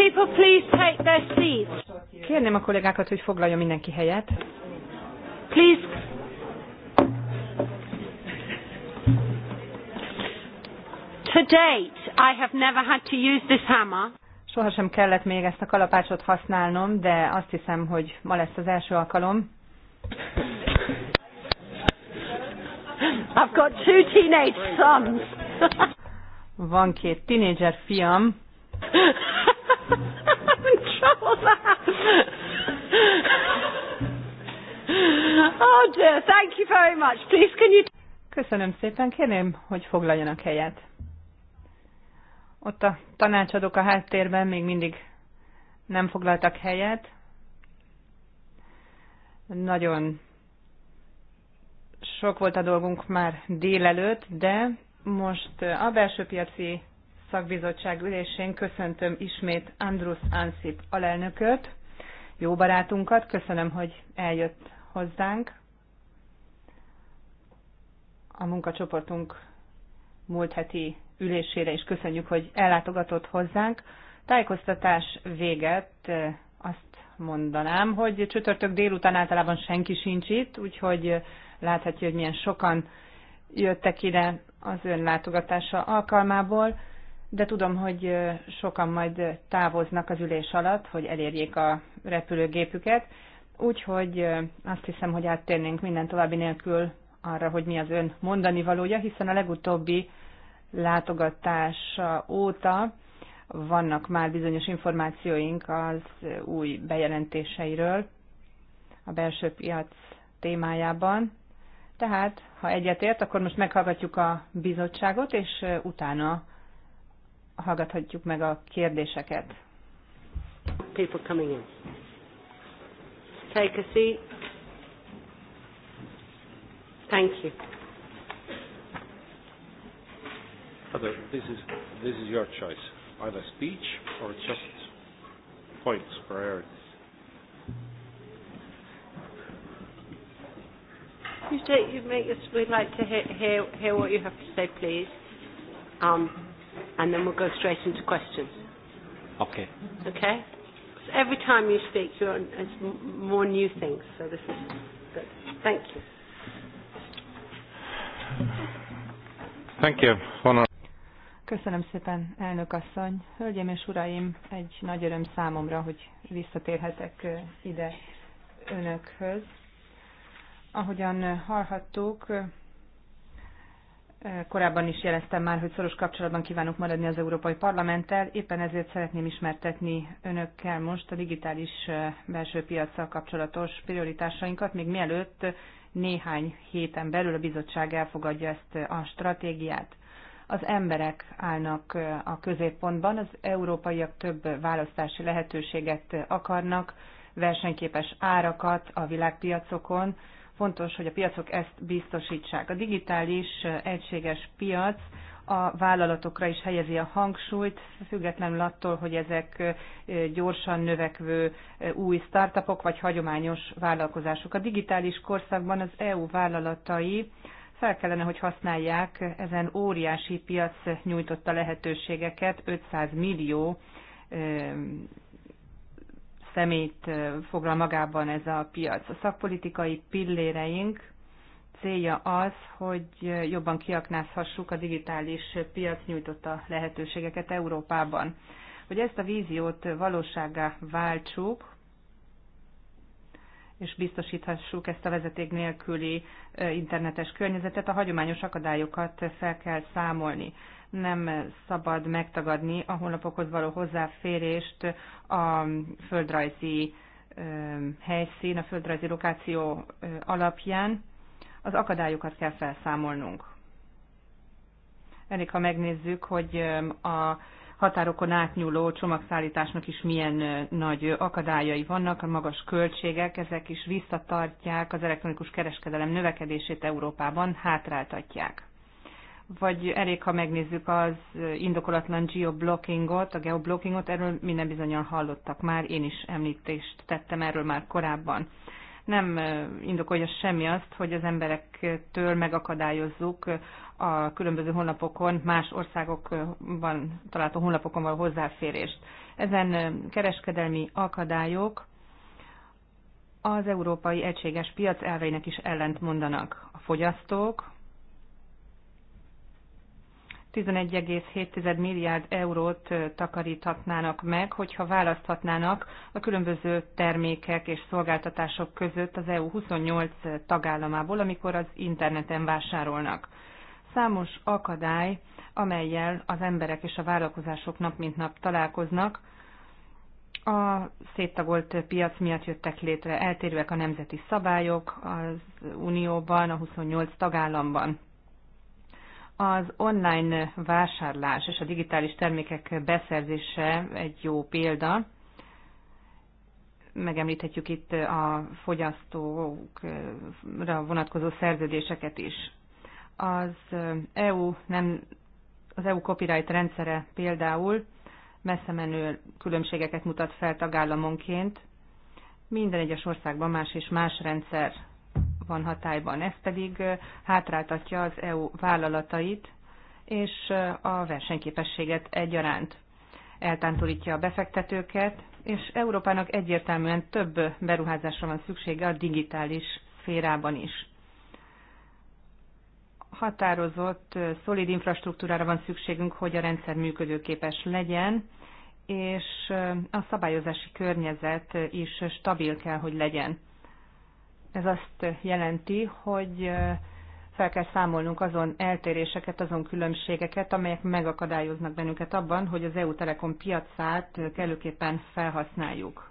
people please take their seats? Kérném a kollégákat, hogy foglaljon mindenki helyet. Please. To date, I have never had to use this hammer. Sohasem kellett még ezt a kalapácsot használnom, de azt hiszem, hogy ma lesz az első alkalom. I've got two teenage sons. Van két tínédzser fiam. Rosa. oh dear, thank you very much. Please can you... Köszönöm szépen, kérném, hogy foglaljanak helyet. Ott a tanácsadók a háttérben még mindig nem foglaltak helyet. Nagyon sok volt a dolgunk már délelőtt, de most a belső piaci szakbizottság ülésén köszöntöm ismét Andrus Ansip alelnököt, jó barátunkat, köszönöm, hogy eljött hozzánk. A munkacsoportunk múlt heti ülésére is köszönjük, hogy ellátogatott hozzánk. Tájékoztatás véget, azt mondanám, hogy csütörtök délután általában senki sincs itt, úgyhogy láthatja, hogy milyen sokan jöttek ide az ön látogatása alkalmából de tudom, hogy sokan majd távoznak az ülés alatt, hogy elérjék a repülőgépüket, úgyhogy azt hiszem, hogy áttérnénk minden további nélkül arra, hogy mi az ön mondani valója, hiszen a legutóbbi látogatása óta vannak már bizonyos információink az új bejelentéseiről a belső piac témájában. Tehát, ha egyetért, akkor most meghallgatjuk a bizottságot, és utána hallgathatjuk meg a kérdéseket. People coming in. Take a seat. Thank you. Father, this is, this is your choice. Either speech or just points, priorities. You take, you make us, we'd like to hear, hear, hear what you have to say, please. Um, and then we'll go straight into questions. Okay. Okay? So every time you speak, you're on, it's m- more new things, so this is good. Thank you. Thank you. Honor. Köszönöm szépen, elnök asszony. Hölgyeim és uraim, egy nagy öröm számomra, hogy visszatérhetek ide önökhöz. Ahogyan hallhattuk, Korábban is jeleztem már, hogy szoros kapcsolatban kívánok maradni az Európai Parlamenttel, éppen ezért szeretném ismertetni önökkel most a digitális belső piacsal kapcsolatos prioritásainkat, még mielőtt néhány héten belül a bizottság elfogadja ezt a stratégiát. Az emberek állnak a középpontban, az európaiak több választási lehetőséget akarnak, versenyképes árakat a világpiacokon, fontos, hogy a piacok ezt biztosítsák. A digitális egységes piac a vállalatokra is helyezi a hangsúlyt, függetlenül attól, hogy ezek gyorsan növekvő új startupok vagy hagyományos vállalkozások. A digitális korszakban az EU vállalatai fel kellene, hogy használják ezen óriási piac nyújtotta lehetőségeket, 500 millió szemét foglal magában ez a piac. A szakpolitikai pilléreink célja az, hogy jobban kiaknázhassuk a digitális piac nyújtotta lehetőségeket Európában. Hogy ezt a víziót valósággá váltsuk, és biztosíthassuk ezt a vezeték nélküli internetes környezetet, a hagyományos akadályokat fel kell számolni nem szabad megtagadni a honlapokhoz való hozzáférést a földrajzi helyszín, a földrajzi lokáció alapján. Az akadályokat kell felszámolnunk. Elég, ha megnézzük, hogy a határokon átnyúló csomagszállításnak is milyen nagy akadályai vannak, a magas költségek, ezek is visszatartják az elektronikus kereskedelem növekedését Európában, hátráltatják vagy elég, ha megnézzük az indokolatlan geoblockingot, a geoblockingot, erről minden bizonyal hallottak már, én is említést tettem erről már korábban. Nem indokolja semmi azt, hogy az emberektől megakadályozzuk a különböző honlapokon, más országokban található honlapokon való hozzáférést. Ezen kereskedelmi akadályok az európai egységes piac elveinek is ellent mondanak. A fogyasztók, 11,7 milliárd eurót takaríthatnának meg, hogyha választhatnának a különböző termékek és szolgáltatások között az EU 28 tagállamából, amikor az interneten vásárolnak. Számos akadály, amelyel az emberek és a vállalkozások nap mint nap találkoznak, a széttagolt piac miatt jöttek létre eltérőek a nemzeti szabályok az Unióban, a 28 tagállamban az online vásárlás és a digitális termékek beszerzése egy jó példa. Megemlíthetjük itt a fogyasztókra vonatkozó szerződéseket is. Az EU, nem, az EU copyright rendszere például messze menő különbségeket mutat fel tagállamonként. Minden egyes országban más és más rendszer van hatályban. Ez pedig hátráltatja az EU vállalatait és a versenyképességet egyaránt. Eltántorítja a befektetőket, és Európának egyértelműen több beruházásra van szüksége a digitális szférában is. Határozott, szolid infrastruktúrára van szükségünk, hogy a rendszer működőképes legyen, és a szabályozási környezet is stabil kell, hogy legyen. Ez azt jelenti, hogy fel kell számolnunk azon eltéréseket, azon különbségeket, amelyek megakadályoznak bennünket abban, hogy az EU Telekom piacát kellőképpen felhasználjuk.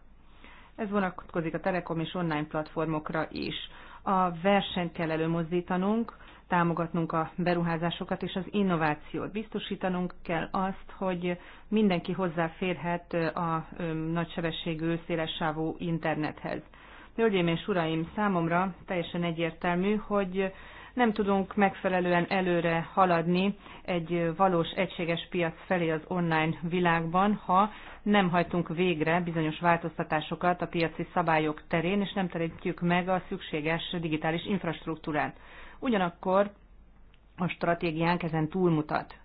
Ez vonatkozik a Telekom és online platformokra is. A versenyt kell előmozdítanunk, támogatnunk a beruházásokat és az innovációt. Biztosítanunk kell azt, hogy mindenki hozzáférhet a nagysebességű szélessávú internethez. Hölgyeim és uraim, számomra teljesen egyértelmű, hogy nem tudunk megfelelően előre haladni egy valós egységes piac felé az online világban, ha nem hajtunk végre bizonyos változtatásokat a piaci szabályok terén, és nem teremtjük meg a szükséges digitális infrastruktúrát. Ugyanakkor a stratégiánk ezen túlmutat.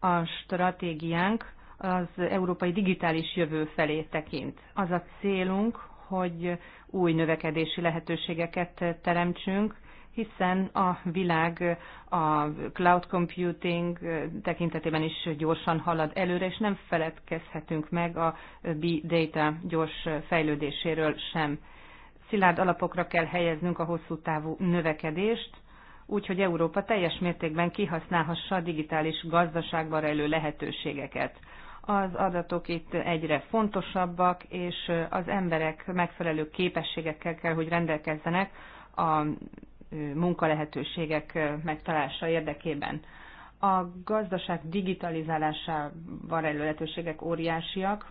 A stratégiánk az európai digitális jövő felé tekint. Az a célunk, hogy új növekedési lehetőségeket teremtsünk, hiszen a világ a cloud computing tekintetében is gyorsan halad előre, és nem feledkezhetünk meg a big data gyors fejlődéséről sem. Szilárd alapokra kell helyeznünk a hosszú távú növekedést, úgyhogy Európa teljes mértékben kihasználhassa a digitális gazdaságban rejlő lehetőségeket. Az adatok itt egyre fontosabbak, és az emberek megfelelő képességekkel kell, hogy rendelkezzenek a munkalehetőségek megtalálása érdekében. A gazdaság digitalizálásával rejlő lehetőségek óriásiak,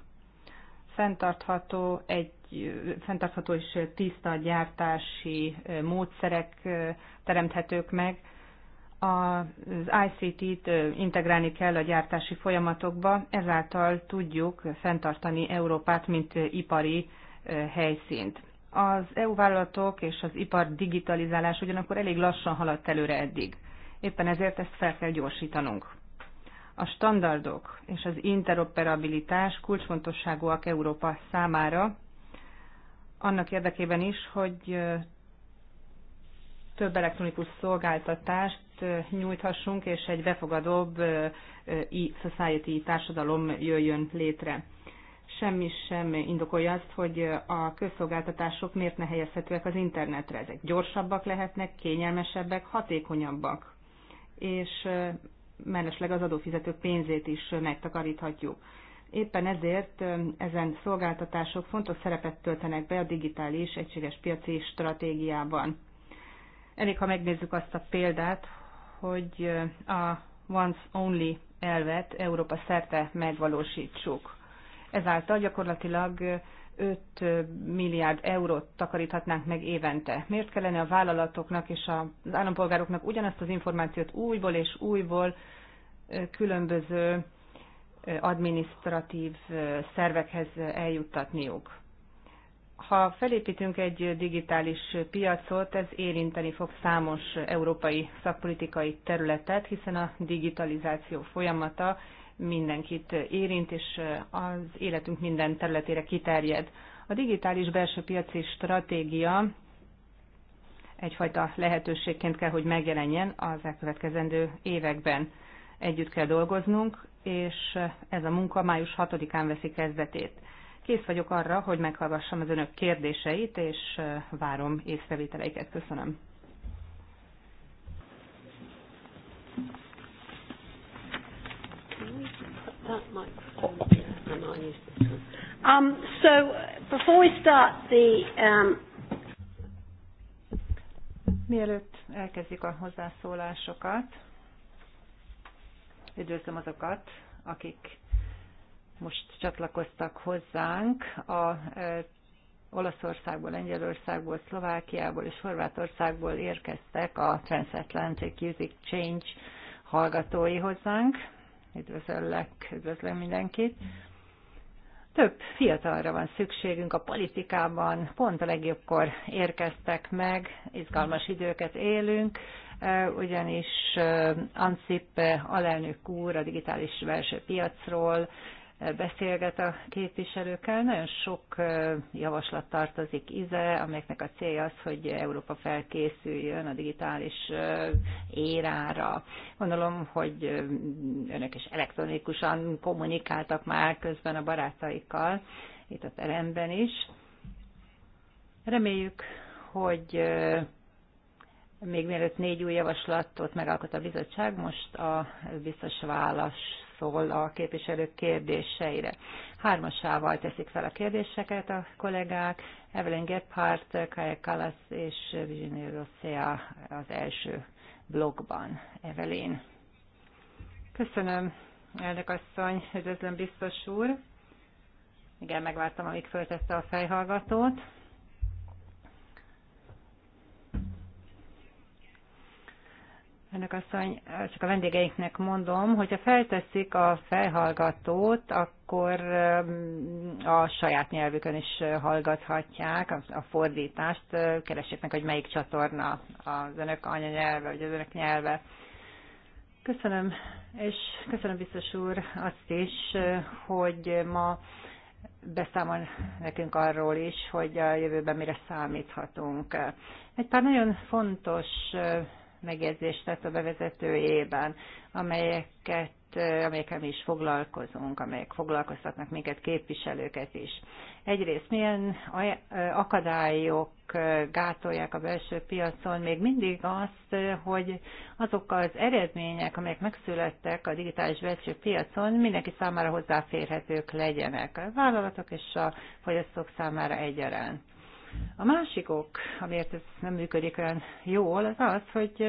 fenntartható, egy, fenntartható és tiszta gyártási módszerek teremthetők meg, az ICT-t integrálni kell a gyártási folyamatokba, ezáltal tudjuk fenntartani Európát, mint ipari helyszínt. Az EU vállalatok és az ipar digitalizálás ugyanakkor elég lassan haladt előre eddig. Éppen ezért ezt fel kell gyorsítanunk. A standardok és az interoperabilitás kulcsfontosságúak Európa számára, annak érdekében is, hogy több elektronikus szolgáltatást nyújthassunk, és egy befogadóbb e-society társadalom jöjjön létre. Semmi sem indokolja azt, hogy a közszolgáltatások miért ne helyezhetőek az internetre. Ezek gyorsabbak lehetnek, kényelmesebbek, hatékonyabbak, és mellesleg az adófizetők pénzét is megtakaríthatjuk. Éppen ezért ezen szolgáltatások fontos szerepet töltenek be a digitális egységes piaci stratégiában. Elég, ha megnézzük azt a példát, hogy a once only elvet Európa szerte megvalósítsuk. Ezáltal gyakorlatilag 5 milliárd eurót takaríthatnánk meg évente. Miért kellene a vállalatoknak és az állampolgároknak ugyanazt az információt újból és újból különböző adminisztratív szervekhez eljuttatniuk? ha felépítünk egy digitális piacot, ez érinteni fog számos európai szakpolitikai területet, hiszen a digitalizáció folyamata mindenkit érint, és az életünk minden területére kiterjed. A digitális belső piaci stratégia egyfajta lehetőségként kell, hogy megjelenjen az elkövetkezendő években. Együtt kell dolgoznunk, és ez a munka május 6-án veszi kezdetét. Kész vagyok arra, hogy meghallgassam az önök kérdéseit, és várom észrevételeiket. Köszönöm. Um, so before we start the um... Mielőtt elkezdjük a hozzászólásokat, üdvözlöm azokat, akik most csatlakoztak hozzánk a e, Olaszországból, Lengyelországból, Szlovákiából és Horvátországból érkeztek a Transatlantic Music Change hallgatói hozzánk. Üdvözöllek, üdvözlöm mindenkit. Több fiatalra van szükségünk a politikában, pont a legjobbkor érkeztek meg, izgalmas időket élünk, e, ugyanis e, Ansip alelnök úr a digitális belső piacról beszélget a képviselőkkel. Nagyon sok javaslat tartozik IZE, amelyeknek a célja az, hogy Európa felkészüljön a digitális érára. Gondolom, hogy önök is elektronikusan kommunikáltak már közben a barátaikkal, itt a teremben is. Reméljük, hogy még mielőtt négy új javaslatot megalkot a bizottság, most a biztos válasz válaszol szóval a képviselők kérdéseire. Hármasával teszik fel a kérdéseket a kollégák, Evelyn Gephardt, Kaya Kalasz és Virginia Rossea az első blogban. Evelyn. Köszönöm, elnök asszony, üdvözlöm biztos úr. Igen, megvártam, amíg föltette a fejhallgatót. Ennek asszony, csak a vendégeinknek mondom, hogyha felteszik a felhallgatót, akkor a saját nyelvükön is hallgathatják a fordítást. Keressék meg, hogy melyik csatorna az önök anyanyelve, vagy az önök nyelve. Köszönöm, és köszönöm biztos úr azt is, hogy ma beszámol nekünk arról is, hogy a jövőben mire számíthatunk. Egy pár nagyon fontos megjegyzést tett a bevezetőjében, amelyeket amelyekkel mi is foglalkozunk, amelyek foglalkoztatnak minket, képviselőket is. Egyrészt milyen akadályok gátolják a belső piacon még mindig azt, hogy azok az eredmények, amelyek megszülettek a digitális belső piacon, mindenki számára hozzáférhetők legyenek, a vállalatok és a fogyasztók számára egyaránt. A másik ok, amiért ez nem működik olyan jól, az az, hogy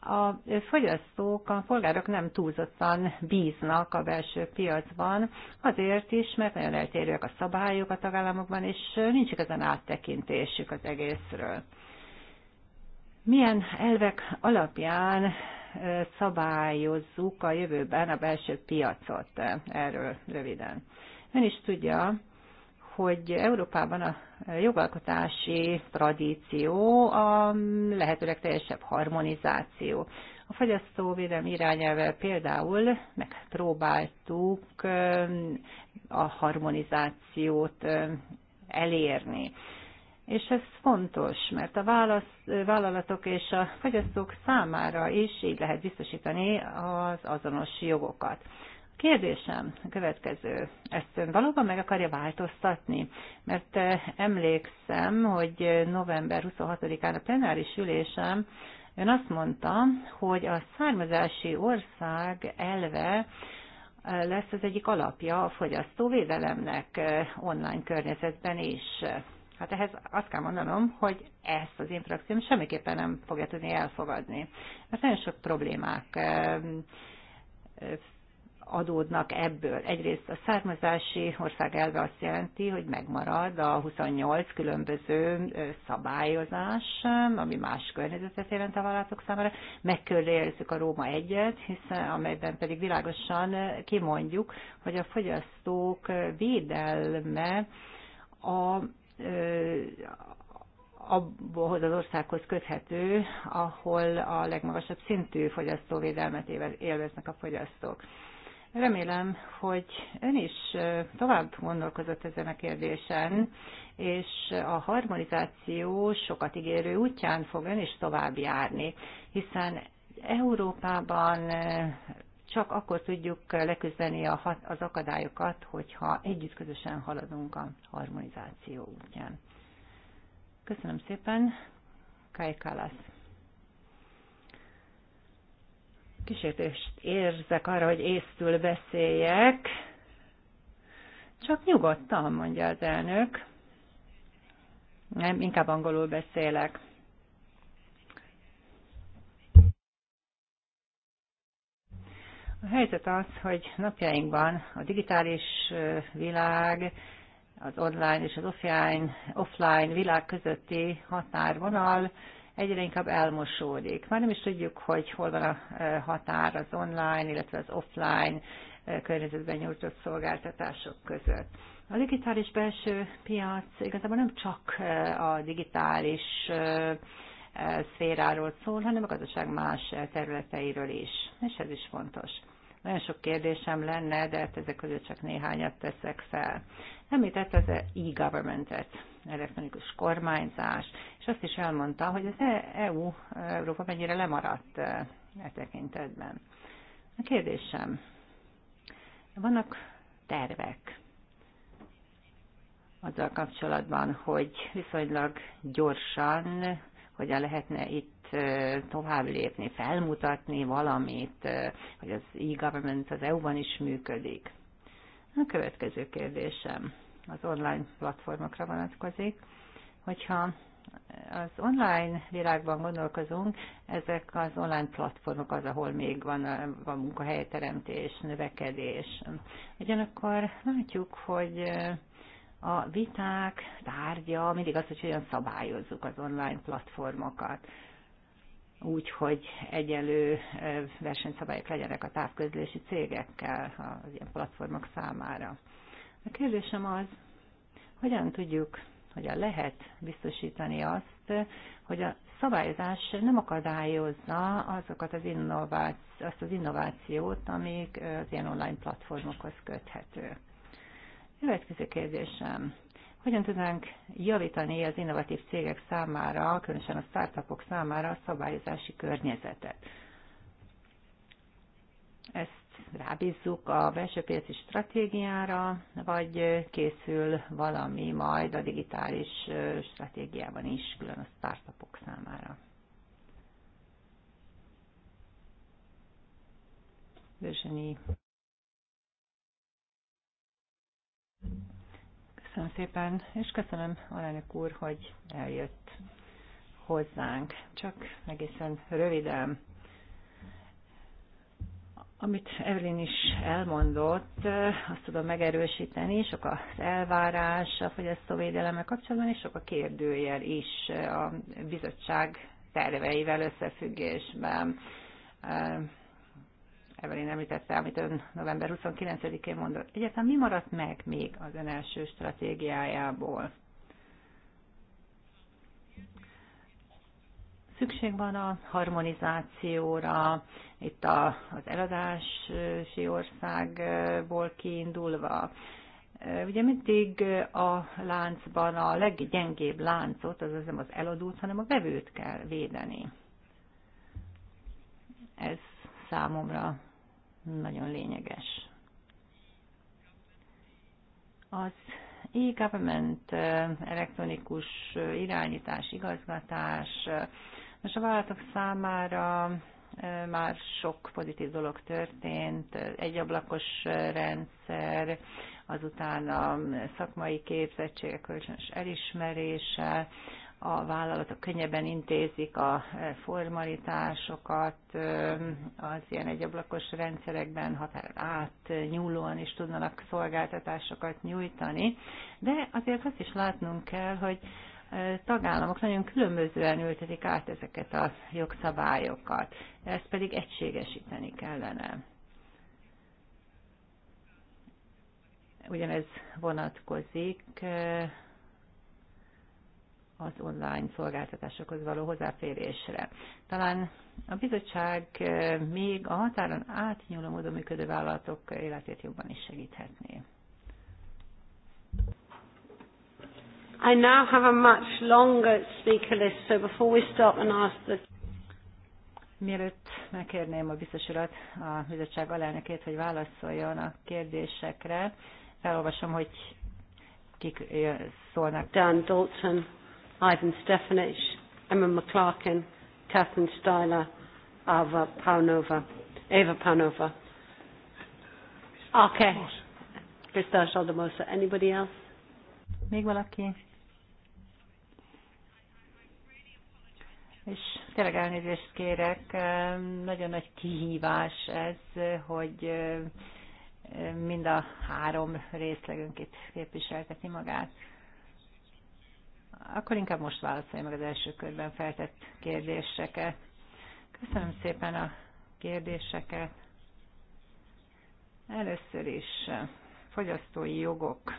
a fogyasztók, a polgárok nem túlzottan bíznak a belső piacban, azért is, mert nagyon eltérőek a szabályok a tagállamokban, és nincs igazán áttekintésük az egészről. Milyen elvek alapján szabályozzuk a jövőben a belső piacot? Erről röviden. Ön is tudja, hogy Európában a jogalkotási tradíció a lehetőleg teljesebb harmonizáció. A fogyasztóvédelmi irányelvvel például megpróbáltuk a harmonizációt elérni. És ez fontos, mert a válasz, vállalatok és a fogyasztók számára is így lehet biztosítani az azonos jogokat. Kérdésem a következő. Ezt ön valóban meg akarja változtatni? Mert eh, emlékszem, hogy november 26-án a plenáris ülésem ön azt mondta, hogy a származási ország elve eh, lesz az egyik alapja a fogyasztóvédelemnek eh, online környezetben is. Hát ehhez azt kell mondanom, hogy ezt az én frakcióm semmiképpen nem fogja tudni elfogadni. Mert nagyon sok problémák adódnak ebből. Egyrészt a származási ország elve azt jelenti, hogy megmarad a 28 különböző szabályozás, ami más környezetet jelent a vállalatok számára. Megkörrejelzzük a Róma egyet, hiszen amelyben pedig világosan kimondjuk, hogy a fogyasztók védelme a abhoz az országhoz köthető, ahol a legmagasabb szintű fogyasztóvédelmet élveznek a fogyasztók. Remélem, hogy ön is tovább gondolkozott ezen a kérdésen, és a harmonizáció sokat ígérő útján fog ön is tovább járni, hiszen Európában csak akkor tudjuk leküzdeni az akadályokat, hogyha együtt közösen haladunk a harmonizáció útján. Köszönöm szépen, Kajkálasz kísértést érzek arra, hogy észtül beszéljek. Csak nyugodtan, mondja az elnök. Nem, inkább angolul beszélek. A helyzet az, hogy napjainkban a digitális világ, az online és az offline, offline világ közötti határvonal egyre inkább elmosódik. Már nem is tudjuk, hogy hol van a e, határ az online, illetve az offline e, környezetben nyújtott szolgáltatások között. A digitális belső piac igazából nem csak e, a digitális szféráról szól, hanem a gazdaság más területeiről is, és ez is fontos. Nagyon sok kérdésem lenne, de hát ezek közül csak néhányat teszek fel. Említett az e-governmentet, elektronikus kormányzás, és azt is elmondta, hogy az EU, e Európa mennyire lemaradt e, e tekintetben. A kérdésem, vannak tervek azzal kapcsolatban, hogy viszonylag gyorsan hogyan lehetne itt tovább lépni, felmutatni valamit, hogy az e-government az EU-ban is működik. A következő kérdésem az online platformokra vonatkozik, hogyha az online világban gondolkozunk, ezek az online platformok az, ahol még van, van munkahelyteremtés, növekedés. Ugyanakkor látjuk, hogy a viták tárgya mindig az, hogy olyan szabályozzuk az online platformokat úgy, hogy egyelő versenyszabályok legyenek a távközlési cégekkel az ilyen platformok számára. A kérdésem az, hogyan tudjuk, hogyan lehet biztosítani azt, hogy a szabályozás nem akadályozza azokat az innováci- azt az innovációt, amik az ilyen online platformokhoz köthető. Következő kérdésem hogyan tudnánk javítani az innovatív cégek számára, különösen a startupok számára a szabályozási környezetet. Ezt rábízzuk a belső piaci stratégiára, vagy készül valami majd a digitális stratégiában is, külön a startupok számára. Virginie. Köszönöm szépen, és köszönöm alelnök úr, hogy eljött hozzánk. Csak egészen röviden. Amit Evelyn is elmondott, azt tudom megerősíteni, sok az elvárás a fogyasztóvédelemmel kapcsolatban, és sok a kérdőjel is a bizottság terveivel összefüggésben Evelyn említette, amit ön november 29-én mondott. Egyáltalán mi maradt meg még az ön első stratégiájából? Szükség van a harmonizációra, itt a, az eladási országból kiindulva. Ugye mindig a láncban a leggyengébb láncot, azaz nem az eladót, hanem a vevőt kell védeni. Ez számomra nagyon lényeges. Az e-government, elektronikus irányítás, igazgatás, most a vállalatok számára már sok pozitív dolog történt, egyablakos rendszer, azután a szakmai képzettségek kölcsönös elismerése, a vállalatok könnyebben intézik a eh, formalitásokat, az ilyen egyablakos rendszerekben határ át nyúlóan is tudnak szolgáltatásokat nyújtani, de azért azt is látnunk kell, hogy eh, tagállamok nagyon különbözően ültetik át ezeket a jogszabályokat, ezt pedig egységesíteni kellene. Ugyanez vonatkozik eh, az online szolgáltatásokhoz való hozzáférésre. Talán a bizottság még a határon átnyúló módon működő vállalatok életét jobban is segíthetné. I now have a much longer speaker list, so before we stop and ask the Mielőtt megkérném a biztos urat, a bizottság alelnökét, hogy válaszoljon a kérdésekre, felolvasom, hogy kik szólnak. Dan Dalton, Ivan Stefanich, Emma McClarkin, Catherine Styler, Ava Paunova, Eva Paunova. Okay. Christos Aldemosa. Anybody else? Még valaki? És tényleg elnézést kérek, nagyon nagy kihívás ez, hogy mind a három részlegünk itt képviselteti magát. Akkor inkább most válaszolja meg az első körben feltett kérdéseket. Köszönöm szépen a kérdéseket. Először is fogyasztói jogok.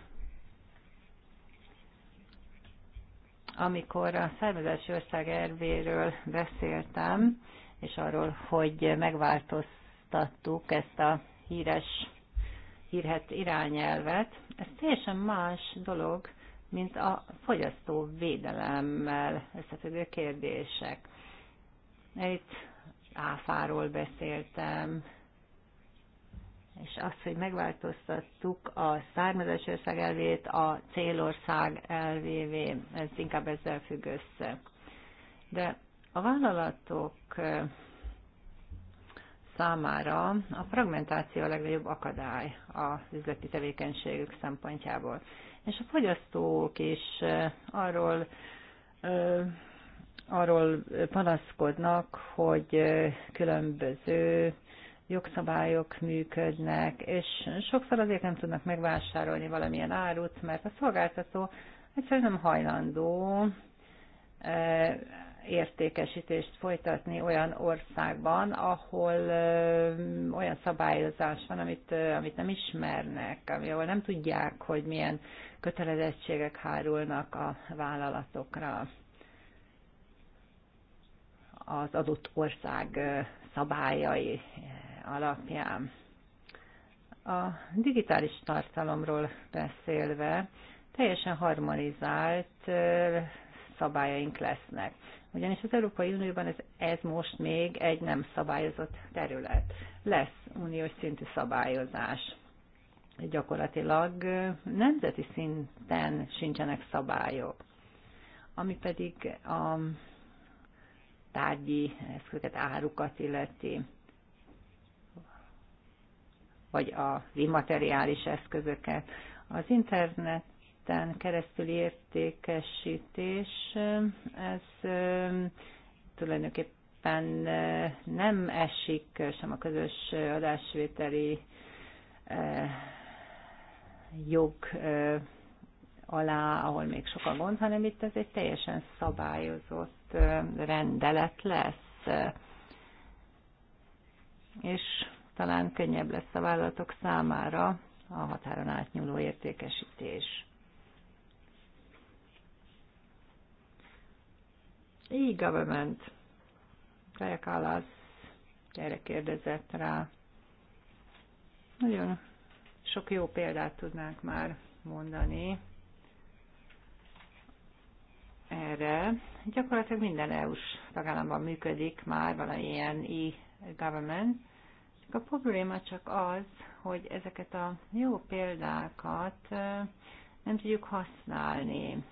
Amikor a származási ország ervéről beszéltem, és arról, hogy megváltoztattuk ezt a híres, hírhet irányelvet, ez teljesen más dolog, mint a fogyasztó védelemmel összefüggő kérdések. Itt áfáról beszéltem, és azt hogy megváltoztattuk a származási ország elvét a célország elvévé, ez inkább ezzel függ össze. De a vállalatok számára a fragmentáció a legnagyobb akadály a üzleti tevékenységük szempontjából és a fogyasztók is arról arról panaszkodnak, hogy különböző jogszabályok működnek, és sokszor azért nem tudnak megvásárolni valamilyen árut, mert a szolgáltató egyszerűen nem hajlandó értékesítést folytatni olyan országban, ahol olyan szabályozás van, amit, amit nem ismernek, ahol nem tudják, hogy milyen kötelezettségek hárulnak a vállalatokra az adott ország szabályai alapján. A digitális tartalomról beszélve, teljesen harmonizált szabályaink lesznek ugyanis az Európai Unióban ez, ez most még egy nem szabályozott terület. Lesz uniós szintű szabályozás. Gyakorlatilag nemzeti szinten sincsenek szabályok. Ami pedig a tárgyi eszközöket, árukat illeti, vagy az immateriális eszközöket. Az internet területen keresztül értékesítés, ez tulajdonképpen nem esik sem a közös adásvételi jog alá, ahol még sok a gond, hanem itt ez egy teljesen szabályozott rendelet lesz. És talán könnyebb lesz a vállalatok számára a határon átnyúló értékesítés. e-government. Kaja Kallász erre kérdezett rá. Nagyon sok jó példát tudnánk már mondani erre. Gyakorlatilag minden EU-s tagállamban működik már valamilyen e-government. A probléma csak az, hogy ezeket a jó példákat eh, nem tudjuk használni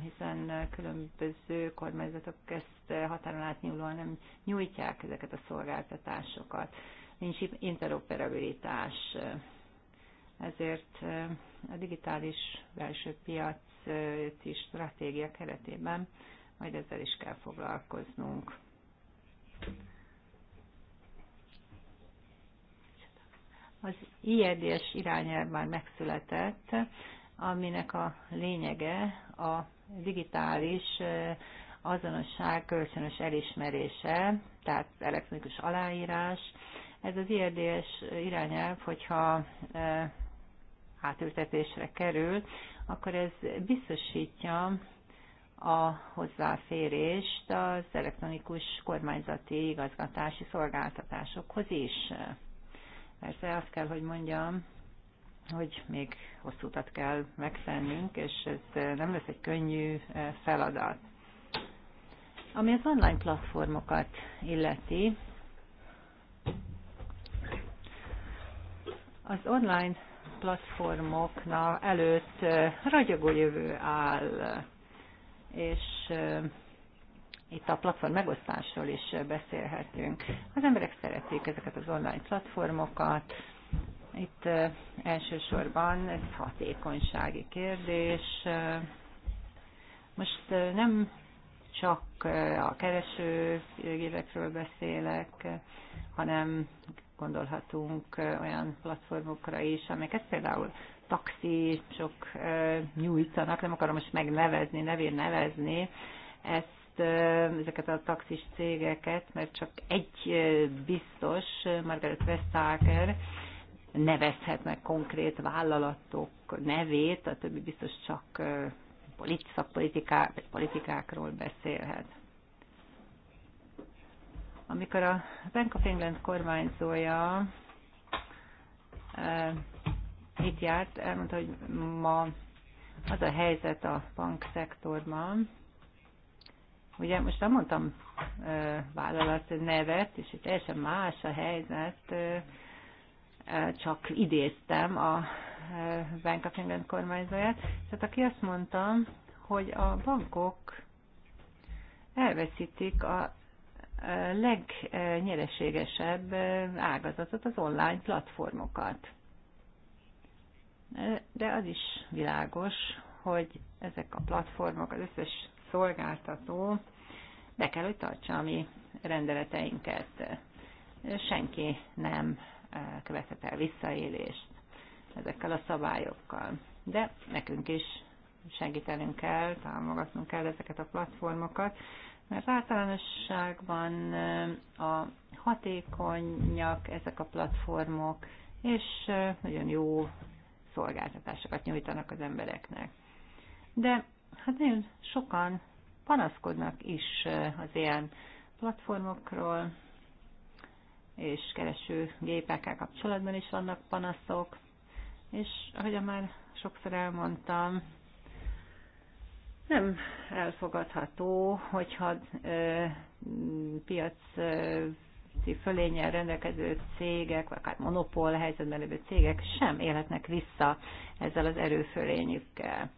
hiszen különböző kormányzatok ezt határon átnyúlóan nem nyújtják ezeket a szolgáltatásokat. Nincs interoperabilitás. Ezért a digitális belső piaci stratégia keretében majd ezzel is kell foglalkoznunk. Az IEDS irányelv már megszületett, aminek a lényege a digitális azonosság kölcsönös elismerése, tehát elektronikus aláírás. Ez az IRDS irányelv, hogyha átültetésre kerül, akkor ez biztosítja a hozzáférést az elektronikus kormányzati igazgatási szolgáltatásokhoz is. Persze azt kell, hogy mondjam, hogy még hosszú utat kell megtennünk, és ez eh, nem lesz egy könnyű eh, feladat. Ami az online platformokat illeti, az online platformokna előtt eh, ragyogó jövő áll, és itt a platform megosztásról is beszélhetünk. Az emberek szeretik ezeket az online platformokat, itt elsősorban ez hatékonysági kérdés. Most nem csak a keresőgépekről beszélek, hanem gondolhatunk olyan platformokra is, amelyeket például sok nyújtanak, nem akarom most megnevezni, nevén nevezni ezt, ezeket a taxis cégeket, mert csak egy biztos, Margaret Vestager, nevezhetnek konkrét vállalatok nevét, a többi biztos csak szakpolitikák, politikákról beszélhet. Amikor a Bank of England kormányzója itt járt, elmondta, hogy ma az a helyzet a bankszektorban, ugye most nem mondtam vállalat nevet, és itt teljesen más a helyzet, csak idéztem a e, Bank of England kormányzóját, tehát aki azt mondta, hogy a bankok elveszítik a e, legnyereségesebb e, ágazatot, az online platformokat. De az is világos, hogy ezek a platformok, az összes szolgáltató be kell, hogy tartsa a mi rendeleteinket. Senki nem követhet el visszaélést ezekkel a szabályokkal. De nekünk is segítenünk kell, támogatnunk kell ezeket a platformokat, mert általánosságban a hatékonyak ezek a platformok, és nagyon jó szolgáltatásokat nyújtanak az embereknek. De hát nagyon sokan panaszkodnak is az ilyen platformokról, és kereső gépekkel kapcsolatban is vannak panaszok, és ahogy már sokszor elmondtam, nem elfogadható, hogyha ö, piaci fölényen rendelkező cégek, vagy akár monopól helyzetben lévő cégek sem élhetnek vissza ezzel az erőfölényükkel.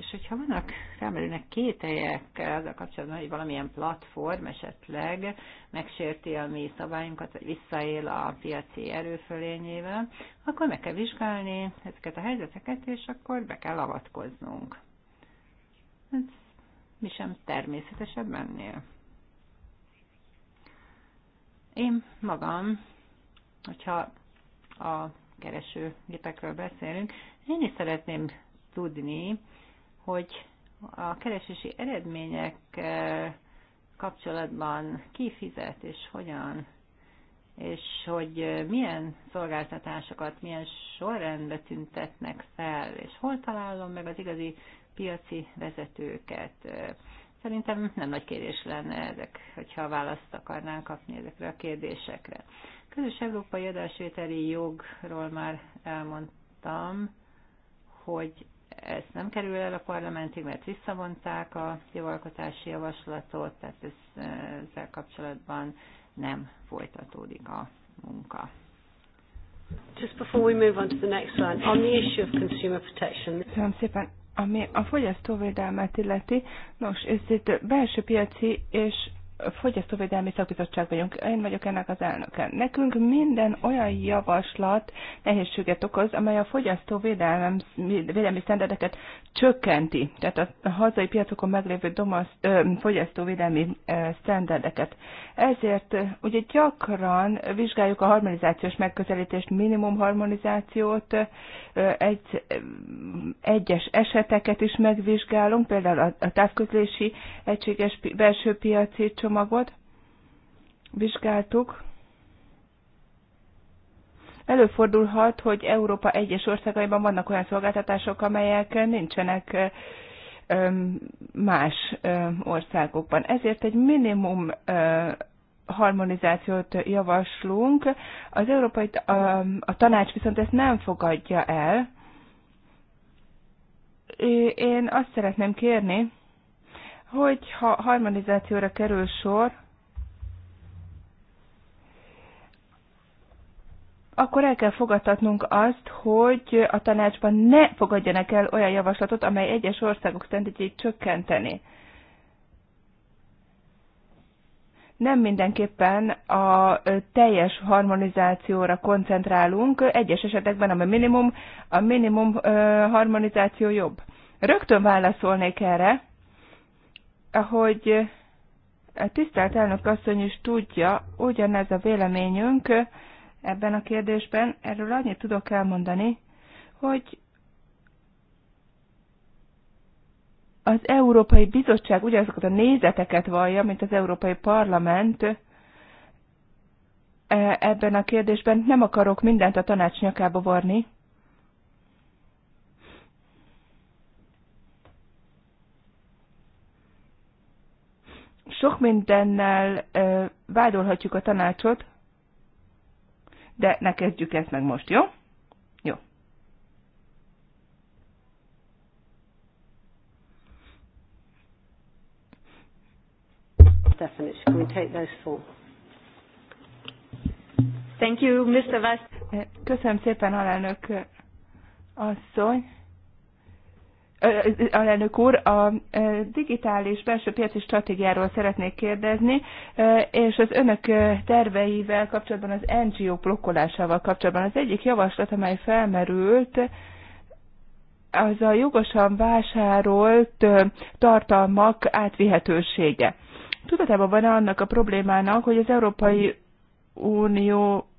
És hogyha vannak, felmerülnek kételjek azzal kapcsolatban, hogy valamilyen platform esetleg megsérti a mi szabályunkat, vagy visszaél a piaci erőfölényével, akkor meg kell vizsgálni ezeket a helyzeteket, és akkor be kell avatkoznunk. Ez mi sem természetesebb mennél. Én magam, hogyha a keresőgépekről beszélünk, én is szeretném tudni, hogy a keresési eredmények e, kapcsolatban ki fizet és hogyan, és hogy e, milyen szolgáltatásokat, milyen sorrendbe tüntetnek fel, és hol találom meg az igazi piaci vezetőket. E, szerintem nem nagy kérés lenne ezek, hogyha választ akarnánk kapni ezekre a kérdésekre. Közös európai adásvételi jogról már elmondtam, hogy ez nem kerül el a parlamentig, mert visszavonták a jogalkotási javaslatot, tehát ez, ezzel kapcsolatban nem folytatódik a munka. Just before we move on to the next slide, on the issue of consumer protection. Köszönöm szépen. Ami a fogyasztóvédelmet illeti, nos, ez itt belső piaci és fogyasztóvédelmi szakbizottság vagyunk, én vagyok ennek az elnöke. Nekünk minden olyan javaslat nehézséget okoz, amely a fogyasztóvédelmi szendereket csökkenti, tehát a hazai piacokon meglévő domasz, ö, fogyasztóvédelmi ö, szendereket. Ezért ugye gyakran vizsgáljuk a harmonizációs megközelítést, minimum harmonizációt, ö, egy, egyes eseteket is megvizsgálunk, például a, a távközlési egységes belső piaci csomag, csomagot vizsgáltuk. Előfordulhat, hogy Európa egyes országaiban vannak olyan szolgáltatások, amelyek nincsenek más országokban. Ezért egy minimum harmonizációt javaslunk. Az európai a, a tanács viszont ezt nem fogadja el. Én azt szeretném kérni, hogyha harmonizációra kerül sor, akkor el kell fogadtatnunk azt, hogy a tanácsban ne fogadjanak el olyan javaslatot, amely egyes országok szentegyét csökkenteni. Nem mindenképpen a teljes harmonizációra koncentrálunk, egyes esetekben, a minimum, a minimum harmonizáció jobb. Rögtön válaszolnék erre, ahogy a eh, tisztelt elnök asszony is tudja, ugyanez a véleményünk eh, ebben a kérdésben. Erről annyit tudok elmondani, hogy az Európai Bizottság ugyanazokat a nézeteket vallja, mint az Európai Parlament eh, ebben a kérdésben. Nem akarok mindent a tanács nyakába varni. sok mindennel vádolhatjuk a tanácsot, de ne kezdjük ezt meg most, jó? Jó. Thank you, Mr. Vice. Köszönöm szépen, alelnök asszony alelnök úr, a digitális belső piaci stratégiáról szeretnék kérdezni, és az önök terveivel kapcsolatban az NGO blokkolásával kapcsolatban. Az egyik javaslat, amely felmerült, az a jogosan vásárolt tartalmak átvihetősége. Tudatában van annak a problémának, hogy az Európai Unió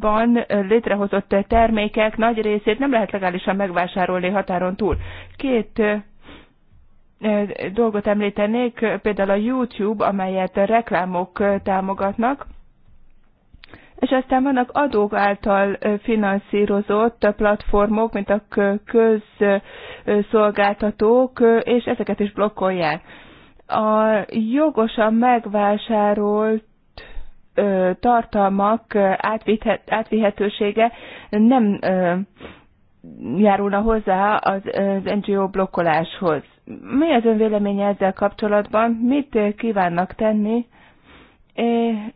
ban létrehozott termékek nagy részét nem lehet legálisan megvásárolni határon túl. Két dolgot említenék, például a YouTube, amelyet reklámok támogatnak, és aztán vannak adók által finanszírozott platformok, mint a közszolgáltatók, és ezeket is blokkolják. A jogosan megvásárolt tartalmak átvihetősége nem járulna hozzá az, NGO blokkoláshoz. Mi az ön véleménye ezzel kapcsolatban? Mit kívánnak tenni?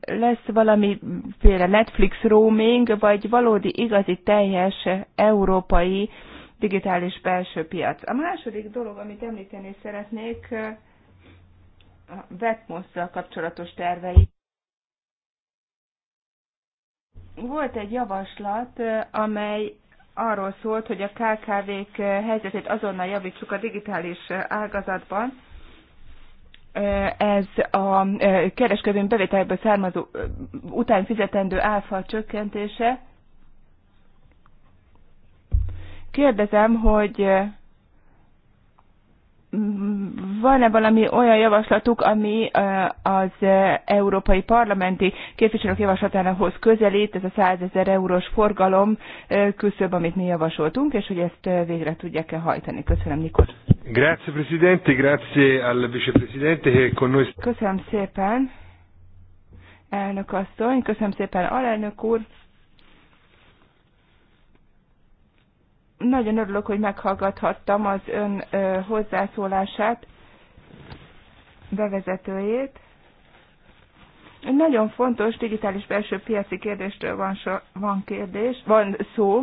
Lesz valamiféle Netflix roaming, vagy valódi, igazi, teljes európai digitális belső piac? A második dolog, amit említeni szeretnék, a vetmosz kapcsolatos tervei. Volt egy javaslat, amely arról szólt, hogy a KKV-k helyzetét azonnal javítsuk a digitális ágazatban. Ez a kereskedőn bevételből származó után fizetendő áfa csökkentése. Kérdezem, hogy van-e valami olyan javaslatuk, ami az európai parlamenti képviselők javaslatához közelít, ez a 100 ezer eurós forgalom küszöb, amit mi javasoltunk, és hogy ezt végre tudják-e hajtani. Köszönöm, Nikos. Grazie, Presidente, grazie al Vicepresidente che con noi... Köszönöm szépen, elnök asszony, köszönöm szépen, alelnök úr. Nagyon örülök, hogy meghallgathattam az ön hozzászólását, bevezetőjét. Nagyon fontos digitális belső piaci kérdéstől van, so, van kérdés, van szó.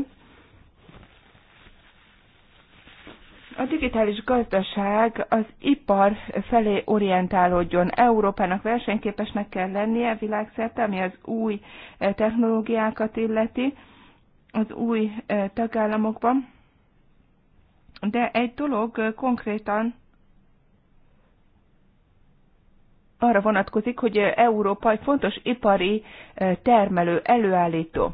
A digitális gazdaság az ipar felé orientálódjon. Európának versenyképesnek kell lennie világszerte, ami az új eh, technológiákat illeti az új tagállamokban, de egy dolog konkrétan arra vonatkozik, hogy Európa egy fontos ipari termelő, előállító.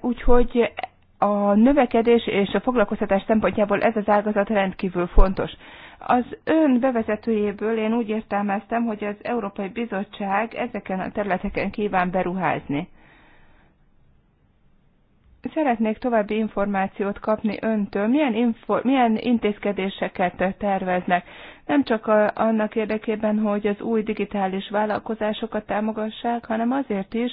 Úgyhogy a növekedés és a foglalkoztatás szempontjából ez az ágazat rendkívül fontos. Az ön bevezetőjéből én úgy értelmeztem, hogy az Európai Bizottság ezeken a területeken kíván beruházni. Szeretnék további információt kapni öntől. Milyen, infor, milyen intézkedéseket terveznek? Nem csak a, annak érdekében, hogy az új digitális vállalkozásokat támogassák, hanem azért is,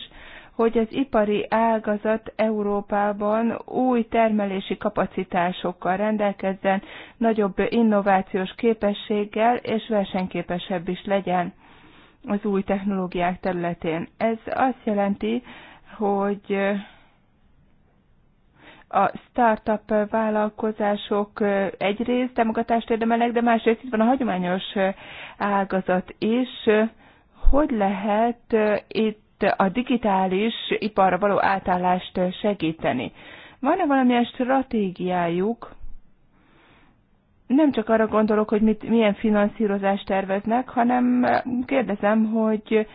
hogy az ipari ágazat Európában új termelési kapacitásokkal rendelkezzen, nagyobb innovációs képességgel és versenyképesebb is legyen az új technológiák területén. Ez azt jelenti, hogy a startup vállalkozások egyrészt támogatást érdemelnek, de másrészt itt van a hagyományos ágazat is. Hogy lehet itt a digitális iparra való átállást segíteni? Van-e valamilyen stratégiájuk? Nem csak arra gondolok, hogy mit, milyen finanszírozást terveznek, hanem kérdezem, hogy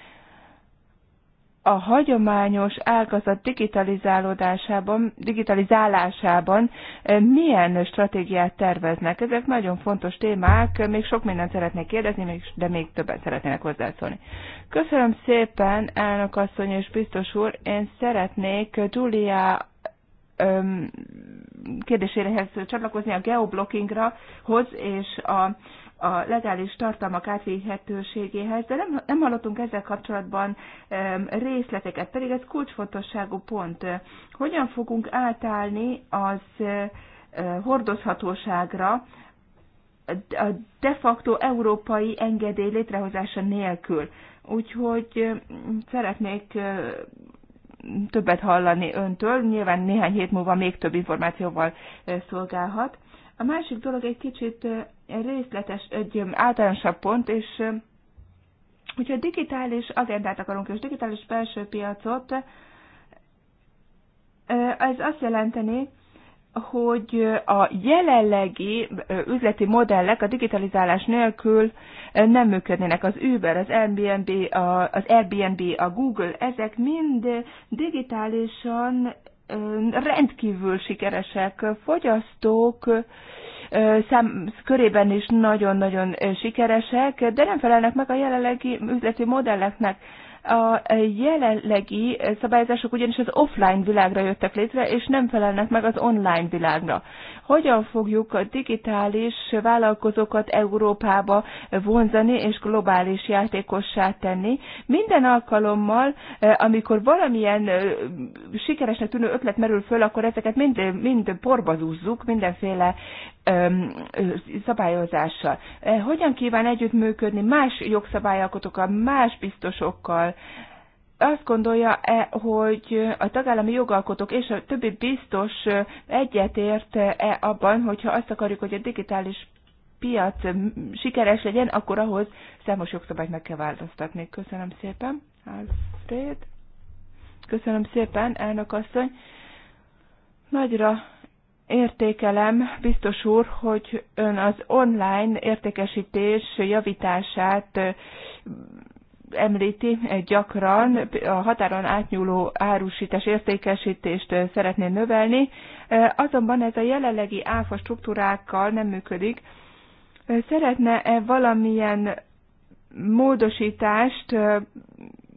a hagyományos ágazat digitalizálódásában, digitalizálásában milyen stratégiát terveznek? Ezek nagyon fontos témák, még sok mindent szeretnék kérdezni, de még többet szeretnének hozzászólni. Köszönöm szépen, elnök asszony és biztos úr, én szeretnék Julia kérdéséhez csatlakozni a geoblockingra hoz és a a legális tartalmak átvéhetőségéhez, de nem, nem hallottunk ezzel kapcsolatban részleteket, pedig ez kulcsfontosságú pont. Hogyan fogunk átállni az eh, hordozhatóságra, a de facto európai engedély létrehozása nélkül. Úgyhogy szeretnék eh, többet hallani öntől, nyilván néhány hét múlva még több információval eh, szolgálhat. A másik dolog egy kicsit részletes, egy általánosabb pont, és hogyha digitális agendát akarunk, és digitális belső piacot, ez azt jelenteni, hogy a jelenlegi üzleti modellek a digitalizálás nélkül nem működnének. Az Uber, az Airbnb, az Airbnb, a Google, ezek mind digitálisan rendkívül sikeresek fogyasztók szem, körében is nagyon-nagyon sikeresek, de nem felelnek meg a jelenlegi üzleti modelleknek. A jelenlegi szabályozások ugyanis az offline világra jöttek létre, és nem felelnek meg az online világra. Hogyan fogjuk a digitális vállalkozókat Európába vonzani és globális játékossá tenni? Minden alkalommal, eh, amikor valamilyen eh, sikeresnek tűnő ötlet merül föl, akkor ezeket mind, mind porba zúzzuk, mindenféle szabályozással. Eh, hogyan kíván együttműködni más jogszabályalkotókkal, más biztosokkal, azt gondolja-e, hogy a tagállami jogalkotók és a többi biztos egyetért-e abban, hogyha azt akarjuk, hogy a digitális piac sikeres legyen, akkor ahhoz számos jogszabályt meg kell változtatni. Köszönöm szépen, Alfred. Köszönöm szépen, elnök asszony. Nagyra értékelem, biztos úr, hogy ön az online értékesítés javítását említi eh, gyakran, a határon átnyúló árusítás értékesítést eh, szeretné növelni, eh, azonban ez a jelenlegi áfa struktúrákkal nem működik. Szeretne -e valamilyen módosítást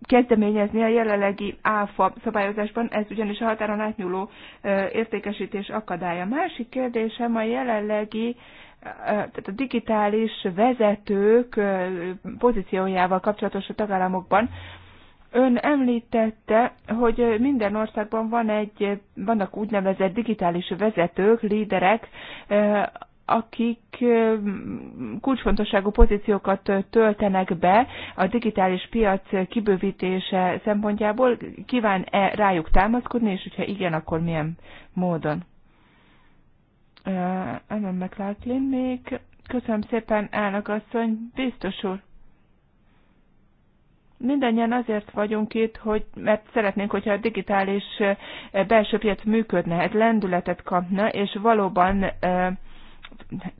kezdeményezni a jelenlegi áfa szabályozásban, ez ugyanis a határon átnyúló értékesítés akadálya. Másik kérdésem a jelenlegi tehát a digitális vezetők pozíciójával kapcsolatos a tagállamokban. Ön említette, hogy minden országban van egy, vannak úgynevezett digitális vezetők, líderek, akik kulcsfontosságú pozíciókat töltenek be a digitális piac kibővítése szempontjából. Kíván-e rájuk támaszkodni, és hogyha igen, akkor milyen módon? Anna McLaughlin még. Köszönöm szépen, elnök asszony, biztos úr. Mindannyian azért vagyunk itt, hogy, mert szeretnénk, hogyha a digitális belső piac működne, egy lendületet kapna, és valóban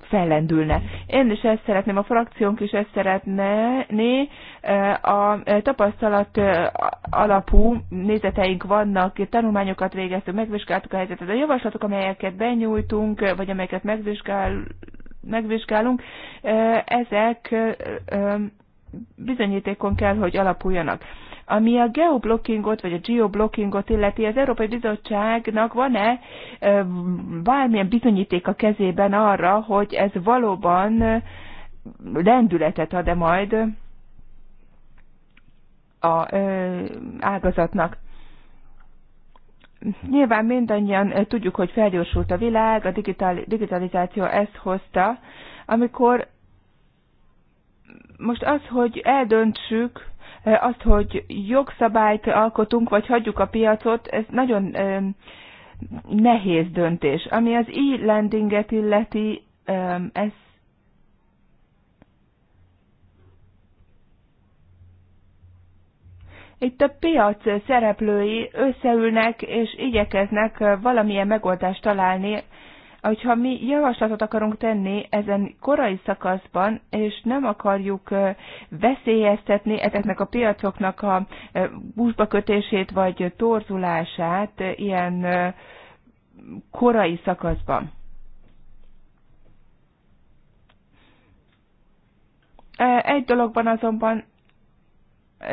fellendülne. Én is ezt szeretném, a frakciónk is ezt szeretné. A tapasztalat alapú nézeteink vannak, tanulmányokat végeztünk, megvizsgáltuk a helyzetet. A javaslatok, amelyeket benyújtunk, vagy amelyeket megvizsgál, megvizsgálunk, ezek bizonyítékon kell, hogy alapuljanak. Ami a geoblockingot, vagy a geoblockingot illeti, az Európai Bizottságnak van-e bármilyen bizonyíték a kezében arra, hogy ez valóban lendületet ad-e majd a ágazatnak? Nyilván mindannyian tudjuk, hogy felgyorsult a világ, a digital, digitalizáció ezt hozta. Amikor most az, hogy eldöntsük, azt, hogy jogszabályt alkotunk, vagy hagyjuk a piacot, ez nagyon nehéz döntés. Ami az e-landinget illeti, ez Itt a piac szereplői összeülnek és igyekeznek valamilyen megoldást találni hogyha mi javaslatot akarunk tenni ezen korai szakaszban, és nem akarjuk veszélyeztetni ezeknek a piacoknak a búzba kötését vagy torzulását ilyen korai szakaszban. Egy dologban azonban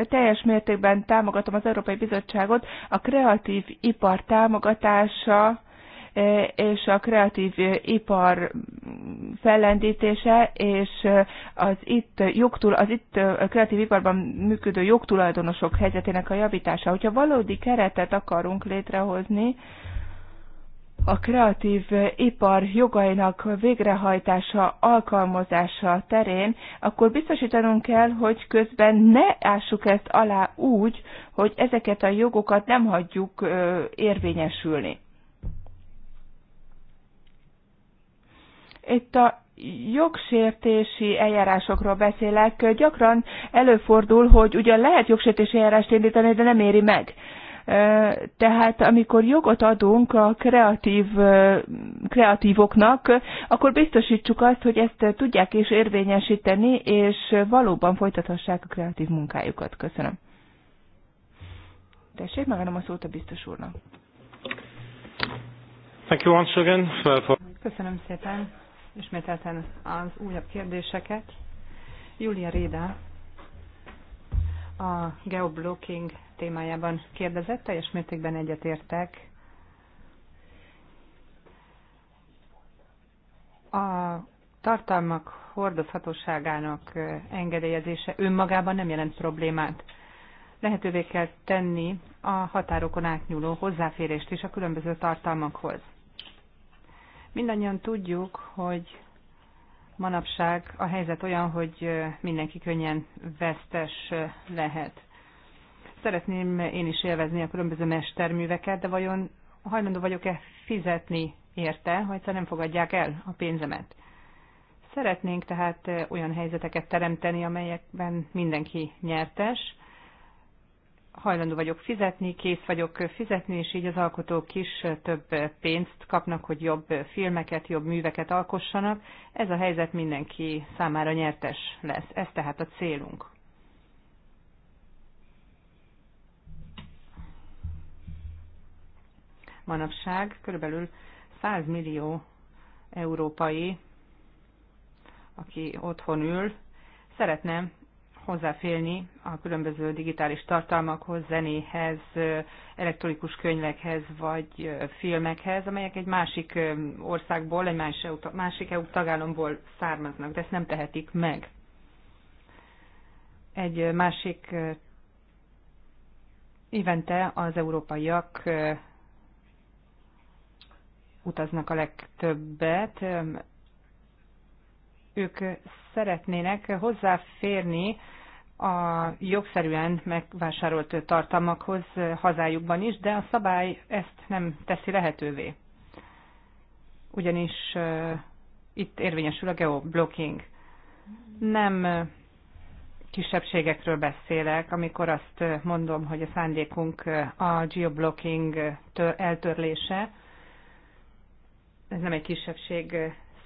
teljes mértékben támogatom az Európai Bizottságot, a kreatív ipar támogatása és a kreatív ipar fellendítése, és az itt jogtul, az itt a kreatív iparban működő jogtulajdonosok helyzetének a javítása. Hogyha valódi keretet akarunk létrehozni, a kreatív ipar jogainak végrehajtása, alkalmazása terén, akkor biztosítanunk kell, hogy közben ne ássuk ezt alá úgy, hogy ezeket a jogokat nem hagyjuk érvényesülni. Itt a jogsértési eljárásokról beszélek. Gyakran előfordul, hogy ugyan lehet jogsértési eljárást indítani, de nem éri meg. Tehát amikor jogot adunk a kreatív, kreatívoknak, akkor biztosítsuk azt, hogy ezt tudják is érvényesíteni, és valóban folytathassák a kreatív munkájukat. Köszönöm. Tessék, megadom a szót a biztos úrnak. Thank you once again Köszönöm szépen ismételten az újabb kérdéseket. Julia Réda a geoblocking témájában kérdezett, teljes mértékben egyetértek. A tartalmak hordozhatóságának engedélyezése önmagában nem jelent problémát. Lehetővé kell tenni a határokon átnyúló hozzáférést is a különböző tartalmakhoz Mindannyian tudjuk, hogy manapság a helyzet olyan, hogy mindenki könnyen vesztes lehet. Szeretném én is élvezni a különböző mesterműveket, de vajon hajlandó vagyok-e fizetni érte, ha egyszer nem fogadják el a pénzemet? Szeretnénk tehát olyan helyzeteket teremteni, amelyekben mindenki nyertes, hajlandó vagyok fizetni, kész vagyok fizetni, és így az alkotók is több pénzt kapnak, hogy jobb filmeket, jobb műveket alkossanak. Ez a helyzet mindenki számára nyertes lesz. Ez tehát a célunk. Manapság körülbelül 100 millió európai, aki otthon ül, szeretne hozzáférni a különböző digitális tartalmakhoz, zenéhez, elektronikus könyvekhez vagy filmekhez, amelyek egy másik országból, egy másik EU tagállamból származnak, de ezt nem tehetik meg. Egy másik évente az európaiak utaznak a legtöbbet, ők szeretnének hozzáférni a jogszerűen megvásárolt tartalmakhoz eh, hazájukban is, de a szabály ezt nem teszi lehetővé. Ugyanis uh, itt érvényesül a geoblocking. Nem eh, kisebbségekről beszélek, amikor azt mondom, hogy a szándékunk a geoblocking eltörlése, ez nem egy kisebbség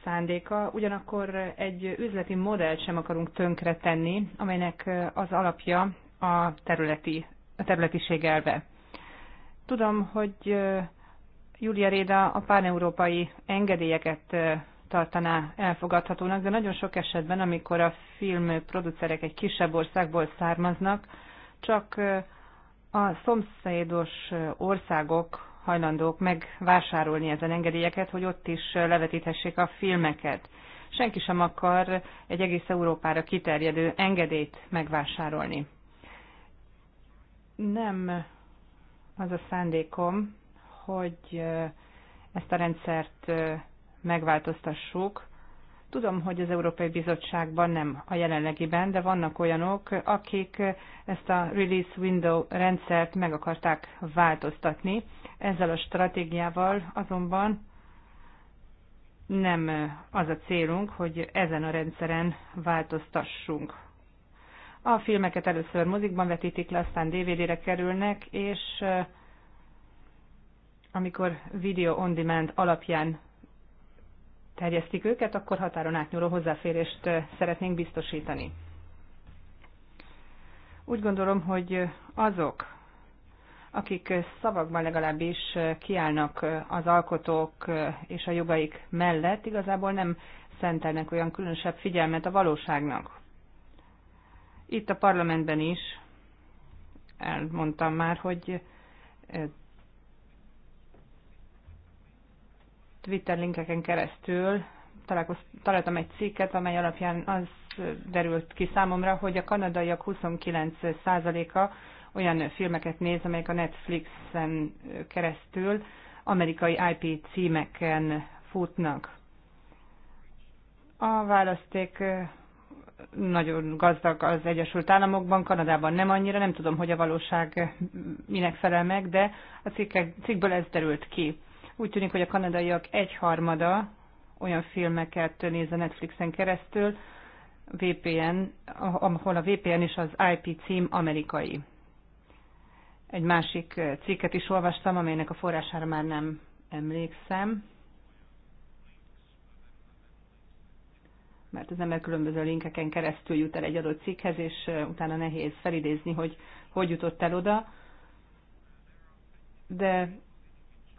szándéka, ugyanakkor egy üzleti modellt sem akarunk tönkretenni, amelynek az alapja a, területi, a területiség elve. Tudom, hogy Julia Réda a páneurópai engedélyeket tartaná elfogadhatónak, de nagyon sok esetben, amikor a film producerek egy kisebb országból származnak, csak a szomszédos országok hajlandók megvásárolni ezen engedélyeket, hogy ott is levetíthessék a filmeket. Senki sem akar egy egész Európára kiterjedő engedélyt megvásárolni. Nem az a szándékom, hogy ezt a rendszert megváltoztassuk, Tudom, hogy az Európai Bizottságban nem a jelenlegiben, de vannak olyanok, akik ezt a release window rendszert meg akarták változtatni. Ezzel a stratégiával azonban nem az a célunk, hogy ezen a rendszeren változtassunk. A filmeket először mozikban vetítik le, aztán DVD-re kerülnek, és eh, amikor video on demand alapján terjesztik őket, akkor határon átnyúló hozzáférést szeretnénk biztosítani. Úgy gondolom, hogy azok, akik szavakban legalábbis kiállnak az alkotók és a jogaik mellett, igazából nem szentelnek olyan különösebb figyelmet a valóságnak. Itt a parlamentben is elmondtam már, hogy Twitter linkeken keresztül találtam egy cikket, amely alapján az derült ki számomra, hogy a kanadaiak 29%-a olyan filmeket néz, amelyek a Netflixen keresztül amerikai IP címeken futnak. A választék nagyon gazdag az Egyesült Államokban, Kanadában nem annyira, nem tudom, hogy a valóság minek felel meg, de a cikkek, cikkből ez derült ki. Úgy tűnik, hogy a kanadaiak egyharmada olyan filmeket néz a Netflixen keresztül, VPN, ahol a VPN is az IP cím amerikai. Egy másik cikket is olvastam, amelynek a forrására már nem emlékszem, mert az ember különböző linkeken keresztül jut el egy adott cikkhez, és utána nehéz felidézni, hogy hogy jutott el oda. De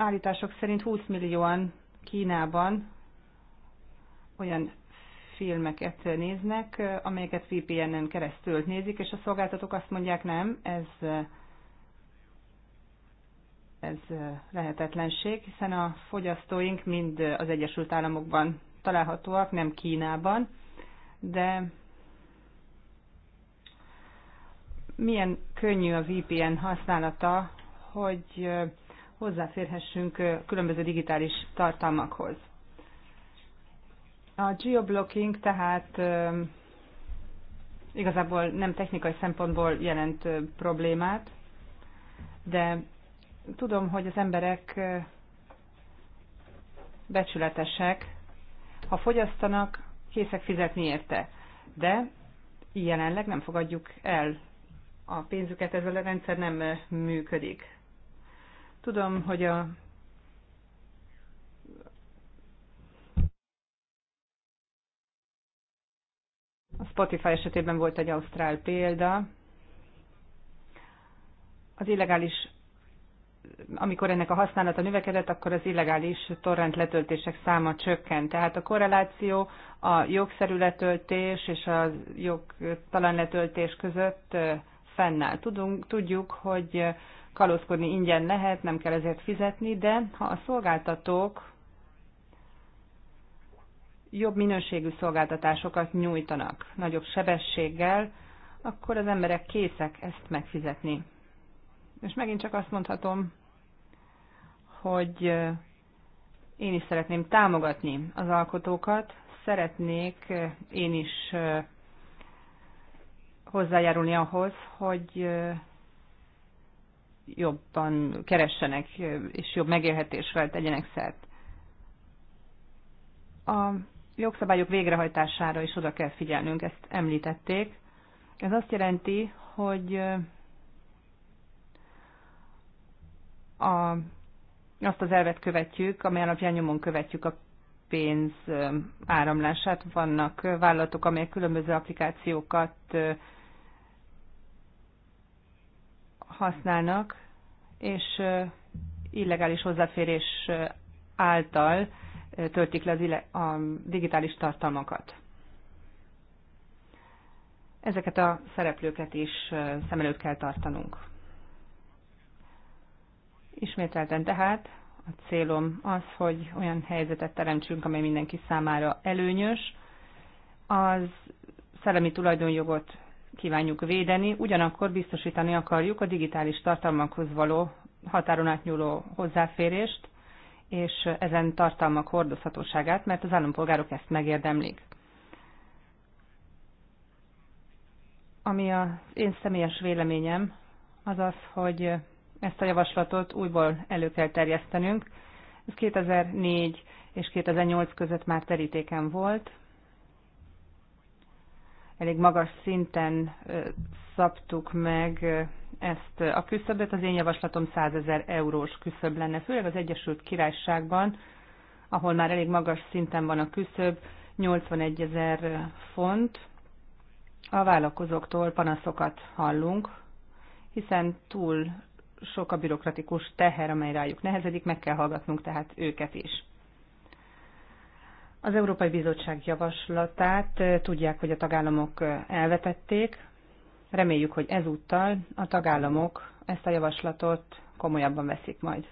állítások szerint 20 millióan Kínában olyan filmeket néznek, amelyeket VPN-en keresztül nézik, és a szolgáltatók azt mondják, nem, ez, ez lehetetlenség, hiszen a fogyasztóink mind az Egyesült Államokban találhatóak, nem Kínában, de milyen könnyű a VPN használata, hogy hozzáférhessünk különböző digitális tartalmakhoz. A geoblocking tehát igazából nem technikai szempontból jelent problémát, de tudom, hogy az emberek becsületesek, ha fogyasztanak, készek fizetni érte. De jelenleg nem fogadjuk el a pénzüket, ezzel a rendszer nem működik. Tudom, hogy a A Spotify esetében volt egy ausztrál példa. Az illegális, amikor ennek a használata növekedett, akkor az illegális torrent letöltések száma csökkent. Tehát a korreláció a jogszerű letöltés és a jogtalan letöltés között fennáll. Tudunk, tudjuk, hogy kalózkodni ingyen lehet, nem kell ezért fizetni, de ha a szolgáltatók jobb minőségű szolgáltatásokat nyújtanak, nagyobb sebességgel, akkor az emberek készek ezt megfizetni. És megint csak azt mondhatom, hogy én is szeretném támogatni az alkotókat, szeretnék én is hozzájárulni ahhoz, hogy jobban keressenek, és jobb megélhetésre tegyenek szert. A jogszabályok végrehajtására is oda kell figyelnünk, ezt említették. Ez azt jelenti, hogy a, azt az elvet követjük, amely alapján nyomon követjük a pénz áramlását. Vannak vállalatok, amelyek különböző applikációkat használnak, és illegális hozzáférés által töltik le a digitális tartalmakat. Ezeket a szereplőket is szem előtt kell tartanunk. Ismételten tehát a célom az, hogy olyan helyzetet teremtsünk, amely mindenki számára előnyös. Az szellemi tulajdonjogot kívánjuk védeni, ugyanakkor biztosítani akarjuk a digitális tartalmakhoz való határon átnyúló hozzáférést, és ezen tartalmak hordozhatóságát, mert az állampolgárok ezt megérdemlik. Ami az én személyes véleményem, az az, hogy ezt a javaslatot újból elő kell terjesztenünk. Ez 2004 és 2008 között már terítéken volt, elég magas szinten szabtuk meg ezt a küszöböt. Az én javaslatom 100 ezer eurós küszöb lenne, főleg az Egyesült Királyságban, ahol már elég magas szinten van a küszöb, 81 ezer font. A vállalkozóktól panaszokat hallunk, hiszen túl sok a bürokratikus teher, amely rájuk nehezedik, meg kell hallgatnunk tehát őket is. Az Európai Bizottság javaslatát eh, tudják, hogy a tagállamok eh, elvetették. Reméljük, hogy ezúttal a tagállamok ezt a javaslatot komolyabban veszik majd.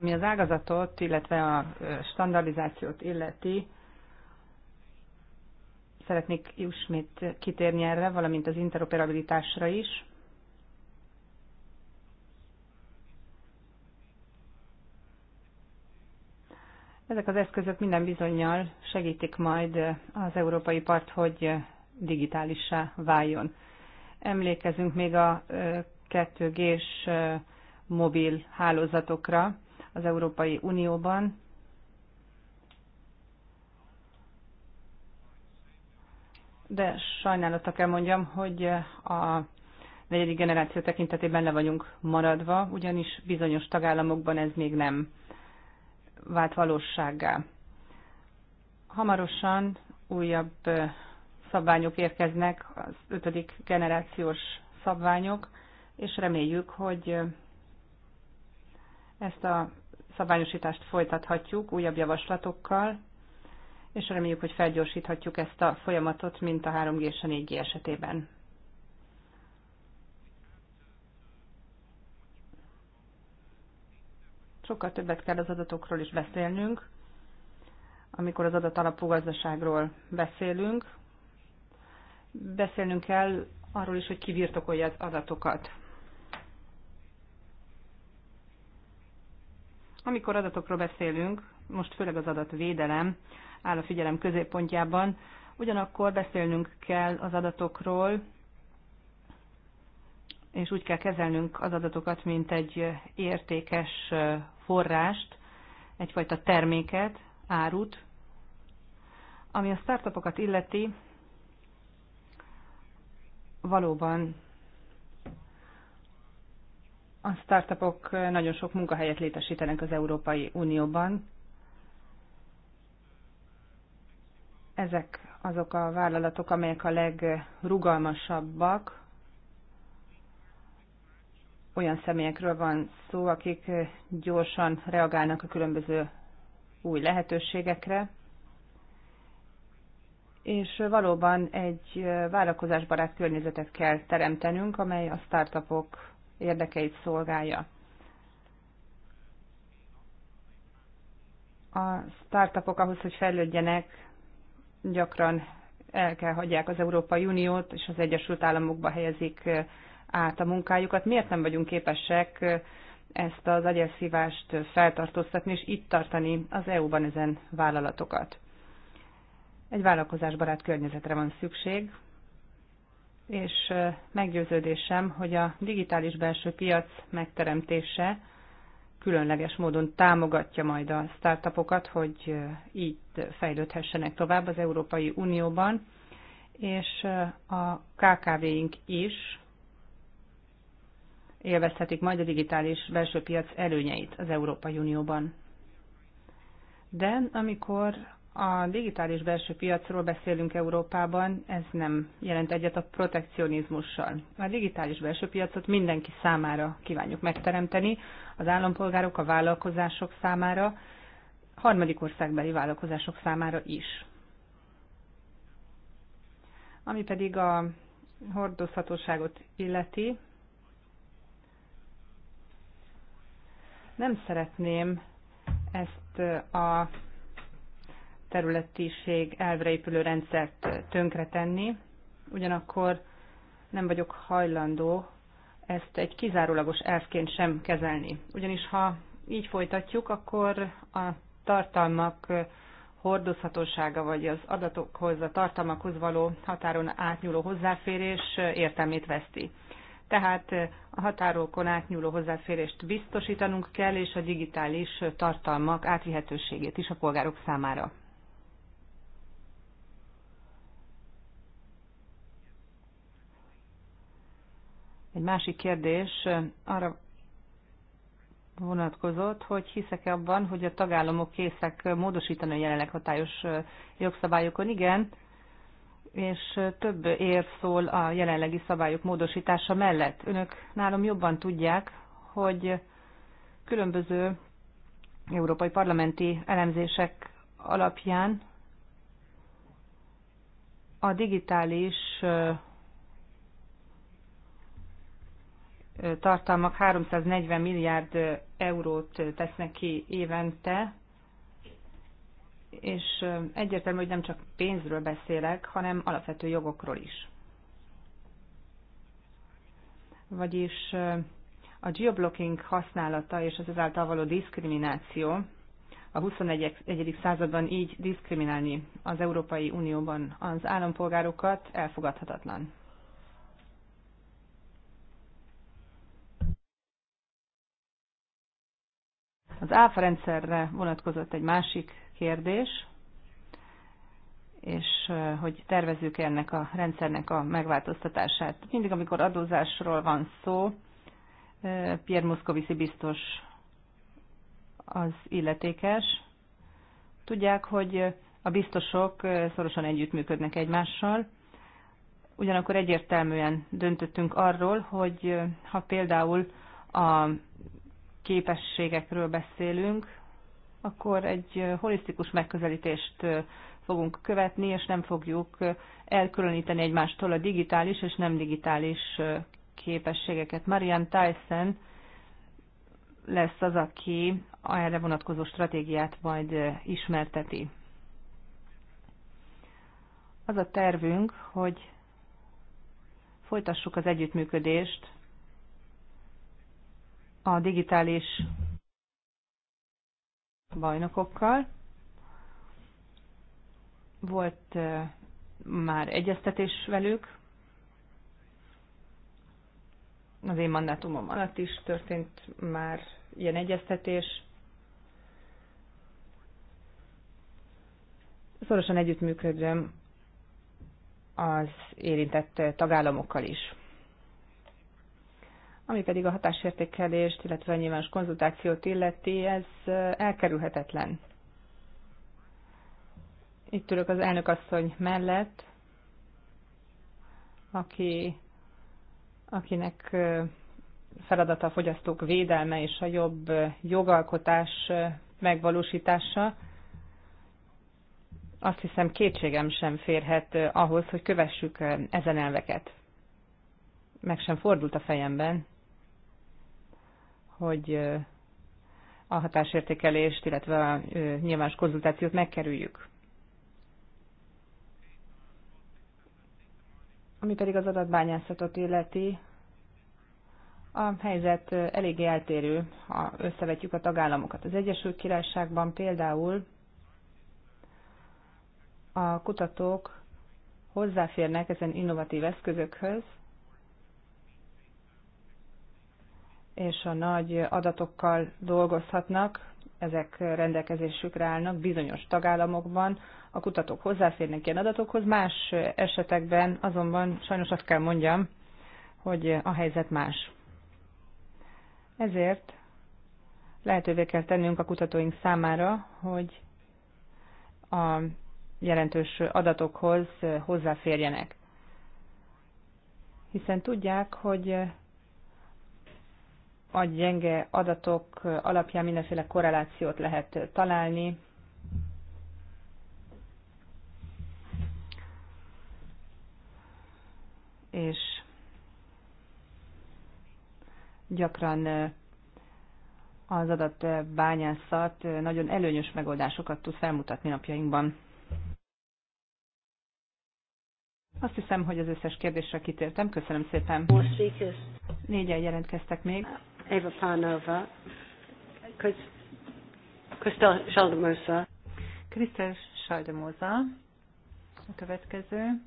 Ami az ágazatot, illetve a eh, standardizációt illeti, szeretnék ismét kitérni erre, valamint az interoperabilitásra is. Ezek az eszközök minden bizonyal segítik majd az európai part, hogy digitálissá váljon. Emlékezünk még a 2G-s mobil hálózatokra az Európai Unióban. De sajnálata kell mondjam, hogy a negyedik generáció tekintetében le vagyunk maradva, ugyanis bizonyos tagállamokban ez még nem vált valósággá. Hamarosan újabb szabványok érkeznek, az ötödik generációs szabványok, és reméljük, hogy ezt a szabványosítást folytathatjuk újabb javaslatokkal, és reméljük, hogy felgyorsíthatjuk ezt a folyamatot, mint a 3G és a 4G esetében. sokkal többet kell az adatokról is beszélnünk, amikor az adatalapú gazdaságról beszélünk. Beszélnünk kell arról is, hogy ki birtokolja az adatokat. Amikor adatokról beszélünk, most főleg az adatvédelem áll a figyelem középpontjában, ugyanakkor beszélnünk kell az adatokról, és úgy kell kezelnünk az adatokat, mint egy értékes forrást, egyfajta terméket, árut, ami a startupokat illeti, valóban a startupok nagyon sok munkahelyet létesítenek az Európai Unióban. Ezek azok a vállalatok, amelyek a legrugalmasabbak olyan személyekről van szó, akik gyorsan reagálnak a különböző új lehetőségekre, és valóban egy vállalkozásbarát környezetet kell teremtenünk, amely a startupok érdekeit szolgálja. A startupok ahhoz, hogy fejlődjenek, gyakran el kell hagyják az Európai Uniót, és az Egyesült Államokba helyezik át a munkájukat, miért nem vagyunk képesek ezt az agyelszívást feltartóztatni, és itt tartani az EU-ban ezen vállalatokat. Egy vállalkozásbarát környezetre van szükség, és meggyőződésem, hogy a digitális belső piac megteremtése különleges módon támogatja majd a startupokat, hogy itt fejlődhessenek tovább az Európai Unióban, és a KKV-ink is élvezhetik majd a digitális belső piac előnyeit az Európai Unióban. De amikor a digitális belső piacról beszélünk Európában, ez nem jelent egyet a protekcionizmussal. A digitális belső piacot mindenki számára kívánjuk megteremteni, az állampolgárok, a vállalkozások számára, harmadik országbeli vállalkozások számára is. Ami pedig a hordozhatóságot illeti, Nem szeretném ezt a területiség elvre épülő rendszert tönkretenni, ugyanakkor nem vagyok hajlandó ezt egy kizárólagos elfként sem kezelni. Ugyanis ha így folytatjuk, akkor a tartalmak hordozhatósága, vagy az adatokhoz, a tartalmakhoz való határon átnyúló hozzáférés értelmét veszti tehát eh, a határokon átnyúló hozzáférést biztosítanunk kell, és a digitális tartalmak átvihetőségét is a polgárok számára. Egy másik kérdés eh, arra vonatkozott, hogy hiszek-e abban, hogy a tagállamok készek módosítani a jelenleg hatályos eh, jogszabályokon. Igen, és több ér szól a jelenlegi szabályok módosítása mellett. Önök nálam jobban tudják, hogy különböző európai parlamenti elemzések alapján a digitális tartalmak 340 milliárd eurót tesznek ki évente, és egyértelmű, hogy nem csak pénzről beszélek, hanem alapvető jogokról is. Vagyis a geoblocking használata és az ezáltal való diszkrimináció a 21. században így diszkriminálni az Európai Unióban az állampolgárokat elfogadhatatlan. Az áfa rendszerre vonatkozott egy másik kérdés, és hogy tervezzük ennek a rendszernek a megváltoztatását. Mindig, amikor adózásról van szó, Pierre Muscovici biztos az illetékes. Tudják, hogy a biztosok szorosan együttműködnek egymással, ugyanakkor egyértelműen döntöttünk arról, hogy ha például a képességekről beszélünk, akkor egy holisztikus megközelítést fogunk követni, és nem fogjuk elkülöníteni egymástól a digitális és nem digitális képességeket. Marian Tyson lesz az, aki erre vonatkozó stratégiát majd ismerteti. Az a tervünk, hogy folytassuk az együttműködést a digitális bajnokokkal. Volt már egyeztetés velük, az én mandátumom alatt is történt már ilyen egyeztetés. Szorosan együttműködöm az érintett tagállamokkal is. Ami pedig a hatásértékelést, illetve a nyilvános konzultációt illeti, ez eh, elkerülhetetlen. Itt ülök az elnökasszony mellett, aki, akinek eh, feladata a fogyasztók védelme és a jobb eh, jogalkotás megvalósítása, azt hiszem kétségem sem férhet ahhoz, hogy kövessük ezen elveket. Meg sem fordult a fejemben, hogy a hatásértékelést, illetve a nyilvános konzultációt megkerüljük. Ami pedig az adatbányászatot illeti, a helyzet eléggé eltérő, ha összevetjük a tagállamokat. Az Egyesült Királyságban például a kutatók hozzáférnek ezen innovatív eszközökhöz, és a nagy adatokkal dolgozhatnak, ezek rendelkezésükre állnak bizonyos tagállamokban, a kutatók hozzáférnek ilyen adatokhoz, más esetekben azonban sajnos azt kell mondjam, hogy a helyzet más. Ezért lehetővé kell tennünk a kutatóink számára, hogy a jelentős adatokhoz hozzáférjenek. Hiszen tudják, hogy a gyenge adatok alapján mindenféle korrelációt lehet találni. És gyakran az adatbányászat nagyon előnyös megoldásokat tud felmutatni napjainkban. Azt hiszem, hogy az összes kérdésre kitértem. Köszönöm szépen. Négyen jelentkeztek még. Eva Panova, Kristel Saldemosa. Krisztel Saldemosa a következő.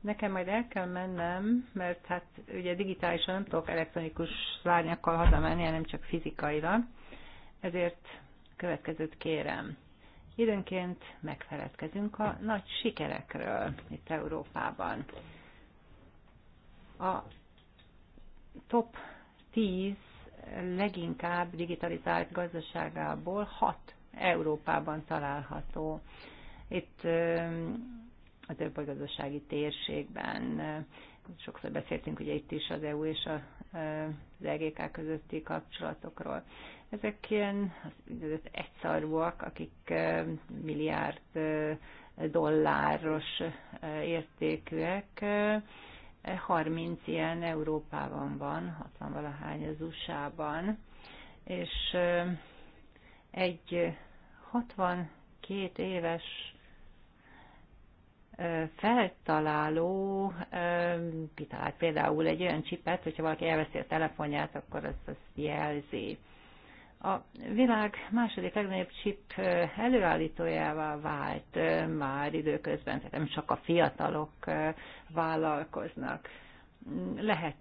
Nekem majd el kell mennem, mert hát ugye digitálisan nem tudok elektronikus lányakkal hazamenni, hanem csak fizikailag. Ezért következőt kérem. Időnként megfeledkezünk a nagy sikerekről itt Európában. A top tíz leginkább digitalizált gazdaságából hat Európában található. Itt az európai gazdasági térségben sokszor beszéltünk ugye itt is az EU és a, az EGK közötti kapcsolatokról. Ezek ilyen egyszarúak, akik milliárd dolláros értékűek, 30 e ilyen Európában van, 60 valahány az USA-ban, és egy 62 éves feltaláló kitalált például egy olyan csipet, hogyha valaki elveszi a telefonját, akkor azt, azt jelzi a világ második legnagyobb chip előállítójává vált már időközben, tehát nem csak a fiatalok vállalkoznak lehet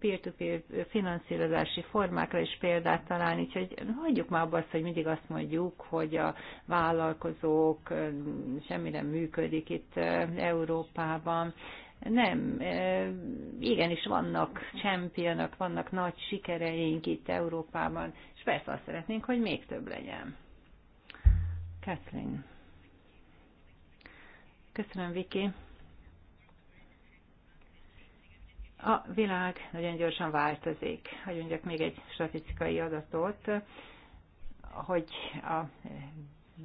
peer-to-peer -peer finanszírozási formákra is példát találni, úgyhogy hagyjuk már abba azt, hogy mindig azt mondjuk, hogy a vállalkozók semmire nem működik itt Európában. Nem, igenis vannak csempionok, vannak nagy sikereink itt Európában, és persze azt szeretnénk, hogy még több legyen. Kathleen. Köszönöm, Viki. A világ nagyon gyorsan változik. Hagyjunk mondjak még egy statisztikai adatot, hogy a,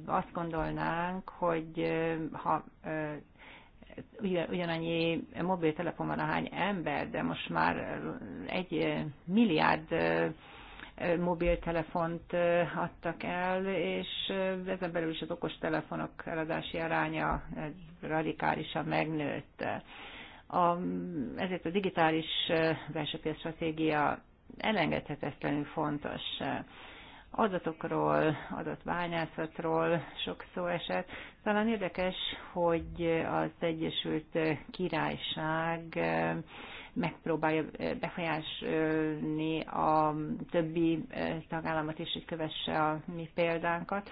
azt gondolnánk, hogy ha ugyanannyi mobiltelefon van, ahány ember, de most már egy milliárd mobiltelefont adtak el, és ezen belül is az okostelefonok eladási aránya radikálisan megnőtt. A, ezért a digitális belső stratégia elengedhetetlenül fontos adatokról, adatványászatról sok szó esett. Talán érdekes, hogy az Egyesült Királyság eh, megpróbálja eh, befolyásolni a többi eh, tagállamot is, hogy kövesse a mi példánkat.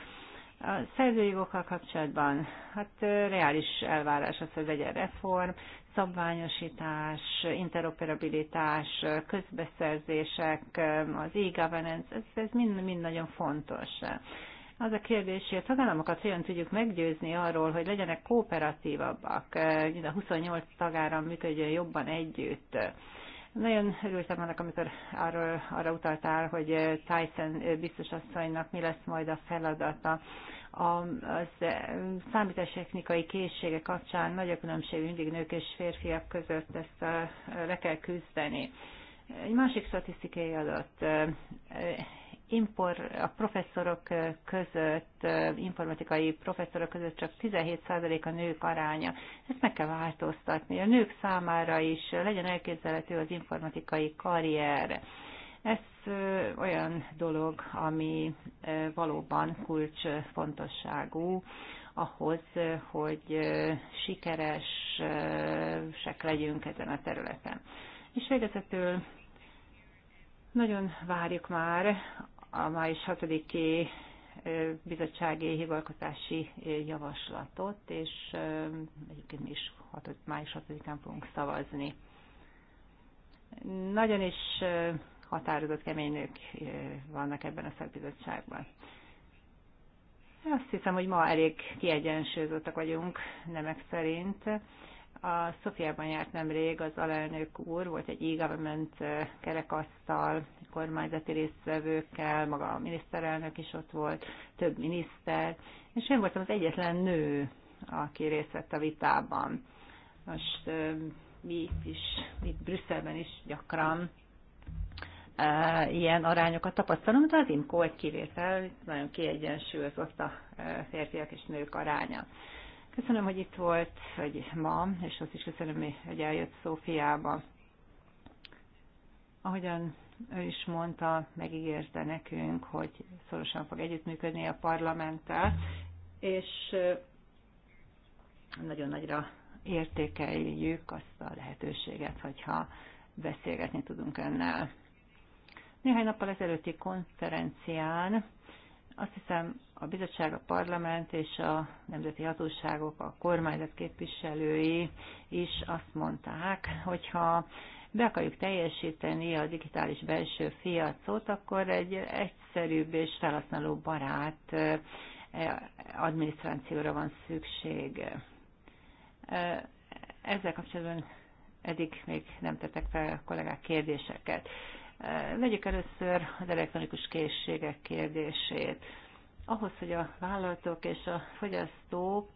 A szerzőjogokkal kapcsolatban, hát reális elvárás az, hogy legyen reform, szabványosítás, interoperabilitás, közbeszerzések, az e-governance, ez, ez mind, mind nagyon fontos. Az a kérdés, hogy a tagállamokat hogyan tudjuk meggyőzni arról, hogy legyenek kooperatívabbak, mind a 28 tagáram működjön jobban együtt. Nagyon örültem annak, amikor arról, arra utaltál, hogy Tyson biztos asszonynak mi lesz majd a feladata az e, számítástechnikai készségek kapcsán nagy a különbség mindig nők és férfiak között, ezt a, e, le kell küzdeni. Egy másik statisztikai adat. E, impor, a professzorok között, informatikai professzorok között csak 17% a nők aránya. Ezt meg kell változtatni. A nők számára is legyen elképzelhető az informatikai karrier. Ez olyan dolog, ami valóban kulcsfontosságú ahhoz, hogy sikeresek legyünk ezen a területen. És végezetül nagyon várjuk már a május 6-i bizottsági hivatkozási javaslatot, és egyébként mi is 6, május 6-án fogunk szavazni. Nagyon is határozott kemény nők vannak ebben a szakbizottságban. Azt hiszem, hogy ma elég kiegyensúlyozottak vagyunk, nemek szerint. A Szofiában járt nemrég az alelnök úr, volt egy e-government kerekasztal, kormányzati résztvevőkkel, maga a miniszterelnök is ott volt, több miniszter, és én voltam az egyetlen nő, aki részt vett a vitában. Most mi is, itt Brüsszelben is gyakran ilyen arányokat tapasztalom, de az IMCO egy kivétel, nagyon kiegyensúlyozott a férfiak és nők aránya. Köszönöm, hogy itt volt, hogy ma, és azt is köszönöm, hogy eljött Szófiába. Ahogyan ő is mondta, megígérte nekünk, hogy szorosan fog együttműködni a parlamenttel, és nagyon nagyra értékeljük azt a lehetőséget, hogyha beszélgetni tudunk önnel. Néhány nappal ezelőtti konferencián azt hiszem a bizottság, a parlament és a nemzeti hatóságok, a kormányzat képviselői is azt mondták, hogyha be akarjuk teljesíteni a digitális belső fiacot, akkor egy egyszerűbb és felhasználó barát eh, adminisztrációra van szükség. Eh, ezzel kapcsolatban eddig még nem tettek fel a kollégák kérdéseket. Vegyük először az elektronikus készségek kérdését ahhoz, hogy a vállalatok és a fogyasztók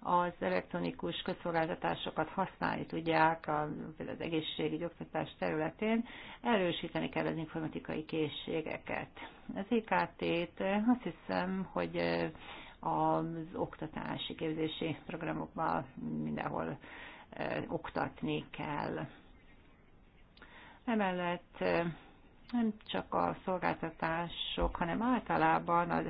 az elektronikus közszolgáltatásokat használni tudják az egészségügyi oktatás területén, erősíteni kell az informatikai készségeket. Az IKT-t e azt hiszem, hogy az oktatási képzési programokban mindenhol oktatni kell. Emellett nem csak a szolgáltatások, hanem általában a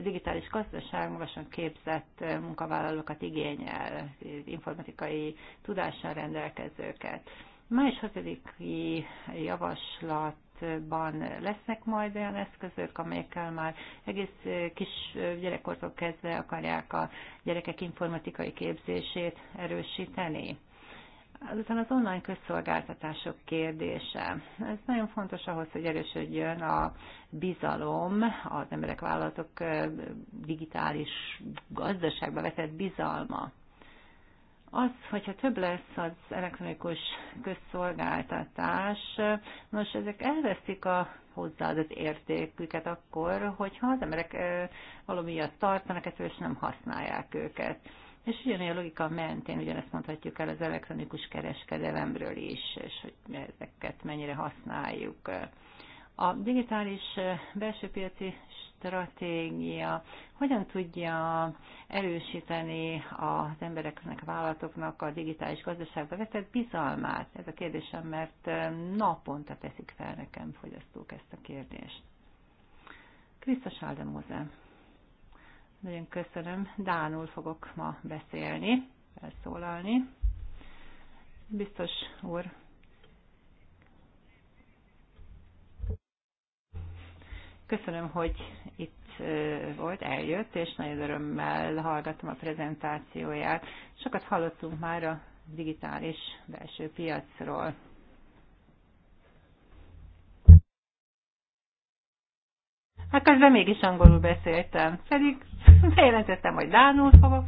digitális gazdaság magasan képzett munkavállalókat igényel, informatikai tudással rendelkezőket. Május 6-i javaslatban lesznek majd olyan eszközök, amelyekkel már egész kis gyerekkortól kezdve akarják a gyerekek informatikai képzését erősíteni. Azután az online közszolgáltatások kérdése. Ez nagyon fontos ahhoz, hogy erősödjön a bizalom, az emberek vállalatok digitális gazdaságba vetett bizalma. Az, hogyha több lesz az elektronikus közszolgáltatás, most ezek elveszik a hozzáadott értéküket akkor, hogyha az emberek valamiatt tartanak, és nem használják őket. És ugyanilyen logika mentén ugyanezt mondhatjuk el az elektronikus kereskedelemről is, és hogy ezeket mennyire használjuk. A digitális belső piaci stratégia hogyan tudja erősíteni az embereknek, a vállalatoknak a digitális gazdaságba vetett bizalmát? Ez a kérdésem, mert naponta teszik fel nekem fogyasztók ezt a kérdést. Krisztus Áldemóze. Nagyon köszönöm. Dánul fogok ma beszélni, felszólalni. Biztos úr. Köszönöm, hogy itt volt, eljött, és nagy örömmel hallgattam a prezentációját. Sokat hallottunk már a digitális belső piacról. Hát közben mégis angolul beszéltem. Pedig bejelentettem, hogy dánul fogok,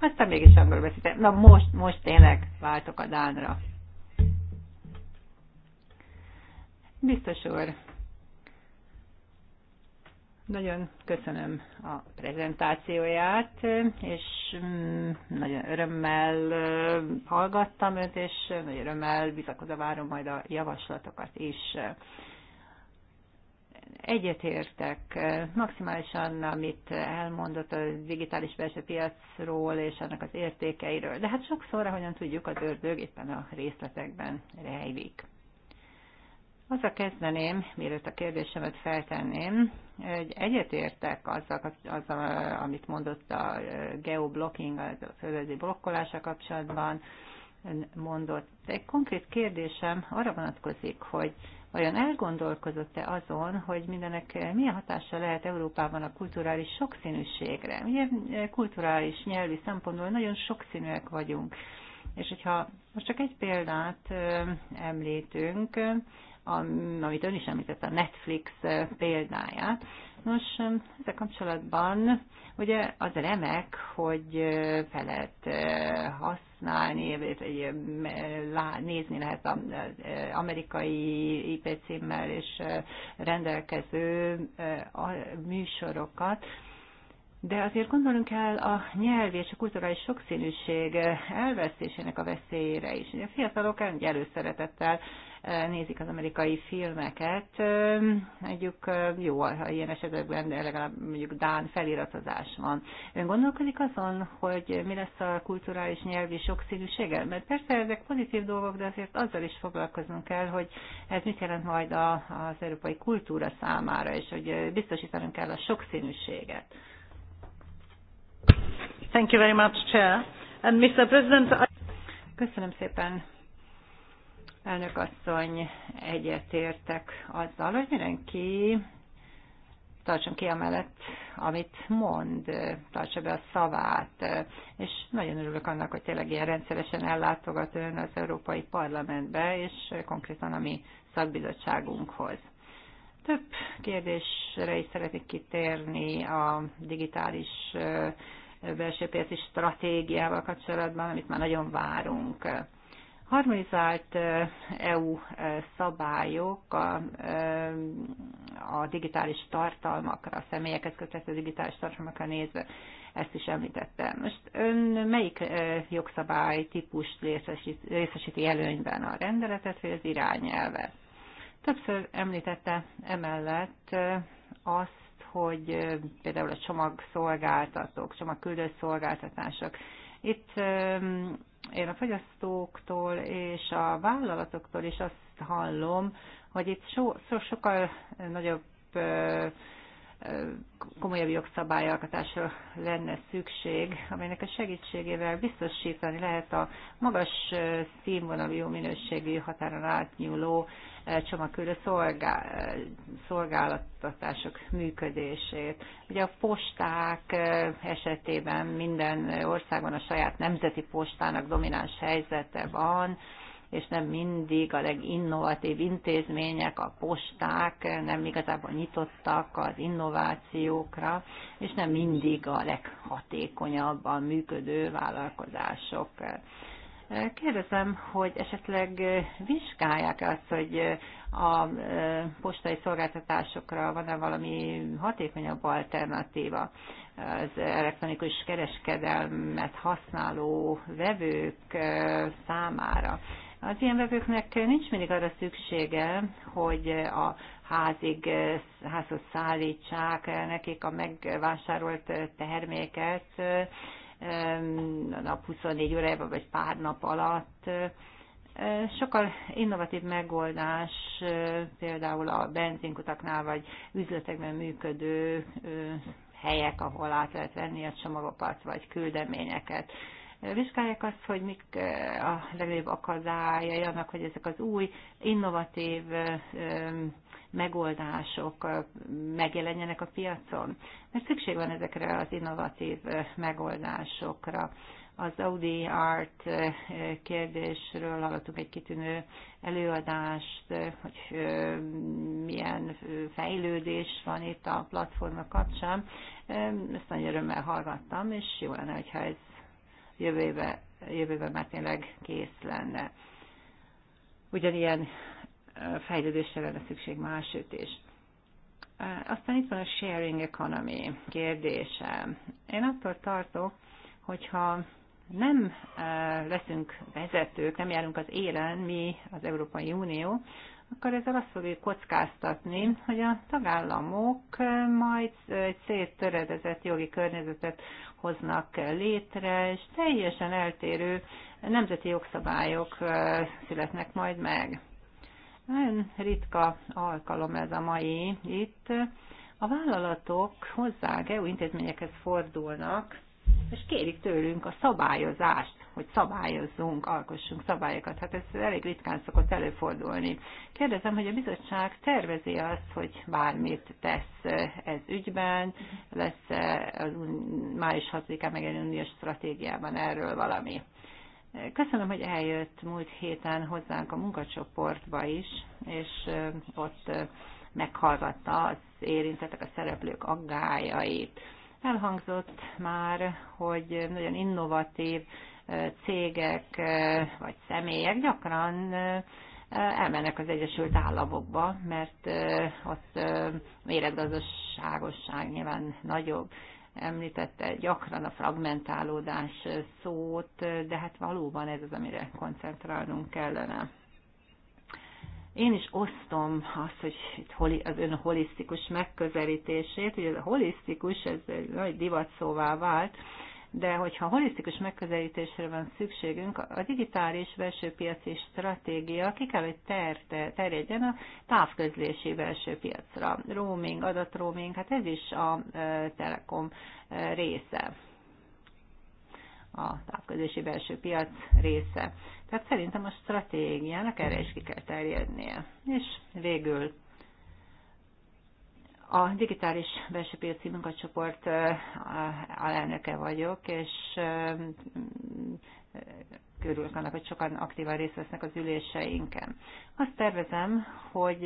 aztán mégis angolul beszéltem. Na most, most tényleg váltok a dánra. Biztos úr, nagyon köszönöm a prezentációját, és mm, nagyon örömmel hallgattam őt, és nagyon örömmel bizakodva várom majd a javaslatokat is egyetértek eh, maximálisan, amit elmondott a digitális belső piacról és annak az értékeiről. De hát sokszor, ahogyan tudjuk, az ördög éppen a részletekben rejlik. a kezdeném, mielőtt a kérdésemet feltenném, hogy egyetértek azzal, azzal, amit mondott a eh, geoblocking, a földrajzi blokkolása kapcsolatban, mondott. Egy konkrét kérdésem arra vonatkozik, hogy Vajon elgondolkozott-e azon, hogy mindenek milyen hatása lehet Európában a kulturális sokszínűségre? Ugye kulturális, nyelvi szempontból nagyon sokszínűek vagyunk. És hogyha most csak egy példát említünk, amit ön is említett, a Netflix példáját, Nos, ezzel kapcsolatban ugye az remek, hogy fel lehet használni, vagy nézni lehet az amerikai IP címmel és rendelkező műsorokat, de azért gondolunk kell a nyelvi és a kulturális sokszínűség elvesztésének a veszélyére is. a fiatalok előszeretettel eh, nézik az amerikai filmeket. Eh, mondjuk eh, jó, ha ilyen esetekben de legalább mondjuk Dán feliratozás van. Ön gondolkodik azon, hogy mi lesz a kulturális nyelvi sokszínűséggel? Mert persze ezek pozitív dolgok, de azért azzal is foglalkoznunk kell, hogy ez mit jelent majd az európai kultúra számára, és hogy biztosítanunk kell a sokszínűséget. Thank you very much, Chair. Mr. President, I... Köszönöm szépen, elnök asszony. Egyetértek azzal, hogy mindenki tartson ki amellett, amit mond, tartsa be a szavát, és nagyon örülök annak, hogy tényleg ilyen rendszeresen ellátogat ön az Európai Parlamentbe, és konkrétan a mi szakbizottságunkhoz. Több kérdésre is szeretnék kitérni a digitális belső piaci stratégiával kapcsolatban, amit már nagyon várunk. Harmonizált EU szabályok a, a digitális tartalmakra, a személyekhez köthető digitális tartalmakra nézve, ezt is említette. Most ön melyik jogszabály típust részesít, részesíti előnyben a rendeletet vagy az irányelvet? Többször említette emellett azt, hogy például a csomagszolgáltatók, csomagküldő szolgáltatások. Itt én a fogyasztóktól és a vállalatoktól is azt hallom, hogy itt so, so, sokkal nagyobb komolyabb jogszabályalkotásra lenne szükség, amelynek a segítségével biztosítani lehet a magas színvonalú, jó minőségű, határon átnyúló csomagküldő szolgáltatások működését. Ugye a posták esetében minden országban a saját nemzeti postának domináns helyzete van, és nem mindig a leginnovatív intézmények, a posták nem igazából nyitottak az innovációkra, és nem mindig a leghatékonyabban működő vállalkozások. Kérdezem, hogy esetleg vizsgálják azt, hogy a postai szolgáltatásokra van-e valami hatékonyabb alternatíva az elektronikus kereskedelmet használó vevők számára. Az ilyen vevőknek nincs mindig arra szüksége, hogy a házig, házhoz szállítsák nekik a megvásárolt terméket a nap 24 órájában vagy pár nap alatt. Sokkal innovatív megoldás például a benzinkutaknál vagy üzletekben működő helyek, ahol át lehet venni a csomagokat vagy küldeményeket vizsgálják azt, hogy mik eh, a legnagyobb akadályai annak, hogy ezek az új, innovatív eh, megoldások eh, megjelenjenek a piacon. Mert szükség van ezekre az innovatív megoldásokra. Az Audi Art kérdésről hallottunk egy kitűnő előadást, hogy milyen fejlődés van itt a platforma kapcsán. Ezt nagyon örömmel hallgattam, és jó lenne, hogyha ez jövőbe jövőbe már tényleg kész lenne. Ugyanilyen fejlődésre lenne szükség másütt is. Aztán itt van a sharing economy kérdése. Én attól tartok, hogyha nem leszünk vezetők, nem járunk az élen mi, az Európai Unió, akkor ezzel azt fogjuk kockáztatni, hogy a tagállamok majd egy széttöredezett jogi környezetet hoznak létre, és teljesen eltérő nemzeti jogszabályok születnek majd meg. Nagyon ritka alkalom ez a mai itt. A vállalatok hozzá EU intézményekhez fordulnak, és kérik tőlünk a szabályozást, hogy szabályozzunk, alkossunk szabályokat. Hát ez elég ritkán szokott előfordulni. Kérdezem, hogy a bizottság tervezi azt, hogy bármit tesz ez ügyben, lesz az május 6-án meg egy uniós stratégiában erről valami. Köszönöm, hogy eljött múlt héten hozzánk a munkacsoportba is, és ott meghallgatta az érintettek, a szereplők aggájait. Elhangzott már, hogy nagyon innovatív cégek vagy személyek gyakran elmennek az Egyesült Államokba, mert ott méretgazdaságosság nyilván nagyobb. Említette gyakran a fragmentálódás szót, de hát valóban ez az, amire koncentrálnunk kellene. Én is osztom azt, hogy itt az ön holisztikus megközelítését, ez a holisztikus, ez egy nagy divat szóvá vált, de hogyha holisztikus megközelítésre van szükségünk, a digitális belső stratégia ki kell, hogy ter, terjedjen a távközlési belső piacra. Roaming, adatroaming, hát ez is a Telekom része a távközlési belső piac része. Tehát szerintem a stratégiának erre is ki kell terjednie. És végül a digitális belső piaci munkacsoport alelnöke vagyok, és körülök annak, hogy sokan aktívan részt vesznek az üléseinken. Azt tervezem, hogy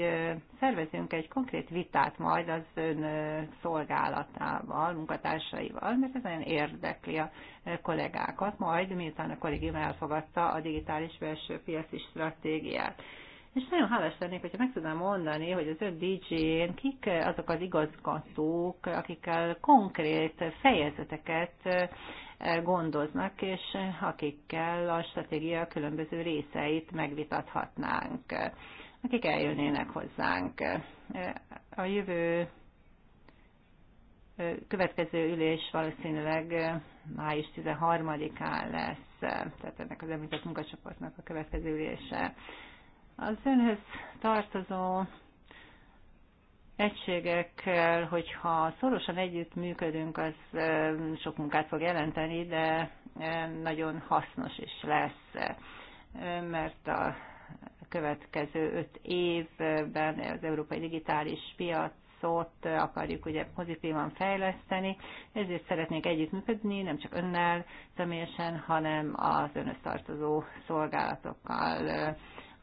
szervezünk egy konkrét vitát majd az ön szolgálatával, munkatársaival, mert ez nagyon érdekli a kollégákat, majd miután a kollégium elfogadta a digitális belső piaci stratégiát. És nagyon hálás lennék, hogyha meg tudnám mondani, hogy az ön DJ-n kik azok az igazgatók, akikkel konkrét fejezeteket eh, gondoznak, és akikkel a stratégia különböző részeit megvitathatnánk, akik eljönnének hozzánk. Eh, a jövő eh, következő ülés valószínűleg május 13-án lesz, tehát ennek az említett munkacsoportnak a következő ülése. Az önhöz tartozó egységekkel, hogyha szorosan együtt működünk, az sok munkát fog jelenteni, de nagyon hasznos is lesz, mert a következő öt évben az európai digitális piacot akarjuk ugye pozitívan fejleszteni, ezért szeretnék együttműködni, nem csak önnel személyesen, hanem az önös tartozó szolgálatokkal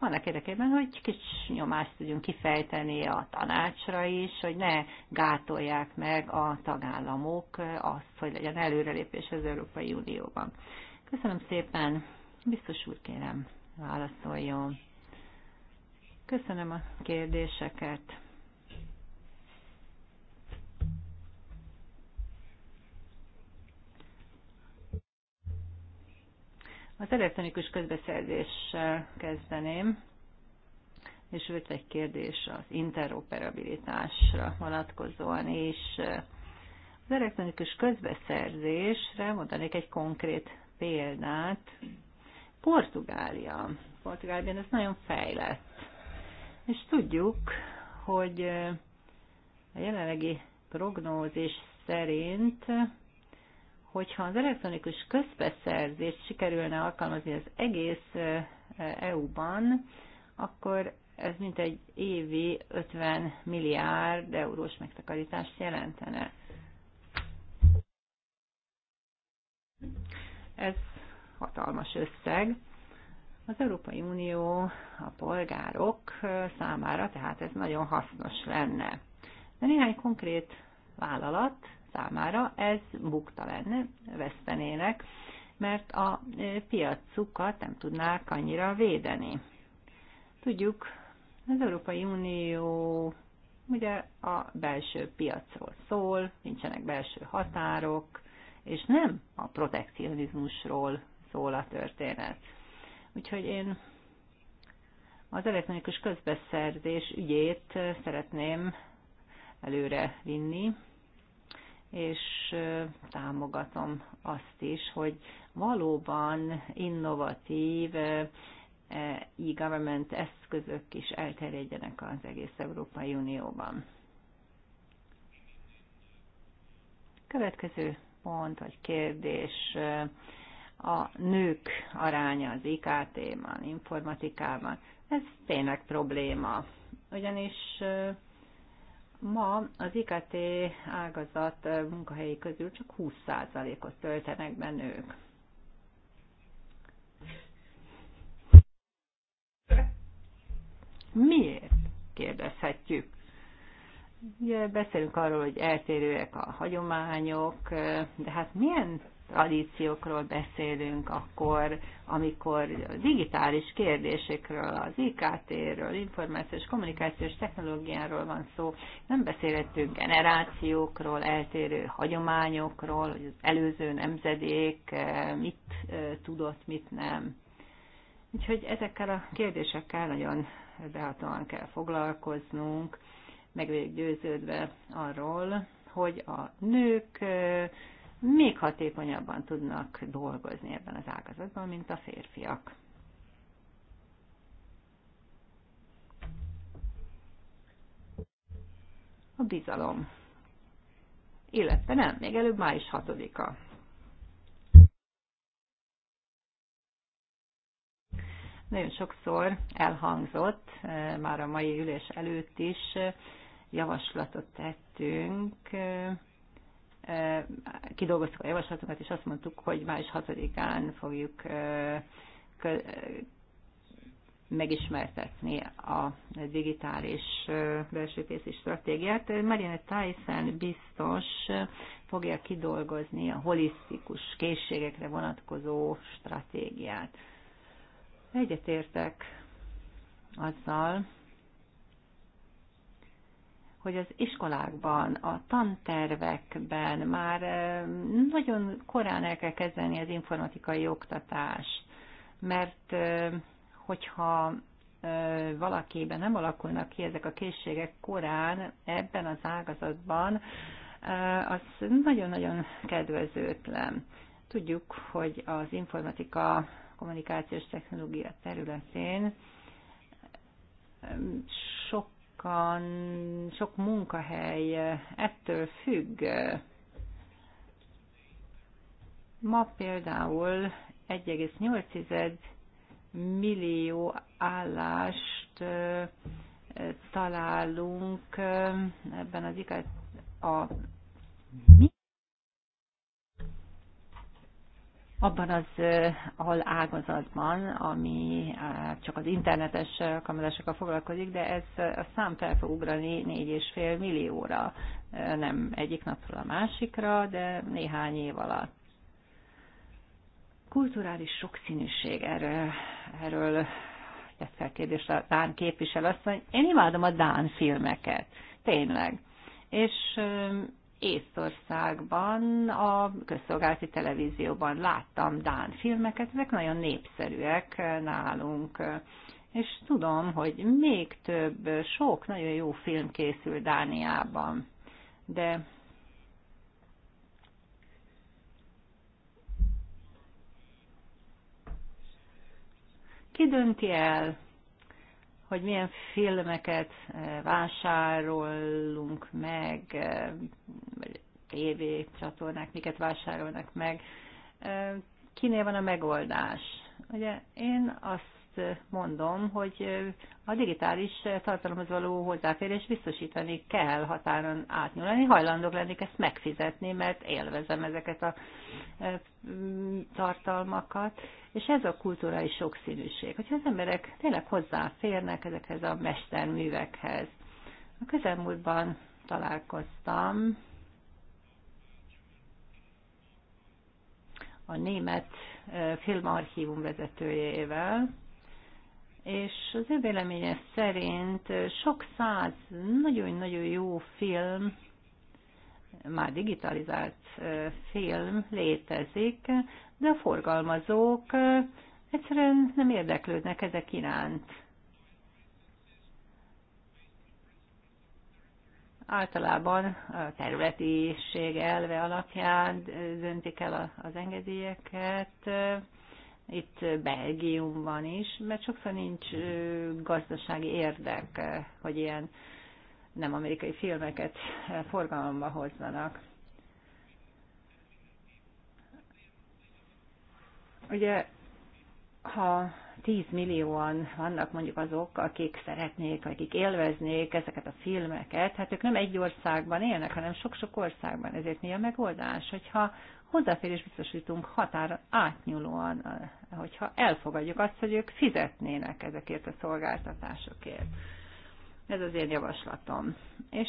annak érdekében, hogy kis nyomást tudjunk kifejteni a tanácsra is, hogy ne gátolják meg a tagállamok azt, hogy legyen előrelépés az Európai Unióban. Köszönöm szépen, biztos úr kérem, válaszoljon. Köszönöm a kérdéseket. Az elektronikus közbeszerzéssel kezdeném, és őt egy kérdés az interoperabilitásra vonatkozóan is. Az elektronikus közbeszerzésre mondanék egy konkrét példát. Portugália. Portugáliában ez nagyon fejlett. És tudjuk, hogy a jelenlegi prognózis szerint hogyha az elektronikus közbeszerzést sikerülne alkalmazni az egész EU-ban, akkor ez mint egy évi 50 milliárd eurós megtakarítást jelentene. Ez hatalmas összeg. Az Európai Unió a polgárok számára, tehát ez nagyon hasznos lenne. De néhány konkrét vállalat számára, ez bukta lenne, vesztenének, mert a e, piacukat nem tudnák annyira védeni. Tudjuk, az Európai Unió ugye a belső piacról szól, nincsenek belső határok, és nem a protekcionizmusról szól a történet. Úgyhogy én az elektronikus közbeszerzés ügyét szeretném előre vinni, és támogatom azt is, hogy valóban innovatív e-government eszközök is elterjedjenek az egész Európai Unióban. Következő pont vagy kérdés a nők aránya az IKT-ban, informatikában. Ez tényleg probléma, ugyanis Ma az IKT ágazat munkahelyi közül csak 20%-ot töltenek be nők. Miért? Kérdezhetjük. Ugye beszélünk arról, hogy eltérőek a hagyományok, de hát milyen tradíciókról beszélünk, akkor amikor digitális kérdésekről, az IKT-ről, információs kommunikációs technológiáról van szó, nem beszélhetünk generációkról, eltérő hagyományokról, hogy az előző nemzedék eh, mit eh, tudott, mit nem. Úgyhogy ezekkel a kérdésekkel nagyon behatóan kell foglalkoznunk, meg győződve arról, hogy a nők eh, még hatékonyabban tudnak dolgozni ebben az ágazatban, mint a férfiak. A bizalom. Illetve nem, még előbb május 6-a. Nagyon sokszor elhangzott, eh, már a mai ülés előtt is eh, javaslatot tettünk, eh, kidolgoztuk a javaslatokat, és azt mondtuk, hogy május 6-án fogjuk megismertetni a digitális belső stratégiát. Marianne Tyson biztos fogja kidolgozni a holisztikus készségekre vonatkozó stratégiát. Egyetértek azzal, hogy az iskolákban, a tantervekben már nagyon korán el kell kezdeni az informatikai oktatást, mert hogyha valakiben nem alakulnak ki ezek a készségek korán ebben az ágazatban, az nagyon-nagyon kedvezőtlen. Tudjuk, hogy az informatika kommunikációs technológia területén sok sokan, sok munkahely ettől függ. Ma például 1,8 millió állást találunk ebben az igaz, a mi abban az ahol ágazatban, ami csak az internetes kamerásokkal foglalkozik, de ez a szám fel fog ugrani 4,5 millióra, nem egyik napról a másikra, de néhány év alatt. Kulturális sokszínűség, erről, erről tett fel kérdést a Dán képviselő, azt mondja, én imádom a Dán filmeket, tényleg. És Észtországban, a közszolgálati televízióban láttam Dán filmeket, ezek nagyon népszerűek nálunk. És tudom, hogy még több, sok nagyon jó film készül Dániában. De ki dönti el, hogy milyen filmeket eh, vásárolunk meg, eh, vagy TV csatornák, miket vásárolnak meg. Eh, kinél van a megoldás? Ugye én azt azt mondom, hogy a digitális tartalomhoz való hozzáférés biztosítani kell határon átnyúlani. Hajlandók lennék ezt megfizetni, mert élvezem ezeket a tartalmakat. És ez a kulturális sokszínűség, hogyha az emberek tényleg hozzáférnek ezekhez a mesterművekhez. A közelmúltban találkoztam a német filmarchívum vezetőjével, és az ő véleménye szerint sok száz nagyon-nagyon jó film, már digitalizált film létezik, de a forgalmazók egyszerűen nem érdeklődnek ezek iránt. Általában a területiség elve alapján döntik el az engedélyeket, itt Belgiumban is, mert sokszor nincs gazdasági érdek, hogy ilyen nem amerikai filmeket forgalomba hozzanak. Ugye, ha 10 millióan vannak mondjuk azok, akik szeretnék, akik élveznék ezeket a filmeket, hát ők nem egy országban élnek, hanem sok-sok országban. Ezért mi a megoldás? Hogyha hozzáférés biztosítunk határ átnyúlóan, eh, hogyha elfogadjuk azt, hogy ők fizetnének ezekért a szolgáltatásokért. Ez az én javaslatom. És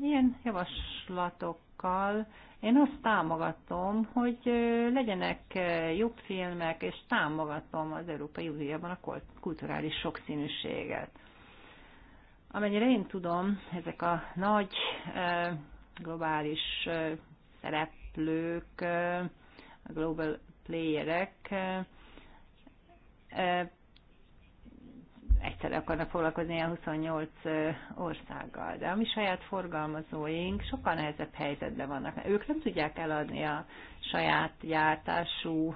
ilyen javaslatokkal én azt támogatom, hogy eh, legyenek eh, jobb filmek, és támogatom az Európai Unióban a kulturális sokszínűséget. Amennyire én tudom, ezek a nagy globális szerep szereplők, a global playerek egyszerre akarnak foglalkozni a 28 országgal. De a mi saját forgalmazóink sokkal nehezebb helyzetben vannak. Ők nem tudják eladni a saját gyártású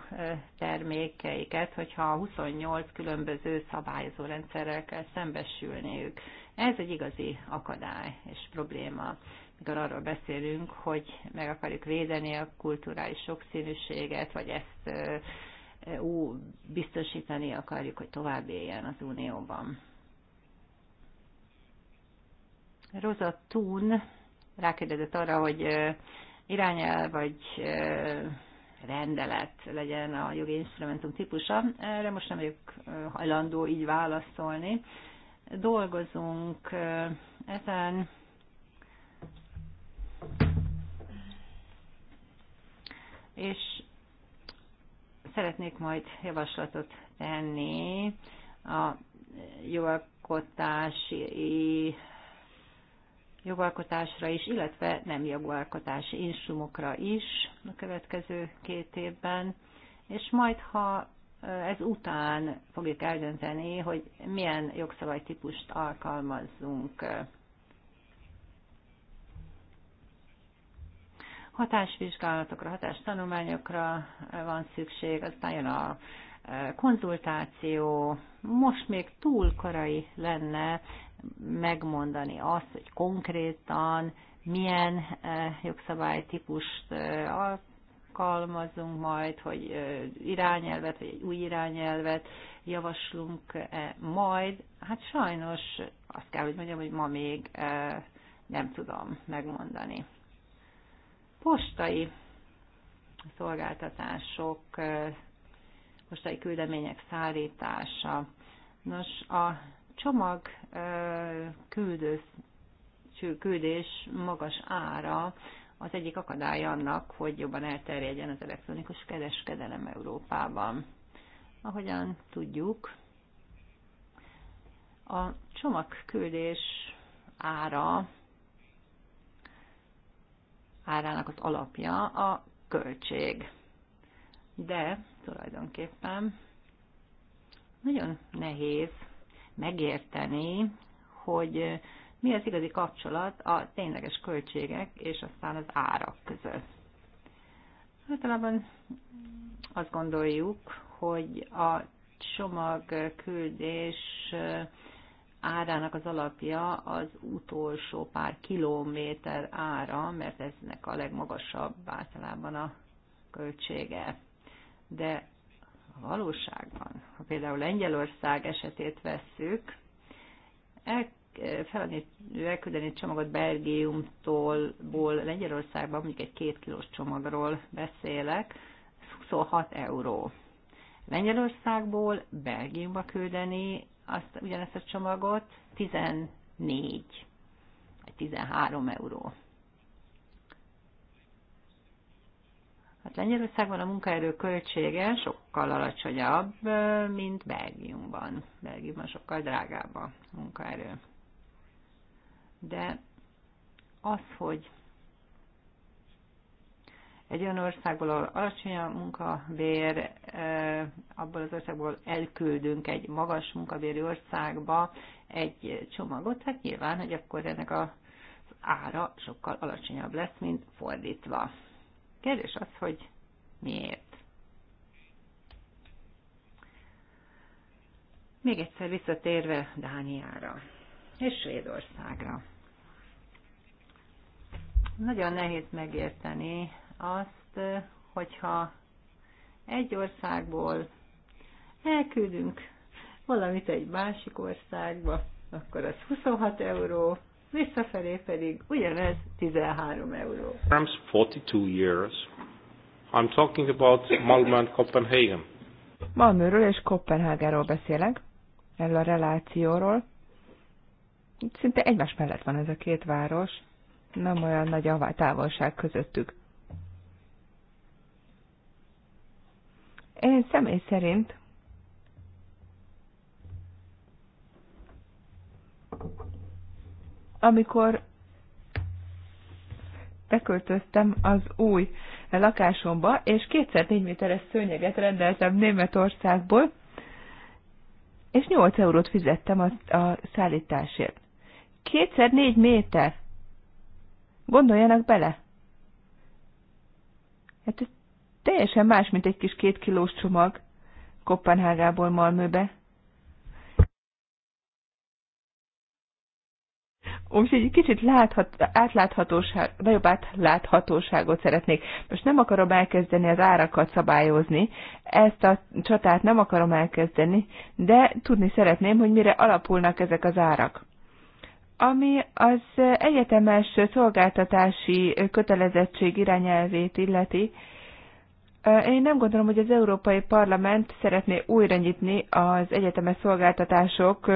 termékeiket, hogyha 28 különböző szabályozó rendszerrel kell szembesülniük. Ez egy igazi akadály és probléma amikor arról beszélünk, hogy meg akarjuk védeni a kulturális sokszínűséget, vagy ezt ú, biztosítani akarjuk, hogy tovább éljen az Unióban. Rosa Thun rákérdezett arra, hogy irányel vagy rendelet legyen a jogi instrumentum típusa. Erre most nem vagyok hajlandó így válaszolni. Dolgozunk ezen, és szeretnék majd javaslatot tenni a jogalkotási jogalkotásra is, illetve nem jogalkotási instrumokra is a következő két évben, és majd, ha ez után fogjuk eldönteni, hogy milyen jogszabálytípust alkalmazzunk hatásvizsgálatokra, hatástanulmányokra van szükség, aztán jön a e, konzultáció. Most még túl korai lenne megmondani azt, hogy konkrétan milyen e, jogszabálytípust e, alkalmazunk majd, hogy irányelvet, vagy egy új irányelvet javaslunk -e majd. Hát sajnos azt kell, hogy mondjam, hogy ma még nem tudom megmondani postai szolgáltatások, postai küldemények szállítása. Nos, a csomag küldés magas ára az egyik akadály annak, hogy jobban elterjedjen az elektronikus kereskedelem Európában. Ahogyan tudjuk, a csomagküldés ára árának az alapja a költség. De tulajdonképpen nagyon nehéz megérteni, hogy mi az igazi kapcsolat a tényleges költségek és aztán az árak között. Általában azt gondoljuk, hogy a csomagküldés árának az alapja az utolsó pár kilométer ára, mert eznek a legmagasabb általában a költsége. De a valóságban, ha például Lengyelország esetét vesszük, el, feladni, elküldeni egy csomagot Belgiumtól, ból Lengyelországban, mondjuk egy két kilós csomagról beszélek, 26 euró. Lengyelországból Belgiumba küldeni azt, ugyanezt a csomagot 14 vagy 13 euró. Hát Lengyelországban a munkaerő költsége sokkal alacsonyabb, mint Belgiumban. Belgiumban sokkal drágább a munkaerő. De az, hogy egy olyan országból, ahol alacsony a munkabér, abból az országból elküldünk egy magas munkabéri országba egy csomagot, hát nyilván, hogy akkor ennek az ára sokkal alacsonyabb lesz, mint fordítva. Kérdés az, hogy miért? Még egyszer visszatérve Dániára és Svédországra. Nagyon nehéz megérteni, azt, hogyha egy országból elküldünk valamit egy másik országba, akkor az 26 euró, visszafelé pedig ugyanez 13 euró. Times 42 years. I'm talking about Malmö and Copenhagen. Malmöről és Kopenhágáról beszélek, erről a relációról. Szinte egymás mellett van ez a két város, nem olyan nagy a távolság közöttük. Én személy szerint amikor beköltöztem az új lakásomba, és kétszer négy méteres szőnyeget rendeltem Németországból, és 8 eurót fizettem a, a szállításért. Kétszer négy méter! Gondoljanak bele! Hát ez teljesen más, mint egy kis két kilós csomag Kopenhágából Malmöbe. Úgyhogy egy kicsit láthat, átláthatóság, nagyobb átláthatóságot szeretnék. Most nem akarom elkezdeni az árakat szabályozni, ezt a csatát nem akarom elkezdeni, de tudni szeretném, hogy mire alapulnak ezek az árak. Ami az egyetemes szolgáltatási kötelezettség irányelvét illeti, én nem gondolom, hogy az Európai Parlament szeretné újra nyitni az egyetemes szolgáltatások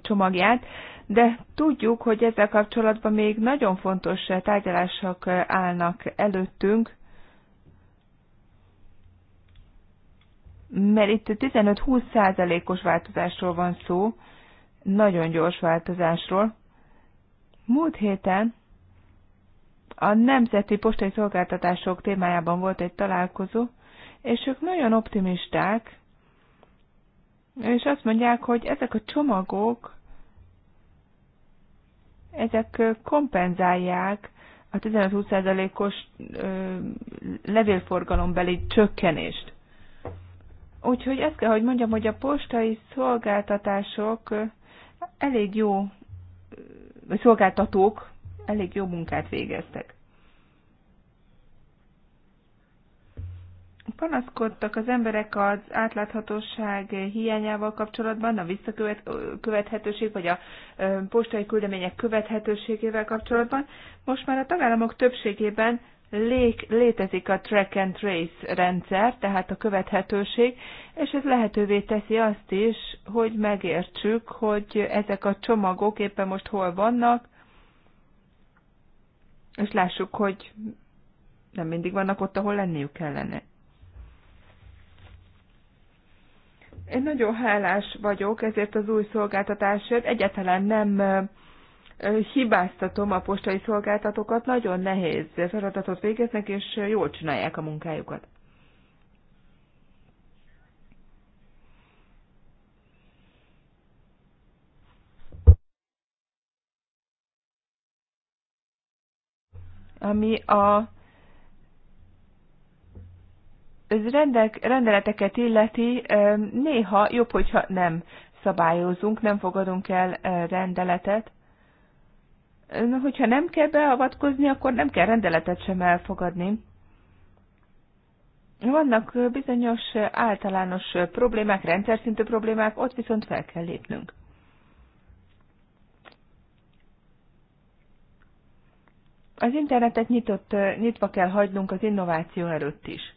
csomagját, de tudjuk, hogy ezzel kapcsolatban még nagyon fontos tárgyalások állnak előttünk, mert itt 15-20 százalékos változásról van szó, nagyon gyors változásról. Múlt héten a nemzeti postai szolgáltatások témájában volt egy találkozó, és ők nagyon optimisták, és azt mondják, hogy ezek a csomagok, ezek kompenzálják a 15-20%-os levélforgalombeli csökkenést. Úgyhogy ezt kell, hogy mondjam, hogy a postai szolgáltatások elég jó szolgáltatók, elég jó munkát végeztek. Panaszkodtak az emberek az átláthatóság hiányával kapcsolatban, a visszakövethetőség vagy a postai küldemények követhetőségével kapcsolatban. Most már a tagállamok többségében létezik a track and trace rendszer, tehát a követhetőség, és ez lehetővé teszi azt is, hogy megértsük, hogy ezek a csomagok éppen most hol vannak, és lássuk, hogy nem mindig vannak ott, ahol lenniük kellene. Én nagyon hálás vagyok ezért az új szolgáltatásért. Egyetlen nem hibáztatom a postai szolgáltatókat, nagyon nehéz feladatot végeznek, és jól csinálják a munkájukat. ami a rendek, rendeleteket illeti, néha jobb, hogyha nem szabályozunk, nem fogadunk el rendeletet. Hogyha nem kell beavatkozni, akkor nem kell rendeletet sem elfogadni. Vannak bizonyos általános problémák, rendszer szintű problémák, ott viszont fel kell lépnünk. Az internetet nyitott, nyitva kell hagynunk az innováció előtt is.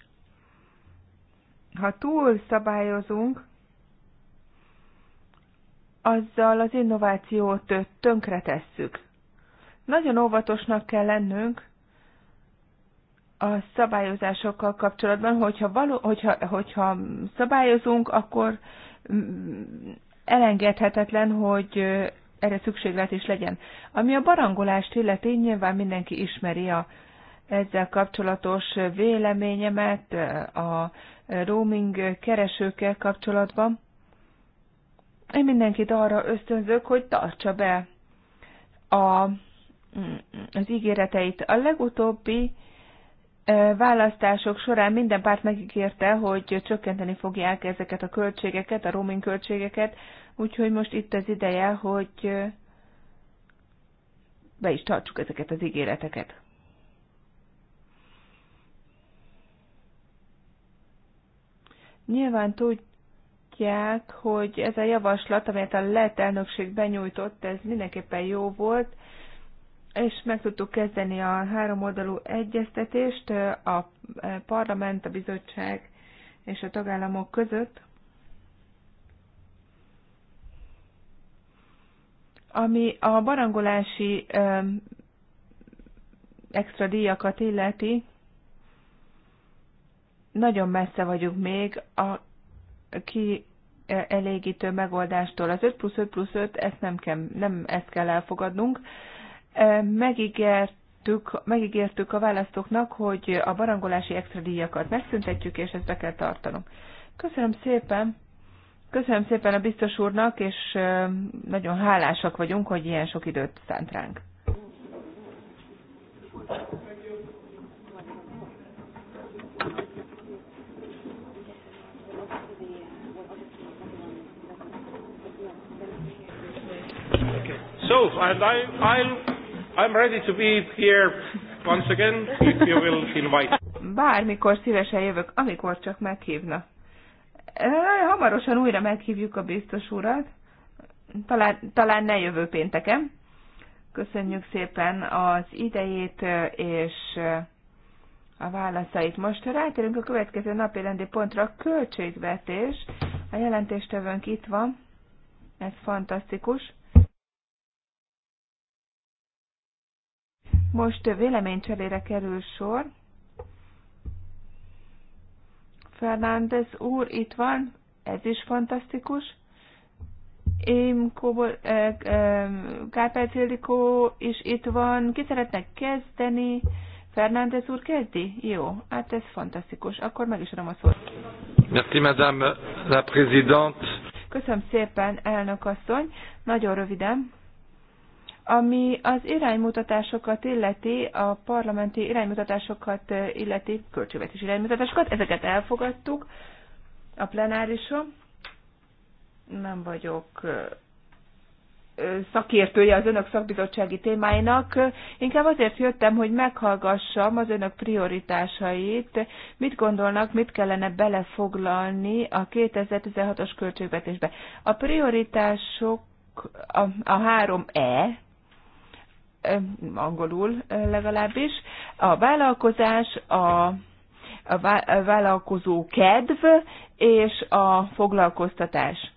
Ha túl szabályozunk, azzal az innovációt tönkretesszük. Nagyon óvatosnak kell lennünk a szabályozásokkal kapcsolatban, hogyha, való, hogyha, hogyha szabályozunk, akkor mm, elengedhetetlen, hogy erre szükséglet is legyen. Ami a barangolást illeti, nyilván mindenki ismeri a ezzel kapcsolatos véleményemet a roaming keresőkkel kapcsolatban. Én mindenkit arra ösztönzök, hogy tartsa be a, az ígéreteit. A legutóbbi e, választások során minden párt megígérte, hogy csökkenteni fogják ezeket a költségeket, a roaming költségeket, úgyhogy most itt az ideje, hogy be is tartsuk ezeket az ígéreteket. Nyilván tudják, hogy ez a javaslat, amelyet a lett elnökség benyújtott, ez mindenképpen jó volt, és meg tudtuk kezdeni a három oldalú egyeztetést a parlament, a bizottság és a tagállamok között. Ami a barangolási extra díjakat illeti, nagyon messze vagyunk még a kielégítő megoldástól. Az 5 plusz 5 plusz 5, ezt nem, kell, nem ezt kell elfogadnunk. Megígértük, megígértük a választóknak, hogy a barangolási extra díjakat megszüntetjük, és ezt be kell tartanunk. Köszönöm szépen! Köszönöm szépen a biztos úrnak, és nagyon hálásak vagyunk, hogy ilyen sok időt szánt ránk. So, and I, I'm, I'm ready to be here once again, if you will invite. Bármikor szívesen jövök, amikor csak meghívna. Hamarosan újra meghívjuk a biztos urat. Talán, talán ne jövő pénteken. Köszönjük szépen az idejét és a válaszait. Most rátérünk a következő napi rendi pontra, költségvetés. A jelentéstevőnk itt van, ez fantasztikus. Most véleménycserére kerül sor. Fernández úr itt van, ez is fantasztikus. Én eh, eh, Kárpát Ildikó is itt van. Ki szeretne kezdeni? Fernández úr kezdi? Jó, hát ez fantasztikus. Akkor meg is adom a szót. Merci, madame la présidente. Köszönöm szépen, elnök asszony. Nagyon röviden. Ami az iránymutatásokat illeti, a parlamenti iránymutatásokat eh, illeti, költségvetési iránymutatásokat, ezeket elfogadtuk a plenárison. Nem vagyok eh, eh, szakértője az önök szakbizottsági témáinak. Inkább azért jöttem, hogy meghallgassam az önök prioritásait, mit gondolnak, mit kellene belefoglalni a 2016-os költségvetésbe. A prioritások a, a 3E, Eh, angolul eh, legalábbis. A vállalkozás, a, a vállalkozó kedv és a foglalkoztatás.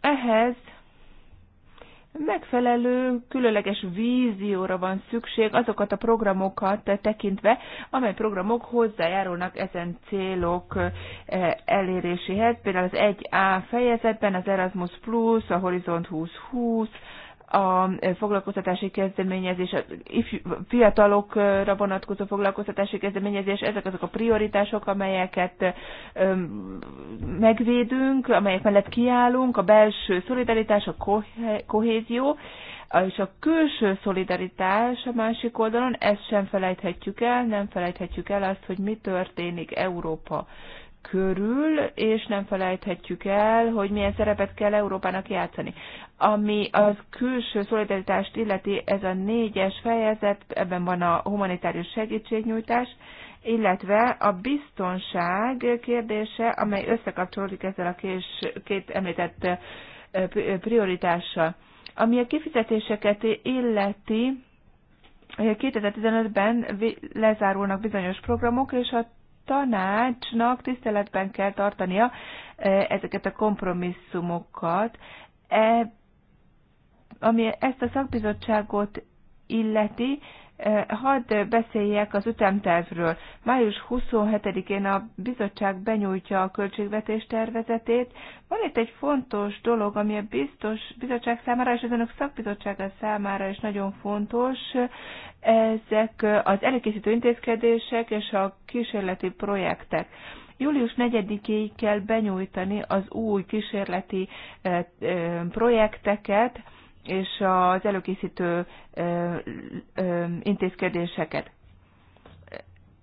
Ehhez megfelelő, különleges vízióra van szükség azokat a programokat tekintve, amely programok hozzájárulnak ezen célok eh, eléréséhez. Például az 1A fejezetben az Erasmus Plus, a Horizont 2020, a foglalkoztatási kezdeményezés, a fiatalokra vonatkozó foglalkoztatási kezdeményezés, ezek azok a prioritások, amelyeket megvédünk, amelyek mellett kiállunk, a belső szolidaritás, a kohézió, és a külső szolidaritás a másik oldalon, ezt sem felejthetjük el, nem felejthetjük el azt, hogy mi történik Európa körül, és nem felejthetjük el, hogy milyen szerepet kell Európának játszani. Ami az külső szolidaritást illeti, ez a négyes fejezet, ebben van a humanitárius segítségnyújtás, illetve a biztonság kérdése, amely összekapcsolódik ezzel a kés, két említett eh, eh, prioritással. Ami a kifizetéseket illeti, 2015-ben eh, lezárulnak bizonyos programok, és a tanácsnak tiszteletben kell tartania eh, ezeket a kompromisszumokat, e, ami ezt a szakbizottságot illeti, Hadd beszéljek az ütemtervről. Május 27-én a bizottság benyújtja a költségvetés tervezetét. Van itt egy fontos dolog, ami a biztos bizottság számára és az önök szakbizottsága számára is nagyon fontos. Ezek az előkészítő intézkedések és a kísérleti projektek. Július 4-ig kell benyújtani az új kísérleti eh, eh, projekteket, és az előkészítő intézkedéseket.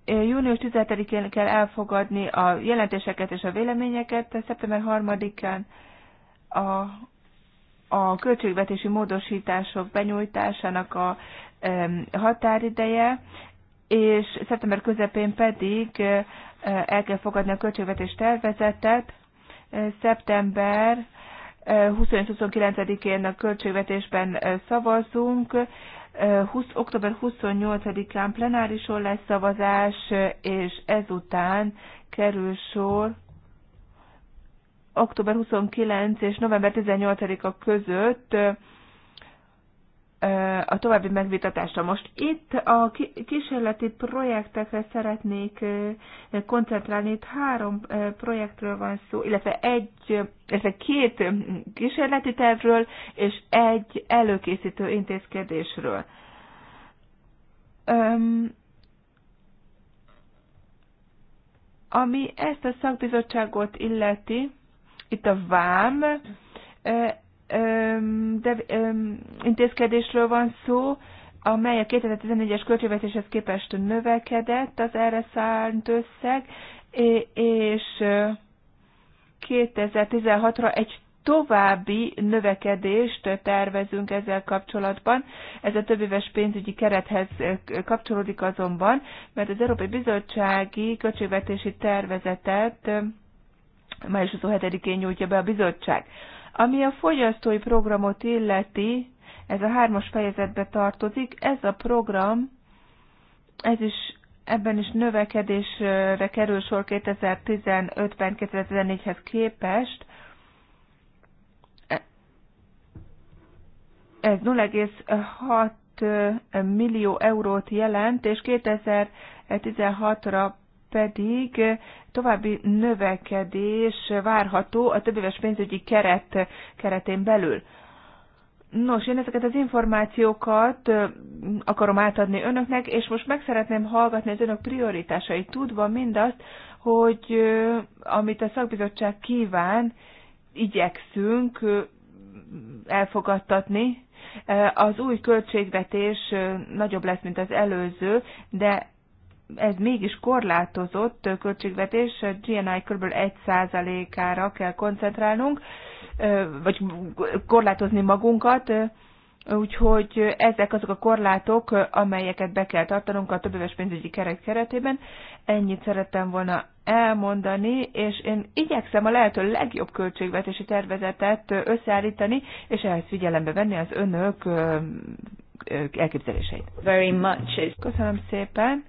Június 17-én kell elfogadni a jelentéseket és a véleményeket, szeptember 3-án a, a költségvetési módosítások benyújtásának a határideje, és szeptember közepén pedig el kell fogadni a költségvetés tervezetet. Szeptember 29 én a költségvetésben szavazunk, 20, október 28-án plenárison lesz szavazás, és ezután kerül sor október 29 és november 18-a között a további megvitatásra. Most itt a kísérleti projektekre szeretnék koncentrálni. Itt három projektről van szó, illetve egy, illetve két kísérleti tervről és egy előkészítő intézkedésről. ami ezt a szakbizottságot illeti, itt a vám de, intézkedésről van szó, amely a 2014-es költségvetéshez képest növekedett az erre szánt összeg, és 2016-ra egy további növekedést tervezünk ezzel kapcsolatban. Ez a éves pénzügyi kerethez kapcsolódik azonban, mert az Európai Bizottsági Költségvetési Tervezetet május 27-én nyújtja be a bizottság. Ami a fogyasztói programot illeti, ez a hármas fejezetbe tartozik, ez a program, ez is ebben is növekedésre kerül sor 2015-ben 2014-hez képest. Ez 0,6 millió eurót jelent, és 2016-ra pedig további növekedés várható a éves pénzügyi keret keretén belül. Nos, én ezeket az információkat akarom átadni önöknek, és most meg szeretném hallgatni az önök prioritásait, tudva mindazt, hogy amit a szakbizottság kíván, igyekszünk elfogadtatni. Az új költségvetés nagyobb lesz, mint az előző, de ez mégis korlátozott költségvetés, a GNI kb. 1%-ára kell koncentrálnunk, vagy korlátozni magunkat, Úgyhogy ezek azok a korlátok, amelyeket be kell tartanunk a többéves pénzügyi keret keretében. Ennyit szerettem volna elmondani, és én igyekszem a lehető legjobb költségvetési tervezetet összeállítani, és ehhez figyelembe venni az önök elképzeléseit. Very much. Köszönöm szépen.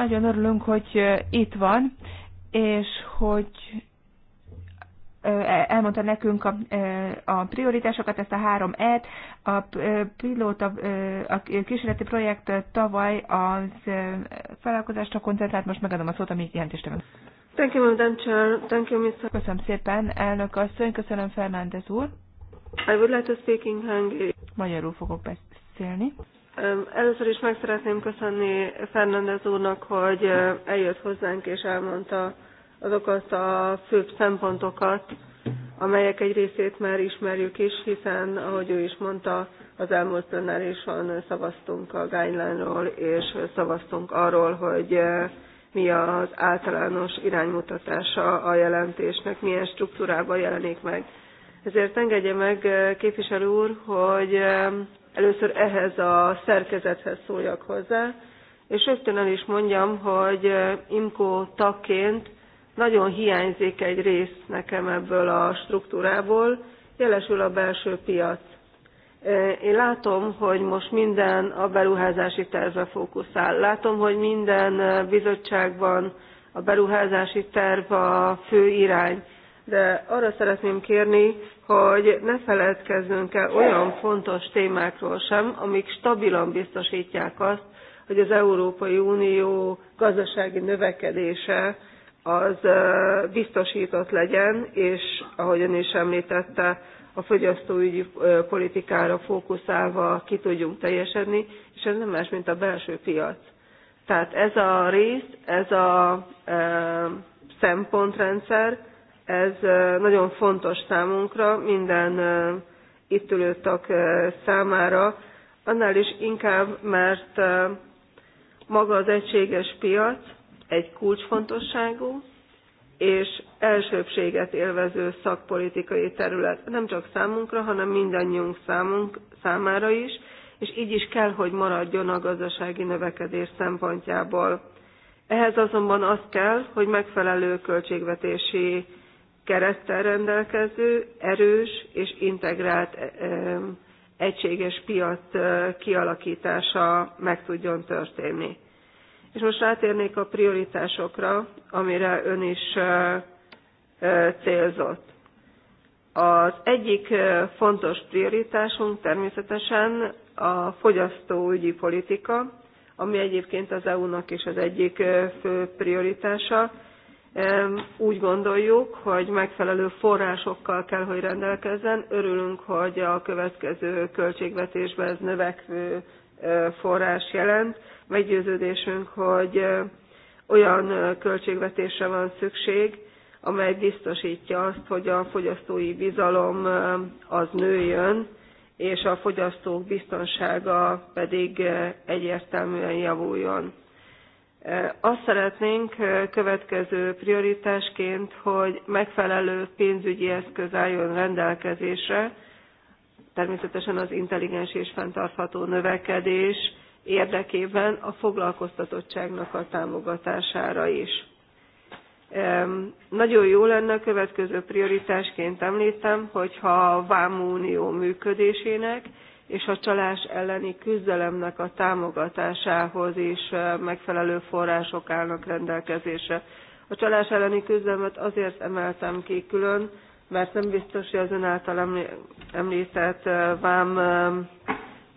Nagyon örülünk, hogy itt van, és hogy elmondta nekünk a, a prioritásokat, ezt a három et a pilóta, a kísérleti projekt tavaly az felálkozásra koncentrált, most megadom a szót, ami jelentéstevő. Thank you, Madam Chair. Thank you, Mr. Köszönöm szépen, elnök asszony, köszönöm Fernández úr. I would like to speak in Hungary. Magyarul fogok beszélni. Először is meg szeretném köszönni Fernández úrnak, hogy eljött hozzánk és elmondta azokat a főbb szempontokat, amelyek egy részét már ismerjük is, hiszen, ahogy ő is mondta, az elmúlt plenárison szavaztunk a guideline-ról, és szavaztunk arról, hogy mi az általános iránymutatása a jelentésnek, milyen struktúrában jelenik meg. Ezért engedje meg, képviselő úr, hogy először ehhez a szerkezethez szóljak hozzá és rögtön el is mondjam hogy eh, Imko tagként nagyon hiányzik egy rész nekem ebből a struktúrából jelesül a belső piac. Eh, én látom, hogy most minden a beruházási tervre fókuszál. Látom, hogy minden eh, bizottságban a beruházási terv a fő irány de arra szeretném kérni, hogy ne feledkezzünk el olyan fontos témákról sem, amik stabilan biztosítják azt, hogy az Európai Unió gazdasági növekedése az biztosított legyen, és ahogy ön is említette, a fogyasztóügyi politikára fókuszálva ki tudjunk teljesedni, és ez nem más, mint a belső piac. Tehát ez a rész, ez a e, szempontrendszer, ez nagyon fontos számunkra, minden itt ülő tag számára, annál is inkább, mert maga az egységes piac egy kulcsfontosságú és elsőbséget élvező szakpolitikai terület, nem csak számunkra, hanem mindannyiunk számunk, számára is, és így is kell, hogy maradjon a gazdasági növekedés szempontjából. Ehhez azonban az kell, hogy megfelelő költségvetési kerettel rendelkező erős és integrált e, e, egységes piac e, kialakítása meg tudjon történni. És most rátérnék a prioritásokra, amire ön is célzott. Az egyik fontos prioritásunk természetesen a fogyasztóügyi politika, ami egyébként az EU-nak is az egyik fő prioritása, úgy gondoljuk, hogy megfelelő forrásokkal kell, hogy rendelkezzen. Örülünk, hogy a következő költségvetésben ez növekvő forrás jelent. Meggyőződésünk, hogy olyan költségvetésre van szükség, amely biztosítja azt, hogy a fogyasztói bizalom az nőjön, és a fogyasztók biztonsága pedig egyértelműen javuljon azt szeretnénk következő prioritásként, hogy megfelelő pénzügyi eszköz álljon rendelkezésre, természetesen az intelligens és fenntartható növekedés érdekében a foglalkoztatottságnak a támogatására is. Nagyon jó lenne a következő prioritásként említem, hogyha a Vámunió működésének és a csalás elleni küzdelemnek a támogatásához is megfelelő források állnak rendelkezésre. A csalás elleni küzdelmet azért emeltem ki külön, mert nem biztos, hogy az ön által említett vám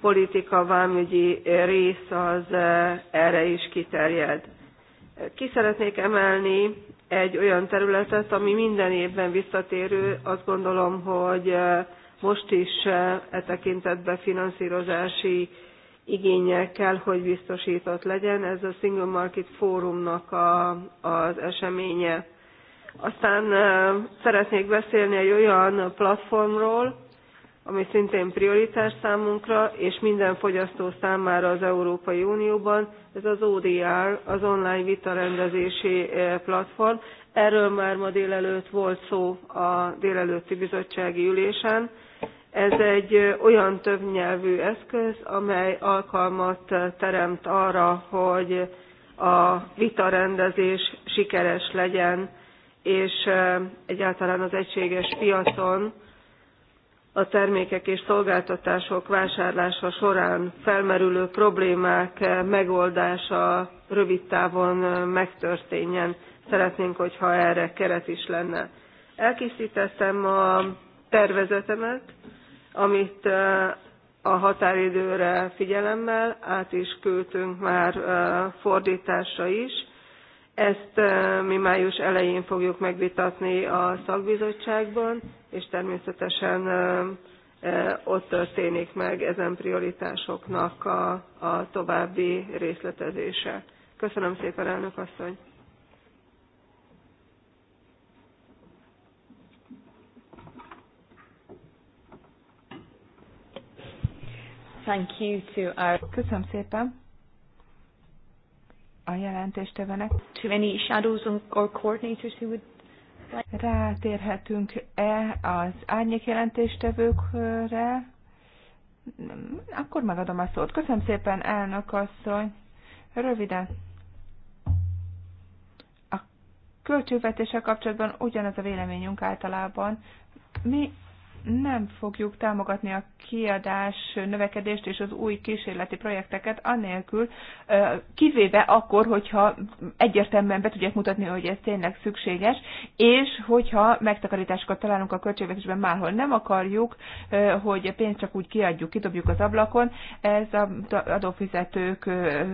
politika, vámügyi rész az erre is kiterjed. Ki szeretnék emelni egy olyan területet, ami minden évben visszatérő, azt gondolom, hogy most is eh, e tekintetben finanszírozási igényekkel, kell, hogy biztosított legyen. Ez a Single Market Fórumnak a, az eseménye. Aztán eh, szeretnék beszélni egy olyan platformról, ami szintén prioritás számunkra, és minden fogyasztó számára az Európai Unióban, ez az ODR, az online vitarendezési eh, platform. Erről már ma délelőtt volt szó a délelőtti bizottsági ülésen ez egy olyan többnyelvű eszköz, amely alkalmat teremt arra, hogy a vitarendezés sikeres legyen, és egyáltalán az egységes piacon a termékek és szolgáltatások vásárlása során felmerülő problémák megoldása rövid távon megtörténjen. Szeretnénk, hogyha erre keret is lenne. Elkészítettem a tervezetemet, amit a határidőre figyelemmel át is küldtünk már fordításra is. Ezt mi május elején fogjuk megvitatni a szakbizottságban, és természetesen ott történik meg ezen prioritásoknak a, a további részletezése. Köszönöm szépen, elnök asszony! Thank you to our... Köszönöm szépen a jelentéstevenek. To any shadows or coordinators who would Rátérhetünk-e az árnyék jelentéstevőkre? Akkor megadom a szót. Köszönöm szépen, elnök asszony. Röviden. A költségvetéssel kapcsolatban ugyanaz a véleményünk általában. Mi nem fogjuk támogatni a kiadás növekedést és az új kísérleti projekteket, anélkül, kivéve akkor, hogyha egyértelműen be tudják mutatni, hogy ez tényleg szükséges, és hogyha megtakarításokat találunk a költségvetésben márhol. Nem akarjuk, hogy a pénzt csak úgy kiadjuk, kidobjuk az ablakon, ez az adófizetők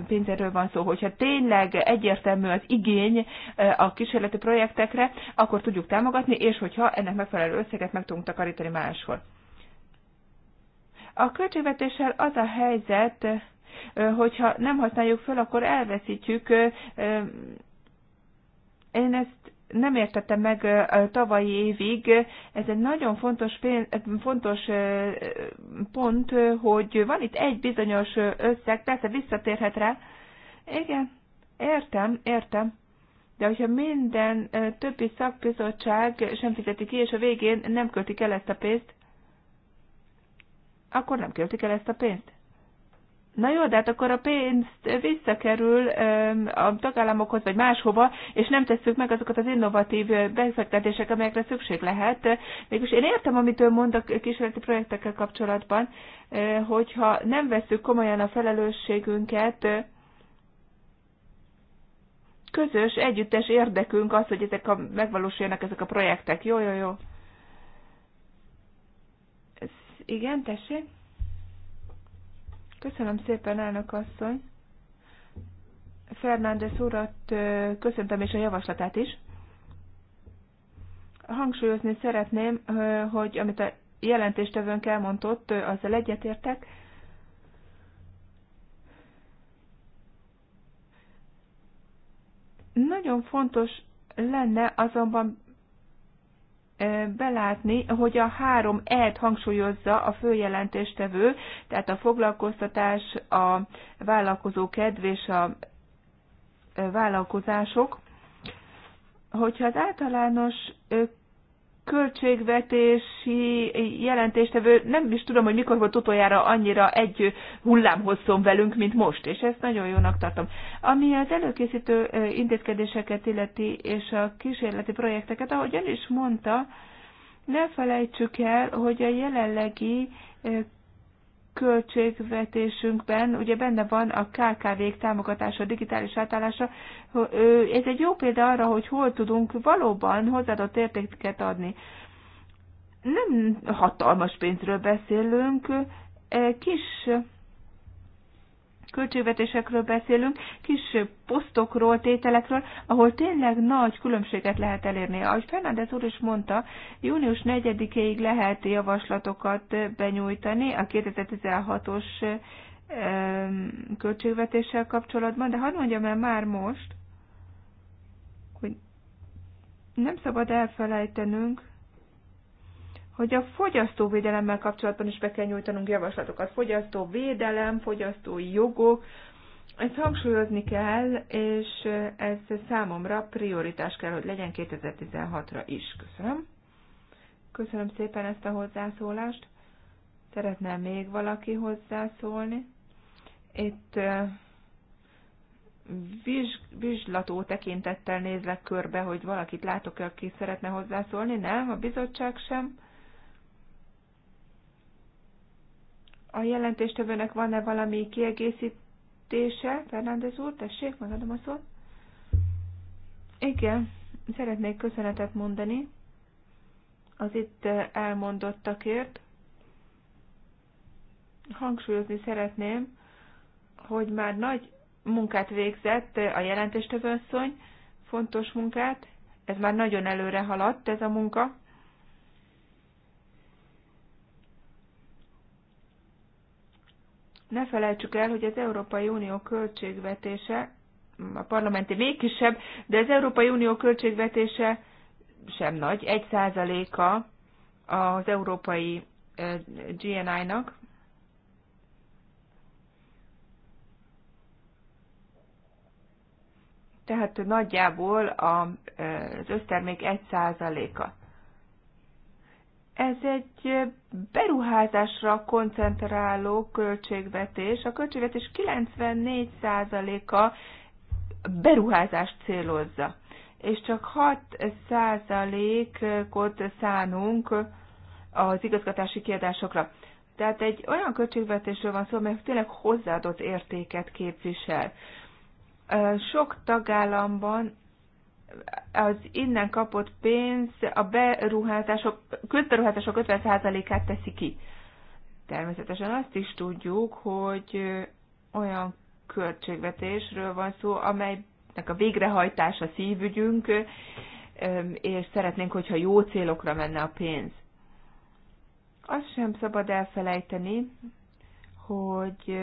pénzéről van szó. Hogyha tényleg egyértelmű az igény a kísérleti projektekre, akkor tudjuk támogatni, és hogyha ennek megfelelő összeget meg tudunk takarítani már máshol. A költségvetéssel az a helyzet, hogyha nem használjuk föl, akkor elveszítjük. Én ezt nem értettem meg tavalyi évig. Ez egy nagyon fontos, fontos pont, hogy van itt egy bizonyos összeg, persze visszatérhet rá. Igen, értem, értem. De hogyha minden többi szakbizottság sem fizeti ki, és a végén nem költik el ezt a pénzt, akkor nem költik el ezt a pénzt. Na jó, de hát akkor a pénzt visszakerül a tagállamokhoz, vagy máshova, és nem tesszük meg azokat az innovatív befektetések, amelyekre szükség lehet. Mégis én értem, amit ő mond a kísérleti projektekkel kapcsolatban, hogyha nem veszük komolyan a felelősségünket, közös, együttes érdekünk az, hogy ezek a, megvalósuljanak ezek a projektek. Jó, jó, jó. Ez, igen, tessék. Köszönöm szépen, elnök asszony. Fernández urat köszöntöm és a javaslatát is. Hangsúlyozni szeretném, hogy amit a jelentéstevőnk elmondott, azzal egyetértek Nagyon fontos lenne azonban belátni, hogy a három E-t hangsúlyozza a főjelentéstevő, tehát a foglalkoztatás, a vállalkozó kedv és a vállalkozások. Hogyha az általános költségvetési jelentéstevő, nem is tudom, hogy mikor volt utoljára annyira egy hullámhosszon velünk, mint most, és ezt nagyon jónak tartom. Ami az előkészítő intézkedéseket illeti, és a kísérleti projekteket, ahogy ön is mondta, ne felejtsük el, hogy a jelenlegi költségvetésünkben ugye benne van a KKV-k támogatása, a digitális átállása. Ez egy jó példa arra, hogy hol tudunk valóban hozzáadott értéket adni. Nem hatalmas pénzről beszélünk, kis költségvetésekről beszélünk, kis posztokról, tételekről, ahol tényleg nagy különbséget lehet elérni. Ahogy Fernández úr is mondta, június 4-ig lehet javaslatokat benyújtani a 2016-os költségvetéssel kapcsolatban, de hadd mondjam el már most, hogy nem szabad elfelejtenünk, hogy a fogyasztóvédelemmel kapcsolatban is be kell nyújtanunk javaslatokat. Fogyasztóvédelem, fogyasztói jogok, ezt hangsúlyozni kell, és ez számomra prioritás kell, hogy legyen 2016-ra is. Köszönöm. Köszönöm szépen ezt a hozzászólást. Szeretne még valaki hozzászólni? Itt eh, vizs, vizslató tekintettel nézlek körbe, hogy valakit látok-e, aki szeretne hozzászólni. Nem, a bizottság sem. A jelentéstövőnek van-e valami kiegészítése? Fernández úr, tessék, megadom a szót. Igen, szeretnék köszönetet mondani az itt elmondottakért. Hangsúlyozni szeretném, hogy már nagy munkát végzett a jelentéstevőasszony, fontos munkát, ez már nagyon előre haladt ez a munka. Ne felejtsük el, hogy az Európai Unió költségvetése, a parlamenti még kisebb, de az Európai Unió költségvetése sem nagy, egy százaléka az európai GNI-nak. Tehát nagyjából az össztermék egy százaléka. Ez egy beruházásra koncentráló költségvetés. A költségvetés 94%-a beruházást célozza, és csak 6%-ot szánunk az igazgatási kiadásokra. Tehát egy olyan költségvetésről van szó, mert tényleg hozzáadott értéket képvisel. Sok tagállamban az innen kapott pénz a beruházások, közberuházások 50%-át teszi ki. Természetesen azt is tudjuk, hogy olyan költségvetésről van szó, amelynek a végrehajtása szívügyünk, és szeretnénk, hogyha jó célokra menne a pénz. Azt sem szabad elfelejteni, hogy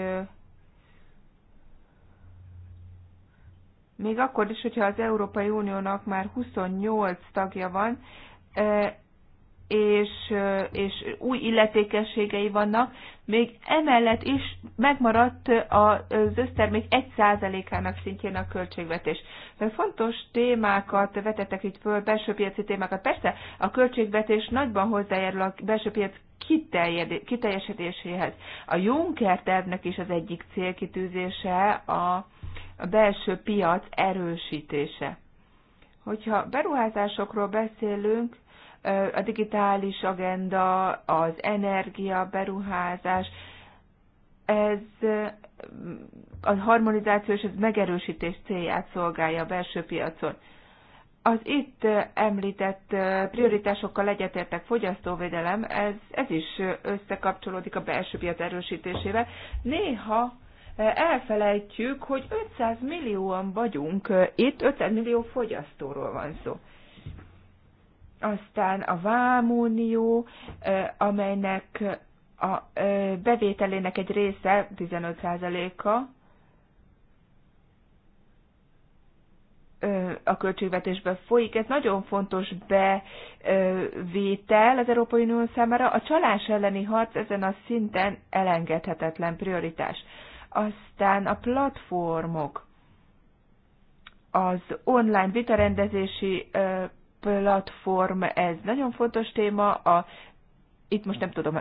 még akkor is, hogyha az Európai Uniónak már 28 tagja van, és, és új illetékességei vannak, még emellett is megmaradt az össztermék 1%-ának szintjén a költségvetés. Mert fontos témákat vetettek itt föl, belső piaci témákat. Persze a költségvetés nagyban hozzájárul a belső piac kiteljesedéséhez. A Juncker tervnek is az egyik célkitűzése a a belső piac erősítése. Hogyha beruházásokról beszélünk, a digitális agenda, az energia, beruházás, ez a harmonizáció és ez megerősítés célját szolgálja a belső piacon. Az itt említett prioritásokkal egyetértek fogyasztóvédelem, ez, ez is összekapcsolódik a belső piac erősítésével. Néha elfelejtjük, hogy 500 millióan vagyunk itt, 500 millió fogyasztóról van szó. Aztán a Vámunió, amelynek a bevételének egy része, 15%-a, a költségvetésbe folyik. Ez nagyon fontos bevétel az Európai Unió számára. A csalás elleni harc ezen a szinten elengedhetetlen prioritás. Aztán a platformok, az online vitarendezési platform, ez nagyon fontos téma. A, itt most nem tudom,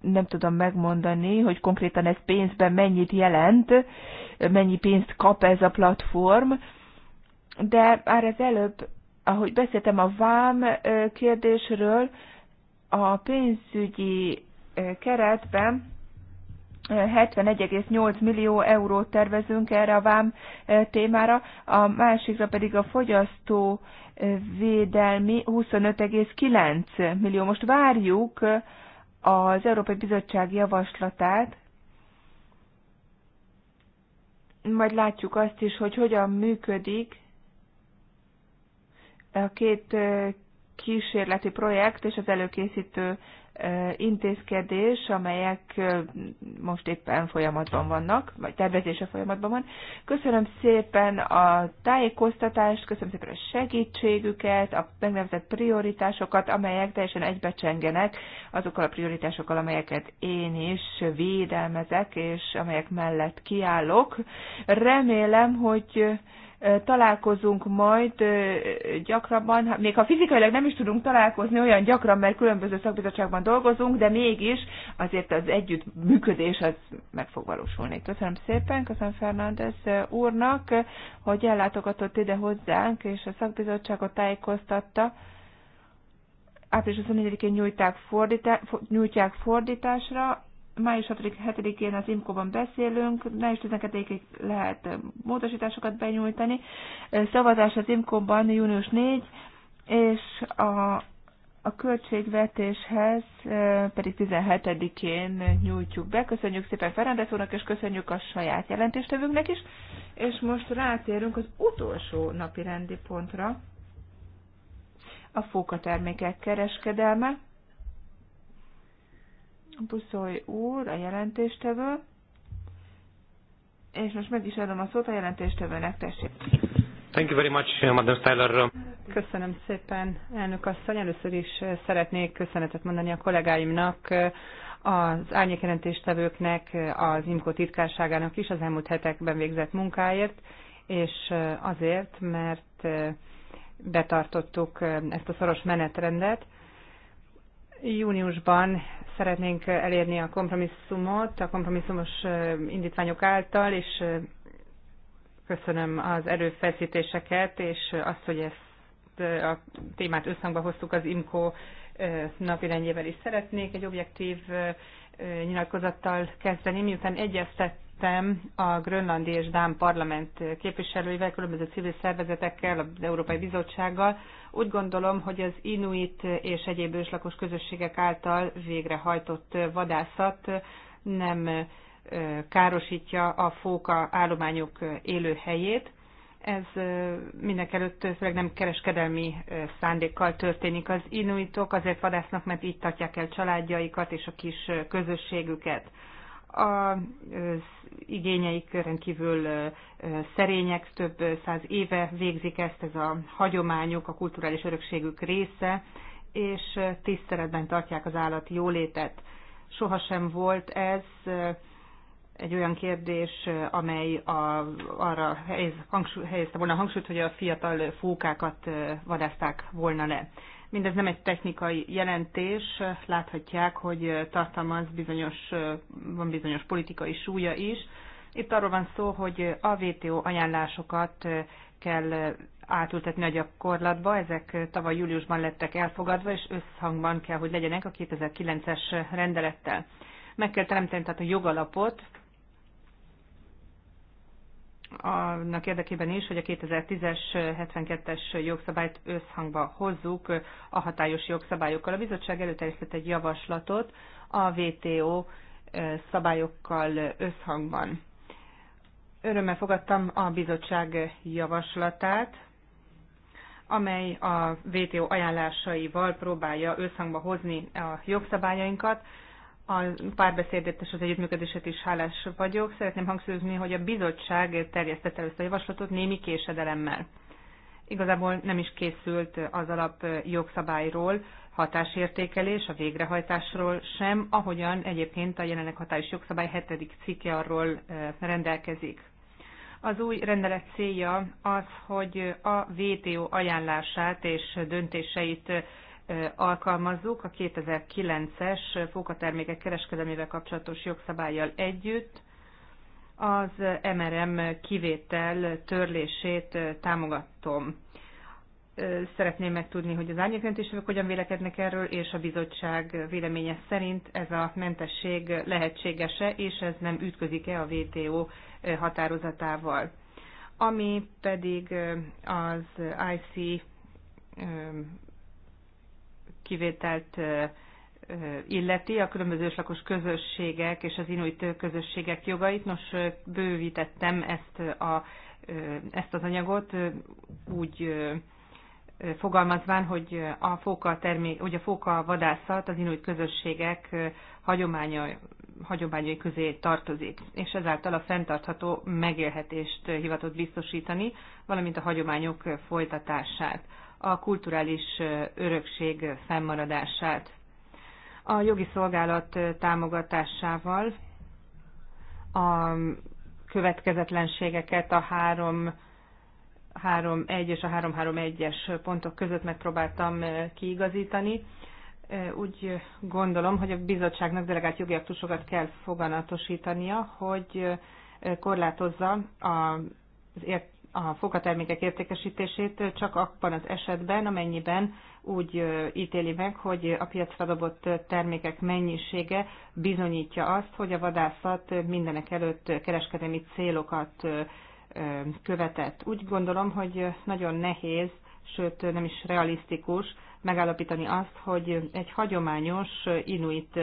nem tudom megmondani, hogy konkrétan ez pénzben mennyit jelent, mennyi pénzt kap ez a platform, de már az előbb, ahogy beszéltem a vám kérdésről, a pénzügyi keretben 71,8 millió eurót tervezünk erre a vám e, témára, a másikra pedig a fogyasztó e, védelmi 25,9 millió. Most várjuk e, az Európai Bizottság javaslatát, majd látjuk azt is, hogy hogyan működik a két kísérleti projekt és az előkészítő intézkedés, amelyek most éppen folyamatban vannak, vagy tervezése folyamatban van. Köszönöm szépen a tájékoztatást, köszönöm szépen a segítségüket, a megnevezett prioritásokat, amelyek teljesen egybecsengenek azokkal a prioritásokkal, amelyeket én is védelmezek, és amelyek mellett kiállok. Remélem, hogy találkozunk majd gyakrabban, még ha fizikailag nem is tudunk találkozni olyan gyakran, mert különböző szakbizottságban dolgozunk, de mégis azért az együttműködés az meg fog valósulni. Köszönöm szépen, köszönöm Fernández úrnak, hogy ellátogatott ide hozzánk, és a szakbizottságot tájékoztatta. Április 24-én nyújták fordítá, nyújtják fordításra, május 7-én az imco ban beszélünk, május 12-ig lehet módosításokat benyújtani. Szavazás az imco ban június 4, és a, a költségvetéshez pedig 17-én nyújtjuk be. Köszönjük szépen Ferendez úrnak, és köszönjük a saját jelentéstevőnknek is. És most rátérünk az utolsó napi rendi pontra, a fókatermékek kereskedelme. Buszoly úr, a jelentéstevő, és most meg is adom a szót a jelentéstevőnek, tessék. Thank you very much, Madam Steyler. Köszönöm szépen, elnök asszony. Először is eh, szeretnék köszönetet mondani a kollégáimnak, eh, az árnyékjelentéstevőknek, eh, az IMCO titkárságának is az elmúlt hetekben végzett munkáért, és azért, mert betartottuk ezt a szoros menetrendet. Júniusban szeretnénk elérni a kompromisszumot, a kompromisszumos indítványok által, és köszönöm az erőfeszítéseket, és azt, hogy ezt a témát összhangba hoztuk az IMCO napirendjével is szeretnék egy objektív nyilatkozattal kezdeni, miután egyeztett beszélgettem a grönlandi és dán parlament képviselőivel, különböző civil szervezetekkel, az Európai Bizottsággal. Úgy gondolom, hogy az inuit és egyéb őslakos közösségek által végrehajtott vadászat nem károsítja a fóka állományok élőhelyét. Ez előtt főleg nem kereskedelmi szándékkal történik. Az inuitok azért vadásznak, mert így tartják el családjaikat és a kis közösségüket a igényeik rendkívül szerények, több száz éve végzik ezt, ez a hagyományuk, a kulturális örökségük része, és tiszteletben tartják az állat jólétet. Sohasem volt ez egy olyan kérdés, amely a, arra helyez, hangsúly, helyezte volna a hangsúlyt, hogy a fiatal fókákat vadázták volna le. Mindez nem egy technikai jelentés, láthatják, hogy tartalmaz bizonyos, van bizonyos politikai súlya is. Itt arról van szó, hogy a WTO ajánlásokat kell átültetni a gyakorlatba. Ezek tavaly júliusban lettek elfogadva, és összhangban kell, hogy legyenek a 2009-es rendelettel. Meg kell teremteni tehát a jogalapot annak érdekében is, hogy a 2010-es 72-es jogszabályt összhangba hozzuk a hatályos jogszabályokkal. A bizottság előterjesztett egy javaslatot a WTO szabályokkal összhangban. Örömmel fogadtam a bizottság javaslatát, amely a WTO ajánlásaival próbálja összhangba hozni a jogszabályainkat, a párbeszédét és az együttműködéset is hálás vagyok. Szeretném hangsúlyozni, hogy a bizottság terjesztette először a javaslatot némi késedelemmel. Igazából nem is készült az alap jogszabályról hatásértékelés, a végrehajtásról sem, ahogyan egyébként a jelenleg hatályos jogszabály hetedik cikke arról eh, rendelkezik. Az új rendelet célja az, hogy a VTO ajánlását és döntéseit alkalmazzuk a 2009-es fókatermékek kereskedelmével kapcsolatos jogszabályjal együtt, az MRM kivétel törlését támogatom. Szeretném megtudni, hogy az árnyékrendések hogyan vélekednek erről, és a bizottság véleménye szerint ez a mentesség lehetséges-e, és ez nem ütközik-e a WTO határozatával. Ami pedig az IC kivételt illeti, a különböző lakos közösségek és az inuit közösségek jogait. Nos, bővítettem ezt, a, ezt az anyagot úgy fogalmazván, hogy a fóka, termé, hogy a fóka vadászat az inuit közösségek hagyománya, hagyományai közé tartozik, és ezáltal a fenntartható megélhetést hivatott biztosítani, valamint a hagyományok folytatását a kulturális örökség fennmaradását. A jogi szolgálat támogatásával a következetlenségeket a három 3.1 és a 3.3.1-es pontok között megpróbáltam kiigazítani. Úgy gondolom, hogy a bizottságnak delegált jogi aktusokat kell foganatosítania, hogy korlátozza az ért a fogatermékek értékesítését csak abban az esetben, amennyiben úgy ítéli meg, hogy a piacra dobott termékek mennyisége bizonyítja azt, hogy a vadászat mindenek előtt kereskedelmi célokat követett. Úgy gondolom, hogy nagyon nehéz, sőt nem is realisztikus megállapítani azt, hogy egy hagyományos inuit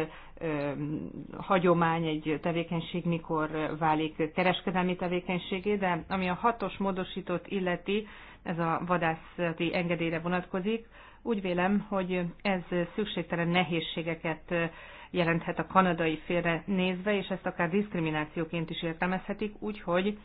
hagyomány, egy tevékenység mikor válik kereskedelmi tevékenységé, de ami a hatos módosított illeti, ez a vadászati engedélyre vonatkozik, úgy vélem, hogy ez szükségtelen nehézségeket jelenthet a kanadai félre nézve, és ezt akár diszkriminációként is értelmezhetik, úgyhogy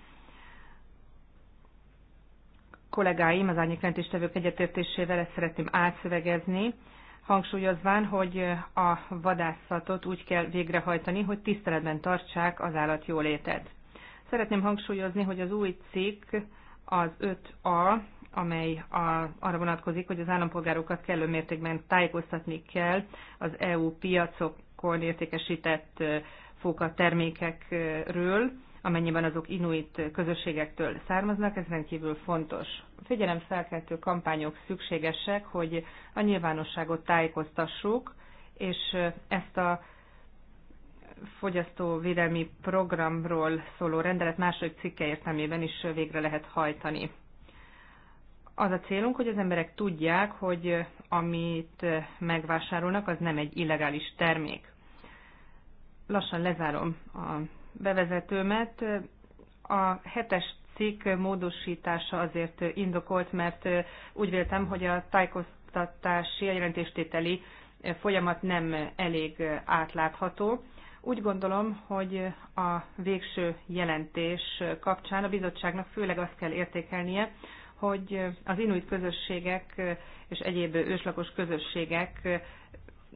kollégáim, az árnyékrendtéstevők egyetértésével ezt szeretném átszövegezni, hangsúlyozván, hogy a vadászatot úgy kell végrehajtani, hogy tiszteletben tartsák az jólétet. Szeretném hangsúlyozni, hogy az új cikk az 5A, amely a, arra vonatkozik, hogy az állampolgárokat kellő mértékben tájékoztatni kell az EU piacokon értékesített eh, fókatermékekről termékekről, amennyiben azok inuit közösségektől származnak, ez rendkívül fontos. Figyelemfelkeltő kampányok szükségesek, hogy a nyilvánosságot tájékoztassuk, és ezt a fogyasztóvédelmi programról szóló rendelet második cikke értelmében is végre lehet hajtani. Az a célunk, hogy az emberek tudják, hogy amit megvásárolnak, az nem egy illegális termék. Lassan lezárom a bevezetőmet. A hetes cikk módosítása azért indokolt, mert úgy véltem, hogy a tájékoztatási, a jelentéstételi folyamat nem elég átlátható. Úgy gondolom, hogy a végső jelentés kapcsán a bizottságnak főleg azt kell értékelnie, hogy az inuit közösségek és egyéb őslakos közösségek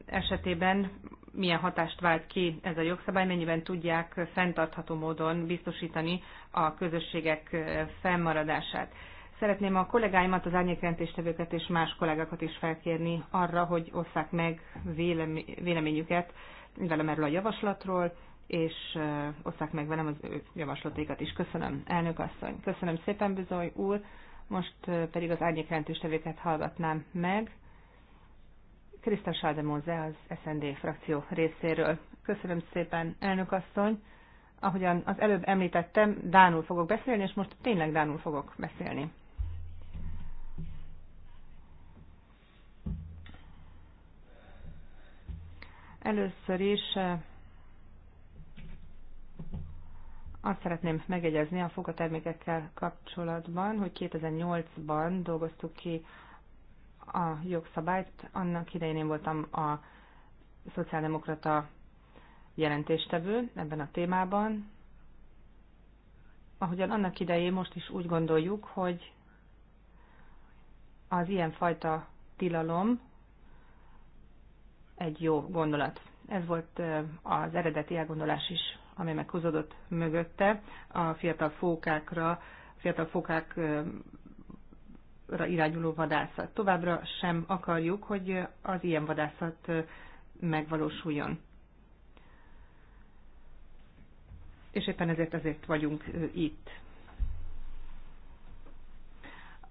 esetében milyen hatást vált ki ez a jogszabály, mennyiben tudják fenntartható módon biztosítani a közösségek fennmaradását. Szeretném a kollégáimat, az árnyékrendéstevőket és más kollégákat is felkérni arra, hogy osszák meg véleményüket velem erről a javaslatról, és osszák meg velem az ő javaslatékat is. Köszönöm, elnök asszony. Köszönöm szépen, bizony úr. Most pedig az árnyékrendéstevőket hallgatnám meg. Krista Sádemóze az SND frakció részéről. Köszönöm szépen, elnök asszony. Ahogyan az előbb említettem, Dánul fogok beszélni, és most tényleg Dánul fogok beszélni. Először is eh, azt szeretném megegyezni a fogatermékekkel kapcsolatban, hogy 2008-ban dolgoztuk ki a jogszabályt. Annak idején én voltam a szociáldemokrata jelentéstevő ebben a témában. Ahogyan annak idején most is úgy gondoljuk, hogy az ilyenfajta tilalom egy jó gondolat. Ez volt az eredeti elgondolás is, amely meghozódott mögötte a fiatal fókákra, fiatal fókák irányuló vadászat. Továbbra sem akarjuk, hogy az ilyen vadászat megvalósuljon. És éppen ezért azért vagyunk itt.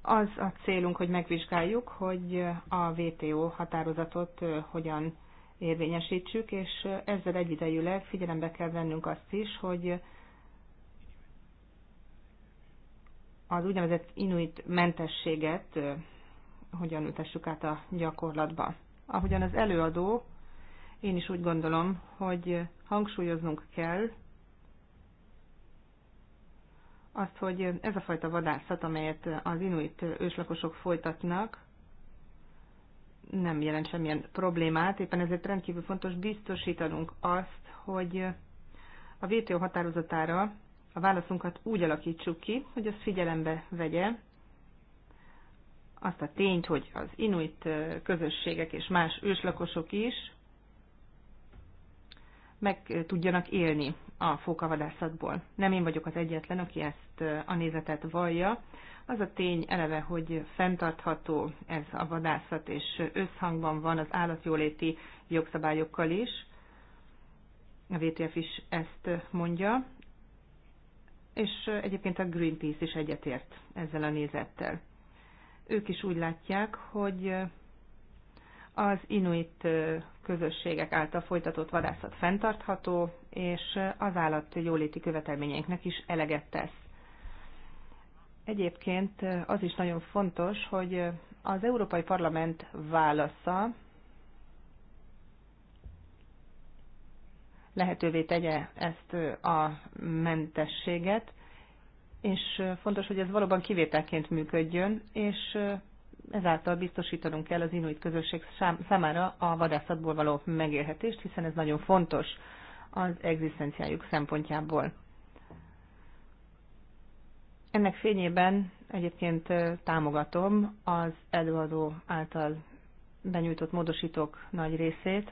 Az a célunk, hogy megvizsgáljuk, hogy a WTO határozatot hogyan érvényesítsük, és ezzel egyidejűleg figyelembe kell vennünk azt is, hogy az úgynevezett inuit mentességet hogyan ültessük át a gyakorlatba. Ahogyan az előadó, én is úgy gondolom, hogy hangsúlyoznunk kell azt, hogy ez a fajta vadászat, amelyet az inuit őslakosok folytatnak, nem jelent semmilyen problémát, éppen ezért rendkívül fontos biztosítanunk azt, hogy a VTO határozatára a válaszunkat úgy alakítsuk ki, hogy az figyelembe vegye azt a tényt, hogy az inuit közösségek és más őslakosok is meg tudjanak élni a fókavadászatból. Nem én vagyok az egyetlen, aki ezt a nézetet vallja. Az a tény eleve, hogy fenntartható ez a vadászat, és összhangban van az állatjóléti jogszabályokkal is. A VTF is ezt mondja és egyébként a Greenpeace is egyetért ezzel a nézettel. Ők is úgy látják, hogy az inuit közösségek által folytatott vadászat fenntartható, és az állat jóléti követelményeinknek is eleget tesz. Egyébként az is nagyon fontos, hogy az Európai Parlament válasza lehetővé tegye ezt a mentességet, és fontos, hogy ez valóban kivételként működjön, és ezáltal biztosítanunk kell az inuit közösség számára a vadászatból való megélhetést, hiszen ez nagyon fontos az egzisztenciájuk szempontjából. Ennek fényében egyébként támogatom az előadó által benyújtott módosítók nagy részét,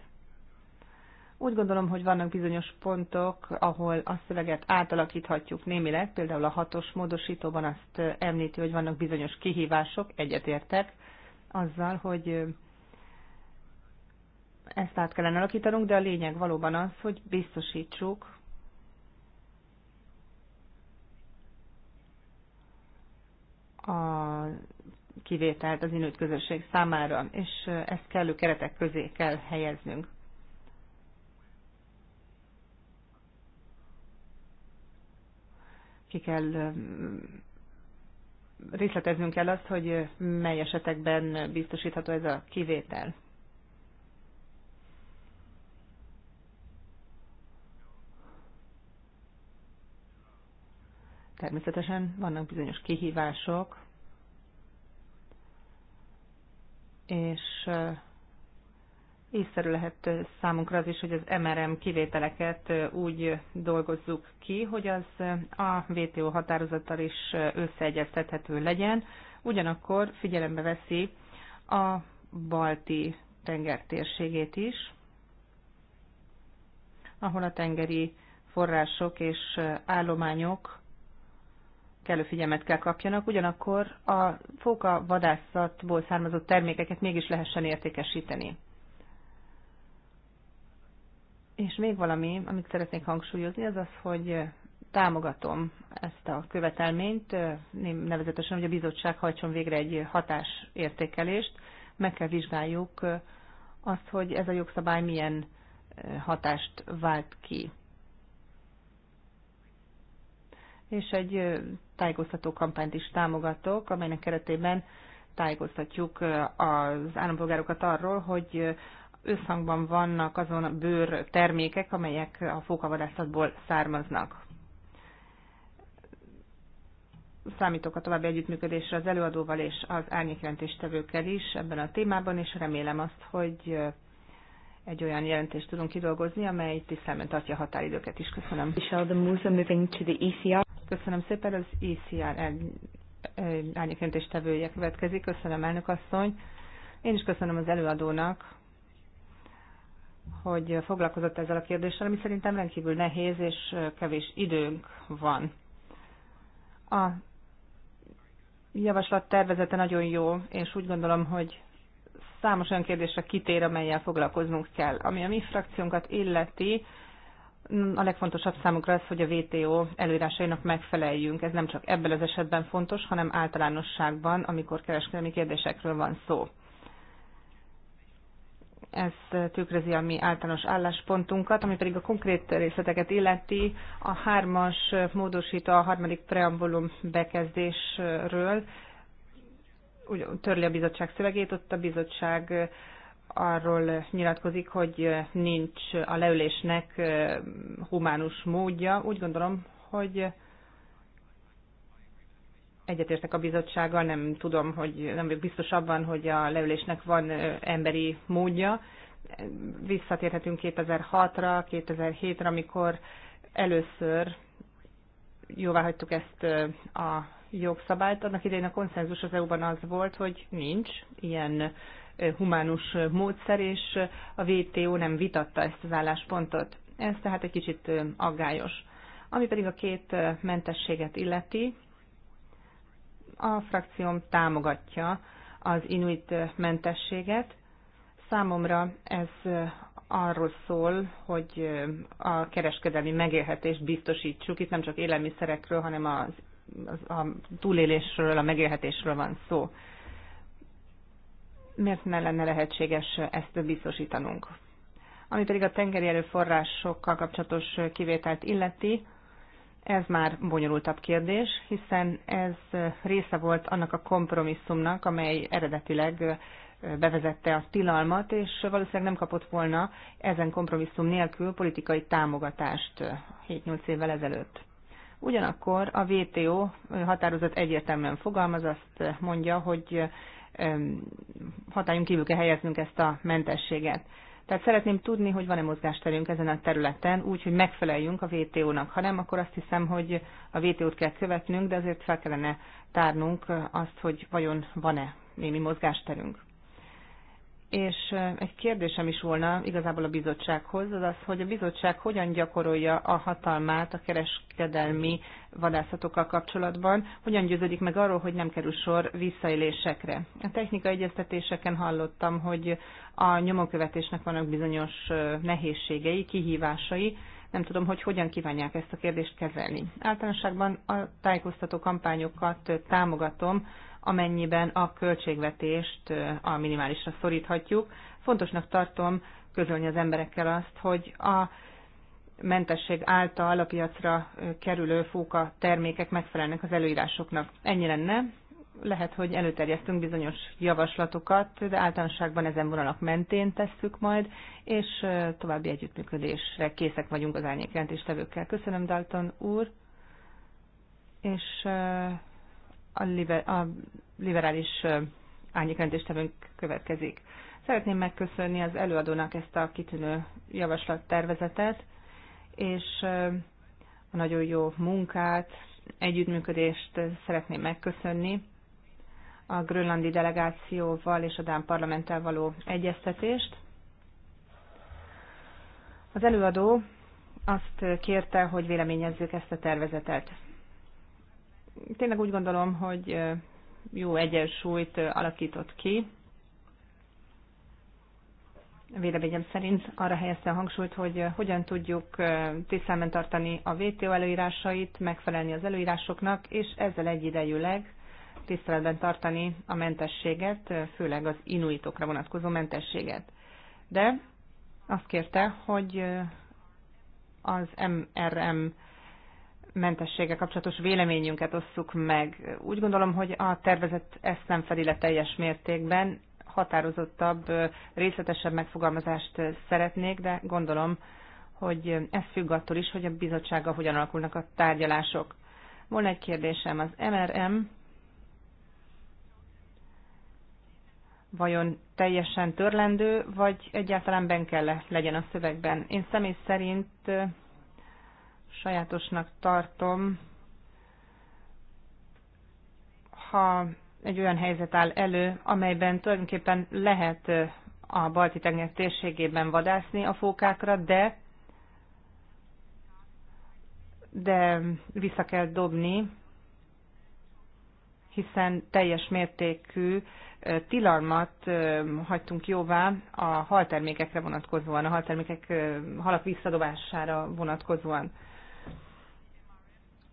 úgy gondolom, hogy vannak bizonyos pontok, ahol a szöveget átalakíthatjuk némileg, például a hatos módosítóban azt említi, hogy vannak bizonyos kihívások, egyetértek azzal, hogy ezt át kellene alakítanunk, de a lényeg valóban az, hogy biztosítsuk, a kivételt az inőt közösség számára, és ezt kellő keretek közé kell helyeznünk. ki kell részleteznünk kell azt, hogy mely esetekben biztosítható ez a kivétel. Természetesen vannak bizonyos kihívások, és észszerű lehet számunkra az is, hogy az MRM kivételeket úgy dolgozzuk ki, hogy az a WTO határozattal is összeegyeztethető legyen, ugyanakkor figyelembe veszi a balti tenger térségét is, ahol a tengeri források és állományok kellő figyelmet kell kapjanak, ugyanakkor a fóka vadászatból származó termékeket mégis lehessen értékesíteni. És még valami, amit szeretnék hangsúlyozni, az az, hogy támogatom ezt a követelményt, nevezetesen, hogy a bizottság hajtson végre egy hatásértékelést, meg kell vizsgáljuk azt, hogy ez a jogszabály milyen hatást vált ki. És egy tájékoztató kampányt is támogatok, amelynek keretében tájékoztatjuk az állampolgárokat arról, hogy összhangban vannak azon a bőr termékek, amelyek a fókavadászatból származnak. Számítok a további együttműködésre az előadóval és az árnyékjelentéstevőkkel is ebben a témában, és remélem azt, hogy egy olyan jelentést tudunk kidolgozni, amely tisztelmen tartja a határidőket is. Köszönöm. E köszönöm szépen, az ECR árnyékjelentéstevője következik. Köszönöm, elnök asszony. Én is köszönöm az előadónak hogy foglalkozott ezzel a kérdéssel, ami szerintem rendkívül nehéz, és kevés időnk van. A javaslat tervezete nagyon jó, és úgy gondolom, hogy számos olyan kérdésre kitér, amelyel foglalkoznunk kell. Ami a mi frakciónkat illeti, a legfontosabb számunkra az, hogy a WTO előírásainak megfeleljünk. Ez nem csak ebben az esetben fontos, hanem általánosságban, amikor kereskedelmi kérdésekről van szó. Ez tükrözi a mi általános álláspontunkat, ami pedig a konkrét részleteket illeti a hármas módosító a harmadik preambulum bekezdésről, úgy, törli a bizottság szövegét, ott a bizottság arról nyilatkozik, hogy nincs a leülésnek humánus módja. Úgy gondolom, hogy egyetértek a bizottsággal, nem tudom, hogy nem vagyok biztos abban, hogy a leülésnek van emberi módja. Visszatérhetünk 2006-ra, 2007-re, amikor először jóvá hagytuk ezt a jogszabályt. Annak idején a konszenzus az EU-ban az volt, hogy nincs ilyen humánus módszer, és a WTO nem vitatta ezt az álláspontot. Ez tehát egy kicsit aggályos. Ami pedig a két mentességet illeti, a frakcióm támogatja az inuit mentességet. Számomra ez arról szól, hogy a kereskedelmi megélhetést biztosítsuk. Itt nem csak élelmiszerekről, hanem az, az, a túlélésről, a megélhetésről van szó. Miért ne lenne lehetséges ezt biztosítanunk? Ami pedig a tengeri erőforrásokkal kapcsolatos kivételt illeti, ez már bonyolultabb kérdés, hiszen ez része volt annak a kompromisszumnak, amely eredetileg bevezette a tilalmat, és valószínűleg nem kapott volna ezen kompromisszum nélkül politikai támogatást 7-8 évvel ezelőtt. Ugyanakkor a WTO határozat egyértelműen fogalmaz, azt mondja, hogy hatályunk kívül kell helyeznünk ezt a mentességet. Tehát szeretném tudni, hogy van-e mozgásterünk ezen a területen, úgy, hogy megfeleljünk a vto nak Ha nem, akkor azt hiszem, hogy a vto t kell követnünk, de azért fel kellene tárnunk azt, hogy vajon van-e némi mozgásterünk. És egy kérdésem is volna igazából a bizottsághoz, az az, hogy a bizottság hogyan gyakorolja a hatalmát a kereskedelmi vadászatokkal kapcsolatban, hogyan győződik meg arról, hogy nem kerül sor visszaélésekre. A technikai egyeztetéseken hallottam, hogy a nyomonkövetésnek vannak bizonyos nehézségei, kihívásai, nem tudom, hogy hogyan kívánják ezt a kérdést kezelni. Általánosságban a tájékoztató kampányokat támogatom, amennyiben a költségvetést a minimálisra szoríthatjuk. Fontosnak tartom közölni az emberekkel azt, hogy a mentesség által a piacra kerülő fóka termékek megfelelnek az előírásoknak. Ennyi lenne. Lehet, hogy előterjesztünk bizonyos javaslatokat, de általánosságban ezen vonalak mentén tesszük majd, és további együttműködésre készek vagyunk az árnyékjelentéstevőkkel. Köszönöm, Dalton úr, és a, liber, a liberális árnyékrendéstevőnk következik. Szeretném megköszönni az előadónak ezt a kitűnő javaslattervezetet, és a nagyon jó munkát, együttműködést szeretném megköszönni a grönlandi delegációval és a Dán parlamenttel való egyeztetést. Az előadó azt kérte, hogy véleményezzük ezt a tervezetet tényleg úgy gondolom, hogy jó egyensúlyt alakított ki. Véleményem szerint arra helyezte a hangsúlyt, hogy hogyan tudjuk tisztelmen tartani a WTO előírásait, megfelelni az előírásoknak, és ezzel egyidejűleg tiszteletben tartani a mentességet, főleg az inuitokra vonatkozó mentességet. De azt kérte, hogy az MRM mentességgel kapcsolatos véleményünket osszuk meg. Úgy gondolom, hogy a tervezet ezt nem fedi le teljes mértékben, határozottabb, részletesebb megfogalmazást szeretnék, de gondolom, hogy ez függ attól is, hogy a bizottsággal hogyan alakulnak a tárgyalások. Volna egy kérdésem, az MRM vajon teljesen törlendő, vagy egyáltalán benne kell legyen a szövegben? Én személy szerint sajátosnak tartom, ha egy olyan helyzet áll elő, amelyben tulajdonképpen lehet a balti tenger térségében vadászni a fókákra, de de vissza kell dobni, hiszen teljes mértékű tilalmat hagytunk jóvá a haltermékekre vonatkozóan, a haltermékek halak visszadobására vonatkozóan.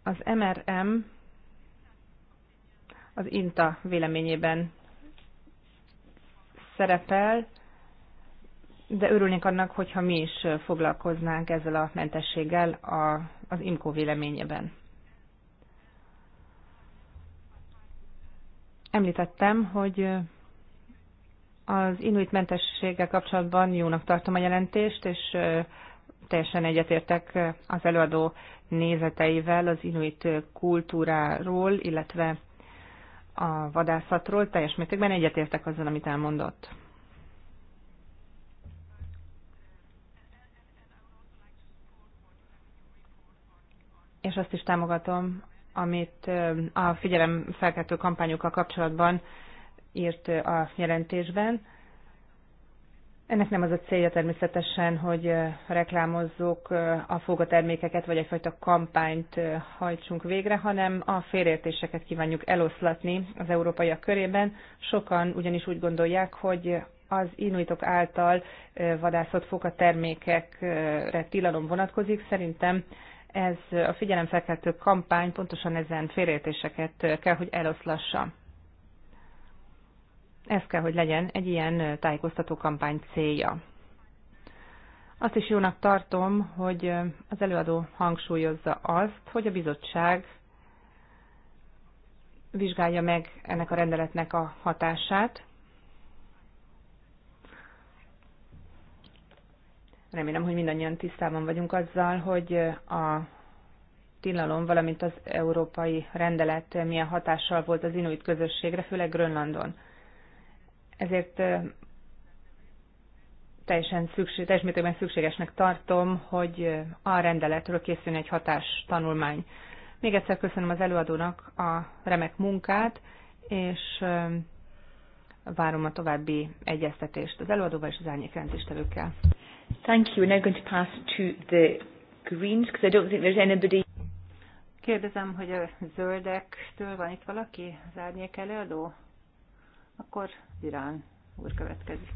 Az MRM az INTA véleményében szerepel, de örülnék annak, hogyha mi is foglalkoznánk ezzel a mentességgel a, az IMCO véleményében. Említettem, hogy az inuit mentességgel kapcsolatban jónak tartom a jelentést, és teljesen egyetértek az előadó nézeteivel az inuit kultúráról, illetve a vadászatról, teljes mértékben egyetértek azzal, amit elmondott. És azt is támogatom, amit a felkeltő kampányokkal kapcsolatban írt a jelentésben. Ennek nem az a célja természetesen, hogy reklámozzuk a fogatermékeket, vagy egyfajta kampányt hajtsunk végre, hanem a félértéseket kívánjuk eloszlatni az európaiak körében. Sokan ugyanis úgy gondolják, hogy az inuitok által vadászott fogatermékekre tilalom vonatkozik. Szerintem ez a figyelemfelkeltő kampány pontosan ezen félértéseket kell, hogy eloszlassa. Ez kell, hogy legyen egy ilyen tájékoztató kampány célja. Azt is jónak tartom, hogy az előadó hangsúlyozza azt, hogy a bizottság vizsgálja meg ennek a rendeletnek a hatását. Remélem, hogy mindannyian tisztában vagyunk azzal, hogy a tilalom, valamint az európai rendelet milyen hatással volt az inuit közösségre, főleg Grönlandon. Ezért teljesen, szükség, teljes mértékben szükségesnek tartom, hogy a rendeletről készüljön egy hatás tanulmány. Még egyszer köszönöm az előadónak a remek munkát, és várom a további egyeztetést az előadóval és az árnyékrendszéstevőkkel. Thank you. We're now going to pass to the Greens, because I don't think there's anybody... Kérdezem, hogy a zöldektől van itt valaki, az árnyék előadó? Akkor Irán úr következik.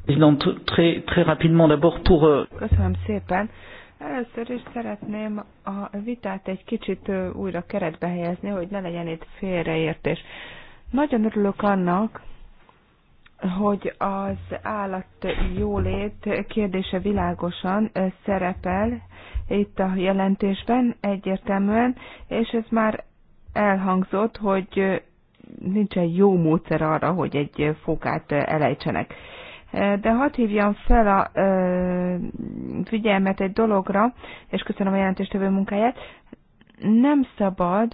Très, très rapidement d'abord pour... Euh, Köszönöm szépen. Először is szeretném a vitát egy kicsit újra keretbe helyezni, hogy ne legyen itt félreértés. Nagyon örülök annak, hogy az állat jólét kérdése világosan szerepel itt a jelentésben egyértelműen, és ez már elhangzott, hogy nincsen jó módszer arra, hogy egy fókát elejtsenek. De hadd hívjam fel a ö, figyelmet egy dologra, és köszönöm a jelentéstevő munkáját. Nem szabad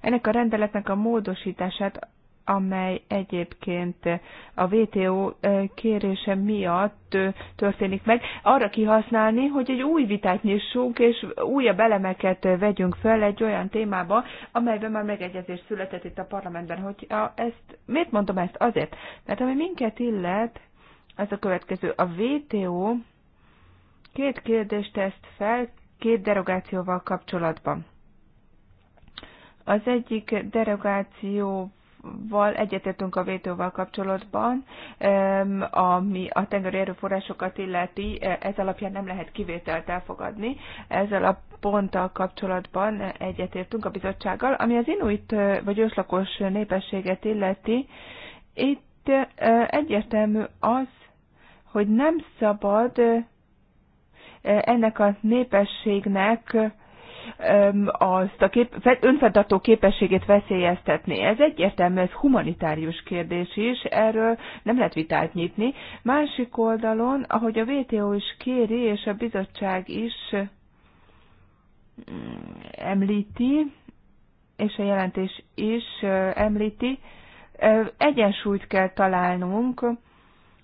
ennek a rendeletnek a módosítását amely egyébként a WTO kérése miatt történik meg, arra kihasználni, hogy egy új vitát nyissunk, és újabb elemeket vegyünk fel egy olyan témába, amelyben már megegyezés született itt a parlamentben. Hogy a, ezt, miért mondom ezt? Azért, mert ami minket illet, az a következő. A WTO két kérdést teszt fel két derogációval kapcsolatban. Az egyik derogáció val egyetértünk a vétóval kapcsolatban, ami a tengeri erőforrásokat illeti, e, ez alapján nem lehet kivételt elfogadni. Ezzel a ponttal kapcsolatban egyetértünk a bizottsággal, ami az inuit e, vagy őslakos népességet illeti. Itt e, egyértelmű az, hogy nem szabad ennek a népességnek azt a kép, önfenntartó képességét veszélyeztetni. Ez egyértelmű, ez humanitárius kérdés is, erről nem lehet vitát nyitni. Másik oldalon, ahogy a WTO is kéri, és a bizottság is mm, említi, és a jelentés is említi, egyensúlyt kell találnunk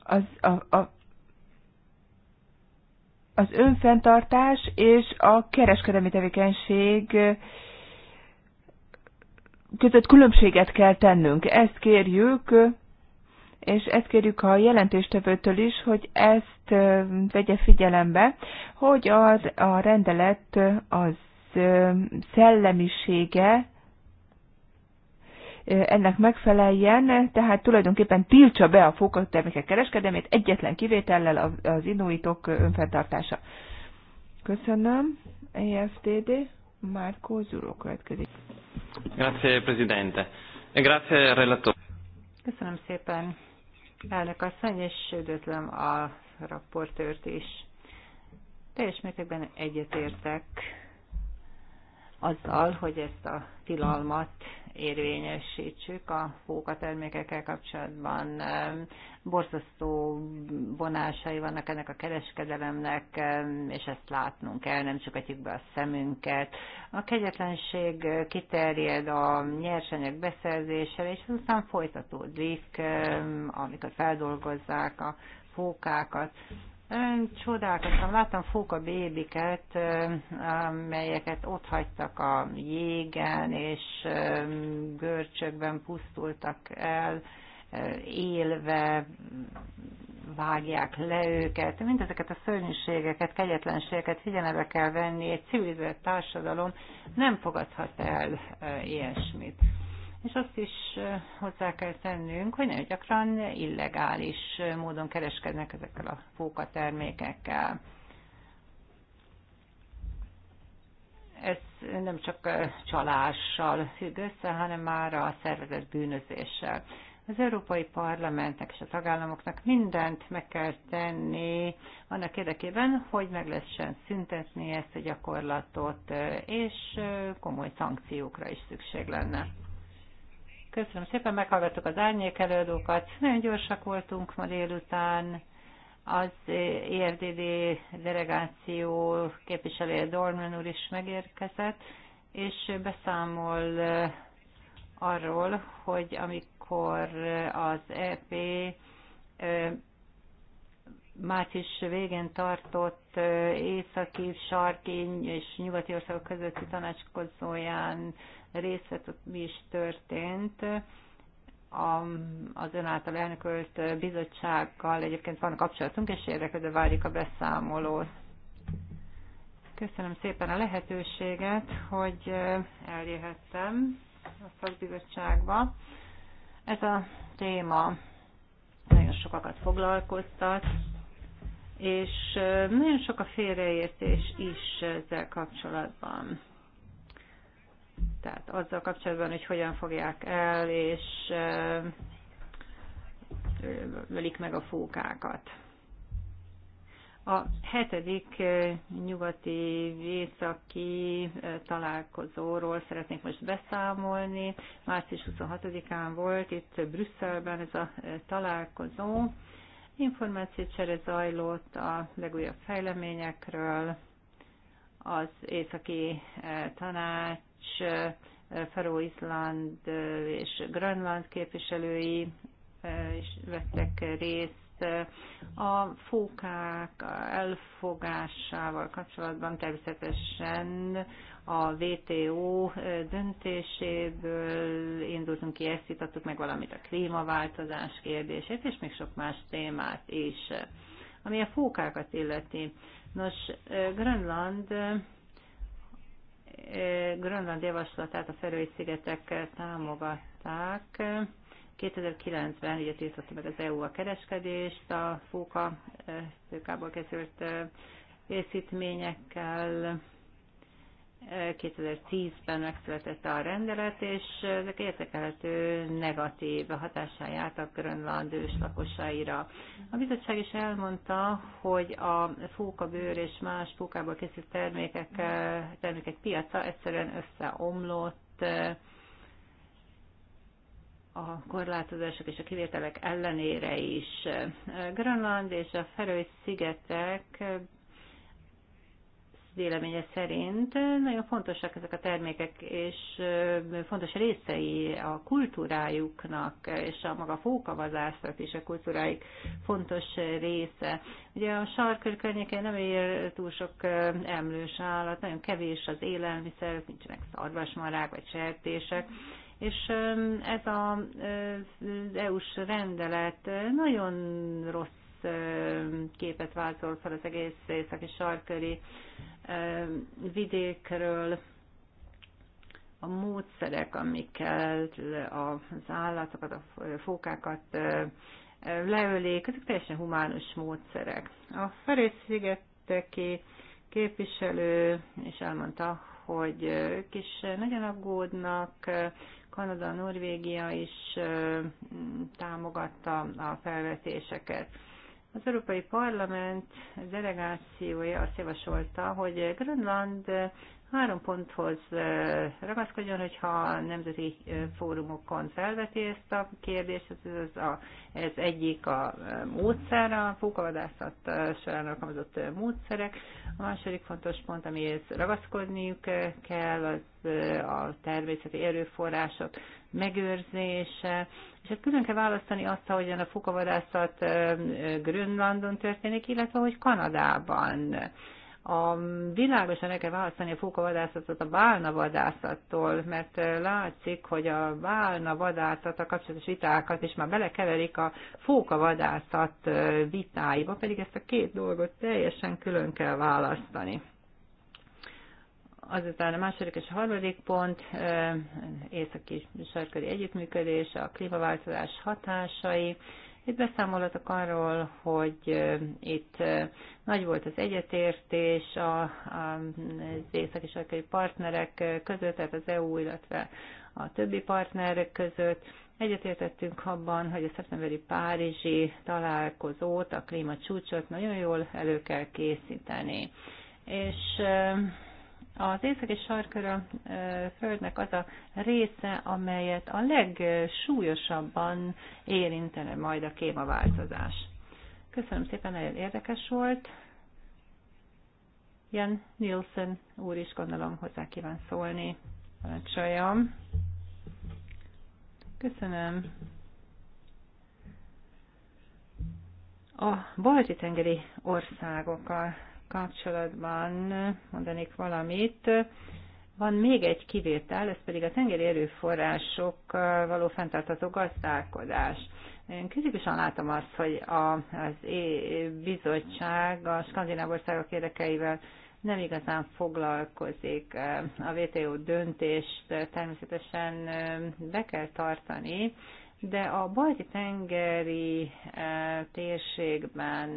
az, a, a az önfenntartás és a kereskedelmi tevékenység között különbséget kell tennünk. Ezt kérjük, és ezt kérjük a jelentéstevőtől is, hogy ezt vegye figyelembe, hogy az, a rendelet az szellemisége ennek megfeleljen, tehát tulajdonképpen tiltsa be a fókusztermékek kereskedelmét egyetlen kivétellel az inuitok önfenntartása. Köszönöm. EFTD, Márkó Zuró következik. Grazie, Presidente. E grazie, Relator. Köszönöm szépen, elnök asszony, és üdvözlöm a raportőrt is. Teljes mértékben egyetértek azzal, hogy ezt a tilalmat érvényesítsük a fókatermékekkel kapcsolatban. Borzasztó vonásai vannak ennek a kereskedelemnek, és ezt látnunk kell, nem csukatjuk be a szemünket. A kegyetlenség kiterjed a nyersanyag beszerzéssel, és aztán folytatódik, amikor feldolgozzák a fókákat. Ön csodálkoztam, láttam fóka bébiket, melyeket ott hagytak a jégen, és görcsökben pusztultak el, élve vágják le őket. Mindezeket a szörnyűségeket, kegyetlenségeket figyelembe kell venni. Egy civilizált társadalom nem fogadhat el ilyesmit. És azt is hozzá kell tennünk, hogy nagyon gyakran illegális módon kereskednek ezekkel a fókatermékekkel. Ez nem csak csalással függ össze, hanem már a szervezet bűnözéssel. Az Európai Parlamentnek és a tagállamoknak mindent meg kell tenni annak érdekében, hogy meg lehessen szüntetni ezt a gyakorlatot, és komoly szankciókra is szükség lenne. Köszönöm szépen, meghallgattuk az árnyék előadókat. Nagyon gyorsak voltunk ma délután. Az ERDD delegáció képviselője Dorman úr is megérkezett, és beszámol arról, hogy amikor az EP március végén tartott északi, sarki és nyugati országok közötti tanácskozóján részt mi is történt. A, az ön által elnökölt bizottsággal egyébként van kapcsolatunk, és érdeklődve várjuk a beszámolót. Köszönöm szépen a lehetőséget, hogy eljöhettem a szakbizottságba. Ez a téma nagyon sokakat foglalkoztat, és nagyon sok a félreértés is ezzel kapcsolatban. Tehát azzal kapcsolatban, hogy hogyan fogják el, és ölik meg a fókákat. A hetedik nyugati északi találkozóról szeretnék most beszámolni. Március 26-án volt itt Brüsszelben ez a találkozó. Információcsere zajlott a legújabb fejleményekről, az északi eh, tanács, eh, Feró Izland eh, és Grönland képviselői is vettek részt a fókák elfogásával kapcsolatban természetesen a WTO döntéséből indultunk ki, ezt hitattuk meg valamit a klímaváltozás kérdését, és még sok más témát is. Ami a fókákat illeti. Nos, Grönland Grönland javaslatát a Ferői szigetek támogatták, 2009-ben ugye tiltotta meg az EU a kereskedést a fóka szőkából e, készült e, készítményekkel. 2010-ben e, megszületett a rendelet, és ezek értekelhető negatív hatásáját jártak Grönland ős lakosaira. A bizottság is elmondta, hogy a fókabőr és más fókából készült termékek, termékek piaca egyszerűen összeomlott, a korlátozások és a kivételek ellenére is. Grönland és a Feröi szigetek véleménye szerint nagyon fontosak ezek a termékek, és fontos részei a kultúrájuknak, és a maga fókavazászat is a kultúráik fontos része. Ugye a sarkör környékén nem ér túl sok emlős állat, nagyon kevés az élelmiszer, nincsenek szarvasmarák vagy sertések, és ez az EU-s rendelet nagyon rossz képet váltol fel az egész északi sarköri vidékről, a módszerek, amikkel az állatokat, a fókákat leölik, ezek teljesen humánus módszerek. A Ferőszigeteki képviselő is elmondta, hogy ők is nagyon aggódnak, Kanada, Norvégia is támogatta a felvetéseket. Az Európai Parlament delegációja azt javasolta, hogy Grönland három ponthoz ragaszkodjon, hogyha nemzeti fórumokon felveti ezt a kérdést, ez, ez, a, ez egyik a módszer, a fókavadászat során alkalmazott módszerek. A második fontos pont, amihez ragaszkodniuk kell, az a természeti erőforrások megőrzése, és ezt hát külön kell választani azt, ahogyan a fókavadászat Grönlandon történik, illetve hogy Kanadában a világosan el kell választani a fókavadászatot a bálna vadászattól, mert látszik, hogy a bálna vadászat, a kapcsolatos vitákat is már belekeverik a fókavadászat vitáiba, pedig ezt a két dolgot teljesen külön kell választani. Azután a második és a harmadik pont, északi sarköri együttműködés, a klímaváltozás hatásai, itt beszámolatok arról, hogy itt nagy volt az egyetértés az észak és partnerek között, tehát az EU, illetve a többi partnerek között. Egyetértettünk abban, hogy a szeptemberi Párizsi találkozót, a klímacsúcsot nagyon jól elő kell készíteni. És az északi sarkör a Földnek az a része, amelyet a legsúlyosabban érintene majd a Kémaváltozás. Köszönöm szépen, nagyon érdekes volt. Jan Nielsen úr is gondolom hozzá kíván szólni. Parancsoljam. Köszönöm. A balti tengeri országokkal kapcsolatban mondanék valamit. Van még egy kivétel, ez pedig a tengeri erőforrások való fenntartató gazdálkodás. Én kritikusan látom azt, hogy a, az é bizottság a skandináv országok érdekeivel nem igazán foglalkozik. A WTO döntést természetesen be kell tartani, de a balti tengeri térségben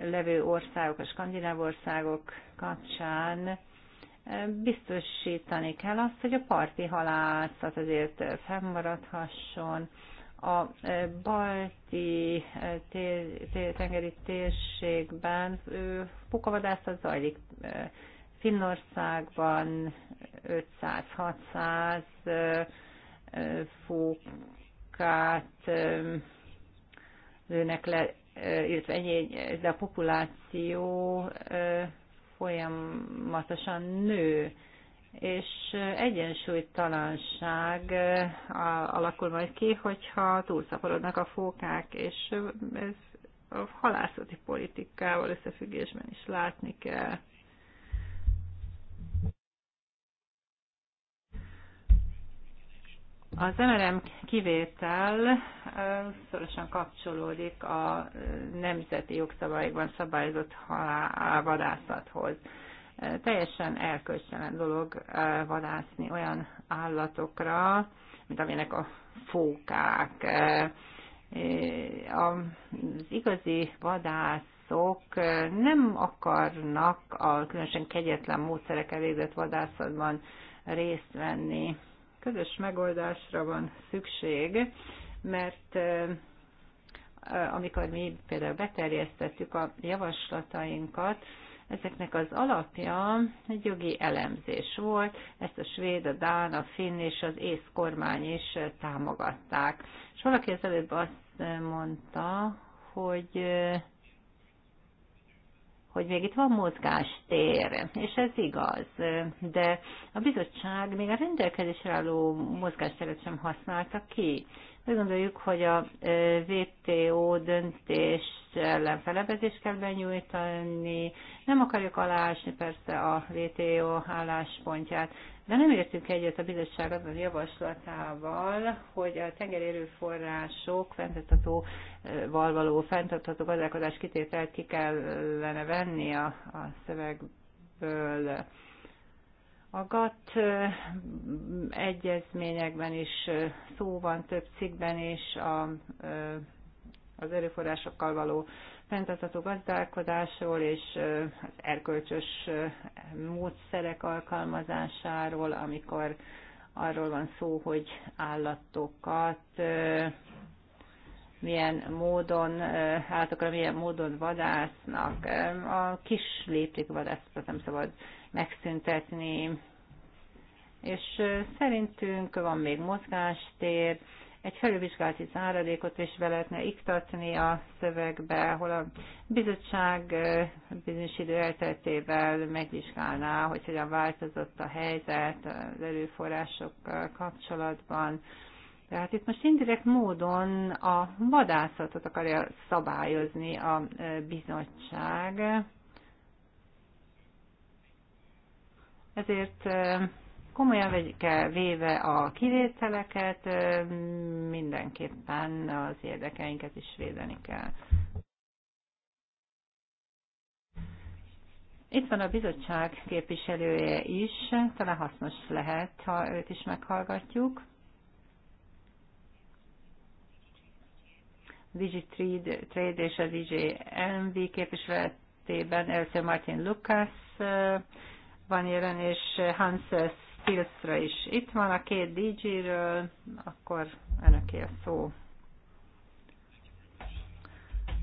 levő országok, a skandináv országok kapcsán eh, biztosítani kell azt, hogy a parti halászat azért fennmaradhasson, a eh, balti eh, tengeri térségben pukavadászat zajlik Finnországban 500-600 fókát lőnek le illetve ennyi, de a populáció folyamatosan nő, és egyensúlytalanság alakul majd ki, hogyha túlszaporodnak a fókák, és ez a halászati politikával összefüggésben is látni kell. Az MRM kivétel szorosan kapcsolódik a nemzeti jogszabályokban szabályozott vadászathoz. Teljesen elkölcstelen dolog vadászni olyan állatokra, mint aminek a fókák. Az igazi vadászok nem akarnak a különösen kegyetlen módszerekkel végzett vadászatban részt venni közös megoldásra van szükség, mert amikor mi például beterjesztettük a javaslatainkat, ezeknek az alapja egy jogi elemzés volt, ezt a svéd, a dán, a finn és az ész kormány is támogatták. És valaki az előbb azt mondta, hogy hogy még itt van mozgástér, és ez igaz, de a bizottság még a rendelkezésre álló mozgásteret sem használta ki. Úgy gondoljuk, hogy a VTO döntés ellen felebezést kell benyújtani. Nem akarjuk aláásni persze a VTO álláspontját, de nem értünk egyet a bizottság azon javaslatával, hogy a források fenntartatóval való fenntartható gazdálkodás kitételt ki kellene venni a, a szövegből a GATT egyezményekben is szó van több cikkben is a, az erőforrásokkal való fenntartható gazdálkodásról és az erkölcsös módszerek alkalmazásáról, amikor arról van szó, hogy állatokat milyen módon, állatokra milyen módon vadásznak. A kis léptékű vadászatot nem szabad megszüntetni, és szerintünk van még mozgástér, egy felülvizsgálati záradékot is be lehetne iktatni a szövegbe, ahol a bizottság bizonyos idő elteltével megvizsgálná, hogy hogyan változott a helyzet az erőforrások kapcsolatban, tehát itt most indirekt módon a vadászatot akarja szabályozni a e, bizottság. Ezért e, komolyan vegyük véve a kivételeket, e, mindenképpen az érdekeinket is védeni kell. Itt van a bizottság képviselője is, talán hasznos lehet, ha őt is meghallgatjuk. Trade és a DJ MV képviseletében Elsa Martin Lucas van jelen, és Hans Stilstra is itt van a két DJ-ről, akkor önöké a szó.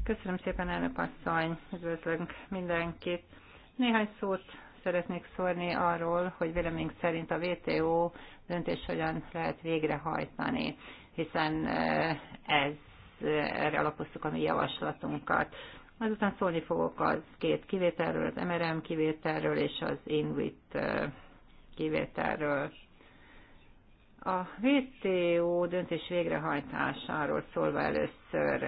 Köszönöm szépen, elnök asszony, üdvözlünk mindenkit. Néhány szót szeretnék szólni arról, hogy vélemény szerint a WTO döntés hogyan lehet végrehajtani, hiszen ez erre alapoztuk a mi javaslatunkat. Azután szólni fogok az két kivételről, az MRM kivételről és az INVIT kivételről. A VTO döntés végrehajtásáról szólva először,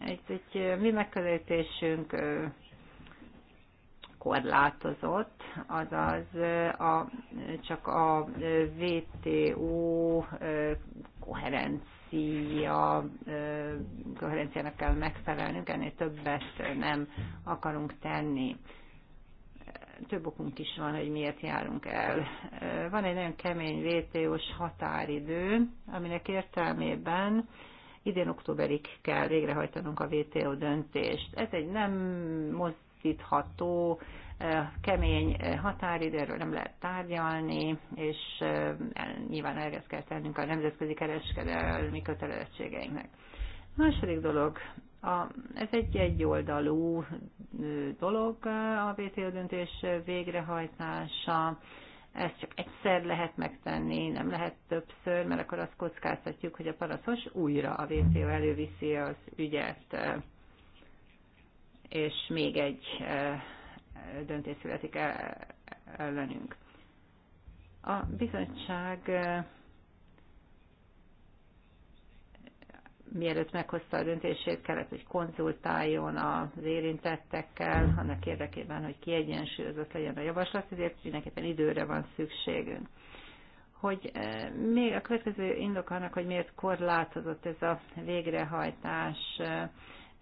egy, egy mi megközelítésünk korlátozott, azaz a, csak a VTO koherenc koherencia, koherenciának kell megfelelnünk, ennél többet nem akarunk tenni. Több okunk is van, hogy miért járunk el. Van egy nagyon kemény VTO-s határidő, aminek értelmében idén októberig kell végrehajtanunk a VTO döntést. Ez egy nem mozdítható kemény határidőről nem lehet tárgyalni, és nyilván ehhez kell tennünk a nemzetközi kereskedelmi kötelezettségeinknek. A második dolog, a, ez egy egyoldalú dolog a WTO döntés végrehajtása, ezt csak egyszer lehet megtenni, nem lehet többször, mert akkor azt kockáztatjuk, hogy a paraszos újra a WTO előviszi az ügyet. És még egy döntés születik ellenünk. A bizottság mielőtt meghozta a döntését, kellett, hogy konzultáljon az érintettekkel, annak érdekében, hogy kiegyensúlyozott legyen a javaslat, ezért mindenképpen időre van szükségünk. Hogy még a következő indok annak, hogy miért korlátozott ez a végrehajtás,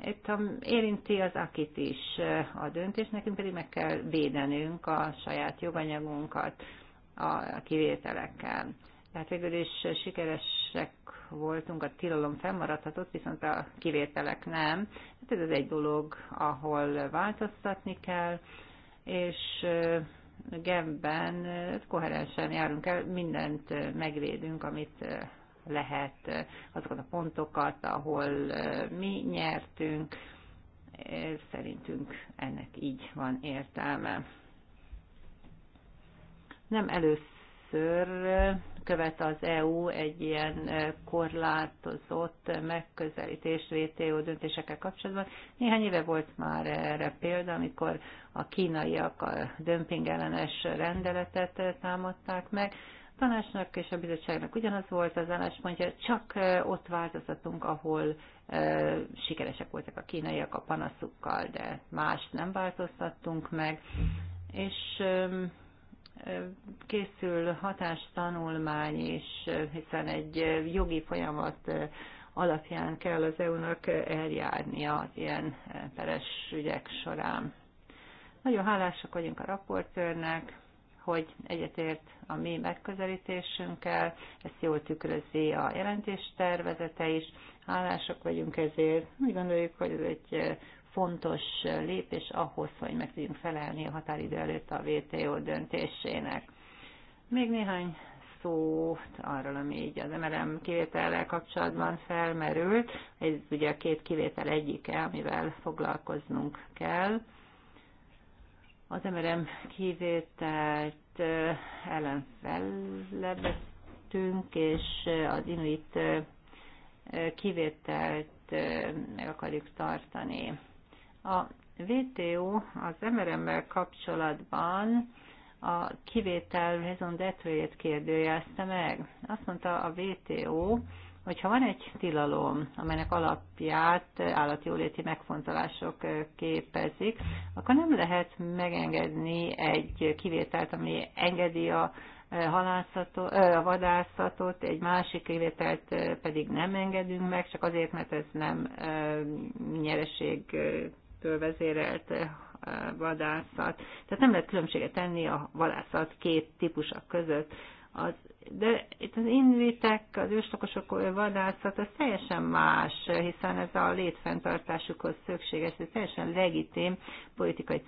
itt érinti az akit is eh, a döntés, nekünk pedig meg kell védenünk a saját joganyagunkat a kivételekkel. Tehát végül is sikeresek voltunk, a tilalom fennmaradhatott, viszont a kivételek nem. Hát ez az egy dolog, ahol változtatni kell, és eh, gemben eh, koherensen járunk el, mindent megvédünk, amit lehet azokat a pontokat, ahol mi nyertünk. Szerintünk ennek így van értelme. Nem először követ az EU egy ilyen korlátozott megközelítés VTO döntésekkel kapcsolatban. Néhány éve volt már erre példa, amikor a kínaiak a dömping ellenes rendeletet támadták meg, tanácsnak és a bizottságnak ugyanaz volt az álláspontja, csak ott változtatunk, ahol sikeresek voltak a kínaiak a panaszukkal, de más nem változtattunk meg. És készül hatástanulmány is, hiszen egy jogi folyamat alapján kell az EU-nak eljárnia az ilyen peres ügyek során. Nagyon hálásak vagyunk a raportőrnek, hogy egyetért a mi megközelítésünkkel, ezt jól tükrözi a jelentés tervezete is. Hálások vagyunk ezért. Úgy gondoljuk, hogy ez egy eh, fontos lépés ahhoz, hogy meg tudjunk felelni a határidő előtt a WTO döntésének. Még néhány szót arról, ami így az MLM kivétellel kapcsolatban felmerült. Ez ugye a két kivétel egyike, amivel foglalkoznunk kell. Az MRM kivételt ellen és az inuit kivételt meg akarjuk tartani. A VTO az MRM-mel kapcsolatban a kivétel raison dêtre ét kérdőjelezte meg. Azt mondta a VTO, hogyha van egy tilalom, amelynek alapját állatjóléti megfontolások képezik, akkor nem lehet megengedni egy kivételt, ami engedi a a vadászatot, egy másik kivételt pedig nem engedünk meg, csak azért, mert ez nem nyereségtől vezérelt vadászat. Tehát nem lehet különbséget tenni a vadászat két típusa között. Az, de itt az invitek, az őslakosok vadászat, az teljesen más, hiszen ez a létfenntartásukhoz szükséges, ez teljesen legitim politikai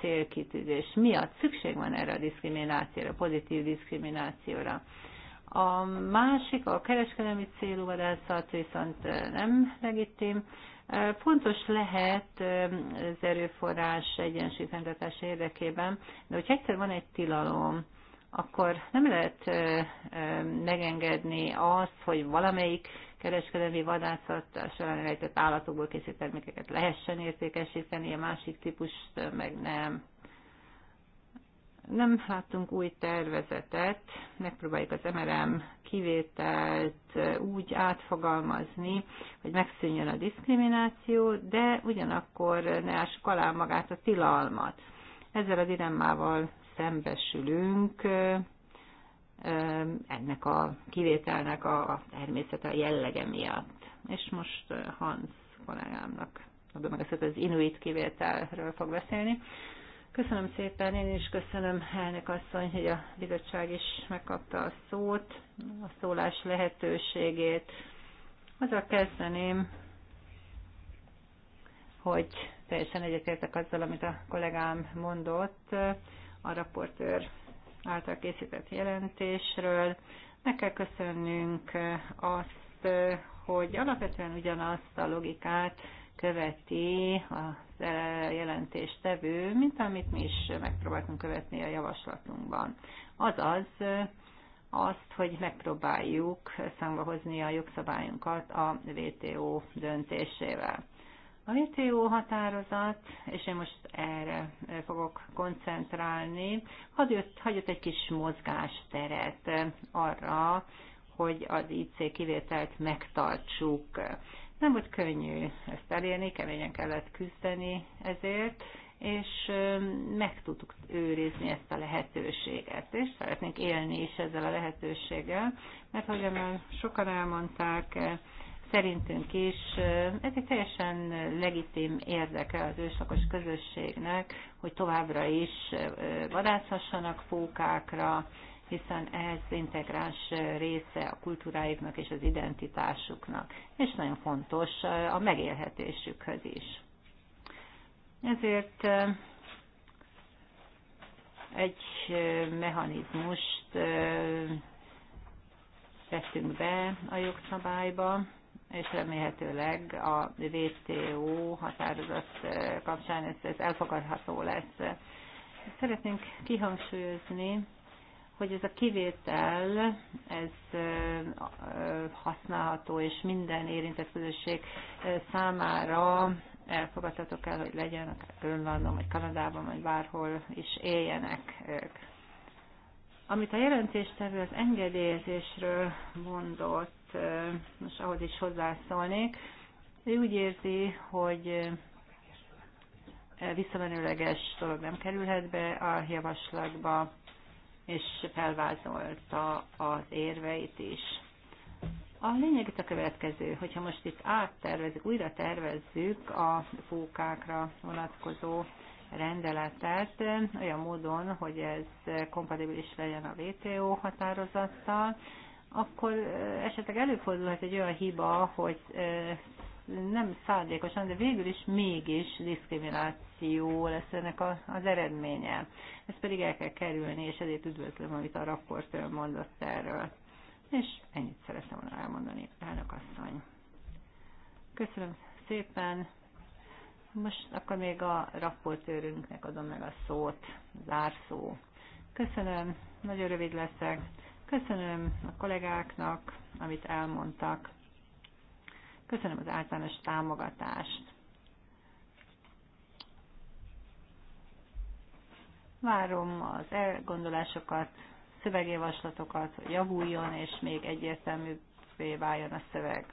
célkitűzés miatt szükség van erre a diszkriminációra, pozitív diszkriminációra. A másik, a kereskedelmi célú vadászat viszont nem legitim. Fontos lehet az erőforrás egyensúlyfenntartása érdekében, de hogyha egyszer van egy tilalom, akkor nem lehet megengedni azt, hogy valamelyik kereskedelmi vadászat során rejtett állatokból készített termékeket lehessen értékesíteni, a másik típust meg nem. Nem láttunk új tervezetet, megpróbáljuk az MRM kivételt úgy átfogalmazni, hogy megszűnjön a diszkrimináció, de ugyanakkor ne ássuk alá magát a tilalmat. Ezzel a dilemmával szembesülünk, ennek a kivételnek a természete, a jellege miatt. És most Hans kollégámnak adom meg ezt az inuit kivételről fog beszélni. Köszönöm szépen, én is köszönöm elnök asszony, hogy a bizottság is megkapta a szót, a szólás lehetőségét. Azzal kezdeném, hogy teljesen egyetértek azzal, amit a kollégám mondott a raportőr által készített jelentésről. Meg kell köszönnünk azt, hogy alapvetően ugyanazt a logikát követi a jelentéstevő, mint amit mi is megpróbáltunk követni a javaslatunkban. Azaz azt, hogy megpróbáljuk számba hozni a jogszabályunkat a WTO döntésével. A WTO határozat, és én most erre fogok koncentrálni, hagyott, hagyott egy kis mozgásteret arra, hogy az IC kivételt megtartsuk. Nem volt könnyű ezt elérni, keményen kellett küzdeni ezért, és meg tudtuk őrizni ezt a lehetőséget, és szeretnénk élni is ezzel a lehetőséggel, mert hogy sokan elmondták, szerintünk is ez egy teljesen legitim érdeke az őslakos közösségnek, hogy továbbra is vadászhassanak fókákra, hiszen ez integráns része a kultúrájuknak és az identitásuknak, és nagyon fontos a megélhetésükhöz is. Ezért egy mechanizmust tettünk be a jogszabályba, és remélhetőleg a WTO határozat kapcsán ez, ez elfogadható lesz. Szeretnénk kihangsúlyozni, hogy ez a kivétel, ez használható, és minden érintett közösség számára elfogadható kell, hogy legyen, akár Grönlandon, vagy Kanadában, vagy bárhol is éljenek ők. Amit a jelentéstevő az engedélyezésről mondott, most ahhoz is hozzászólnék. Ő úgy érzi, hogy visszamenőleges dolog nem kerülhet be a javaslatba, és felvázolta az érveit is. A lényeg itt a következő, hogyha most itt áttervezzük, újra tervezzük a fókákra vonatkozó rendeletet olyan módon, hogy ez kompatibilis legyen a WTO határozattal, akkor esetleg előfordulhat egy olyan hiba, hogy nem szándékosan, de végül is mégis diszkrimináció lesz ennek az eredménye. Ezt pedig el kell kerülni, és ezért üdvözlöm, amit a raportőr mondott erről. És ennyit szeretném volna elmondani, elnök asszony. Köszönöm szépen. Most akkor még a raportőrünknek adom meg a szót, zárszó. Köszönöm, nagyon rövid leszek. Köszönöm a kollégáknak, amit elmondtak. Köszönöm az általános támogatást. Várom az elgondolásokat, szövegjavaslatokat, hogy javuljon, és még egyértelművé váljon a szöveg.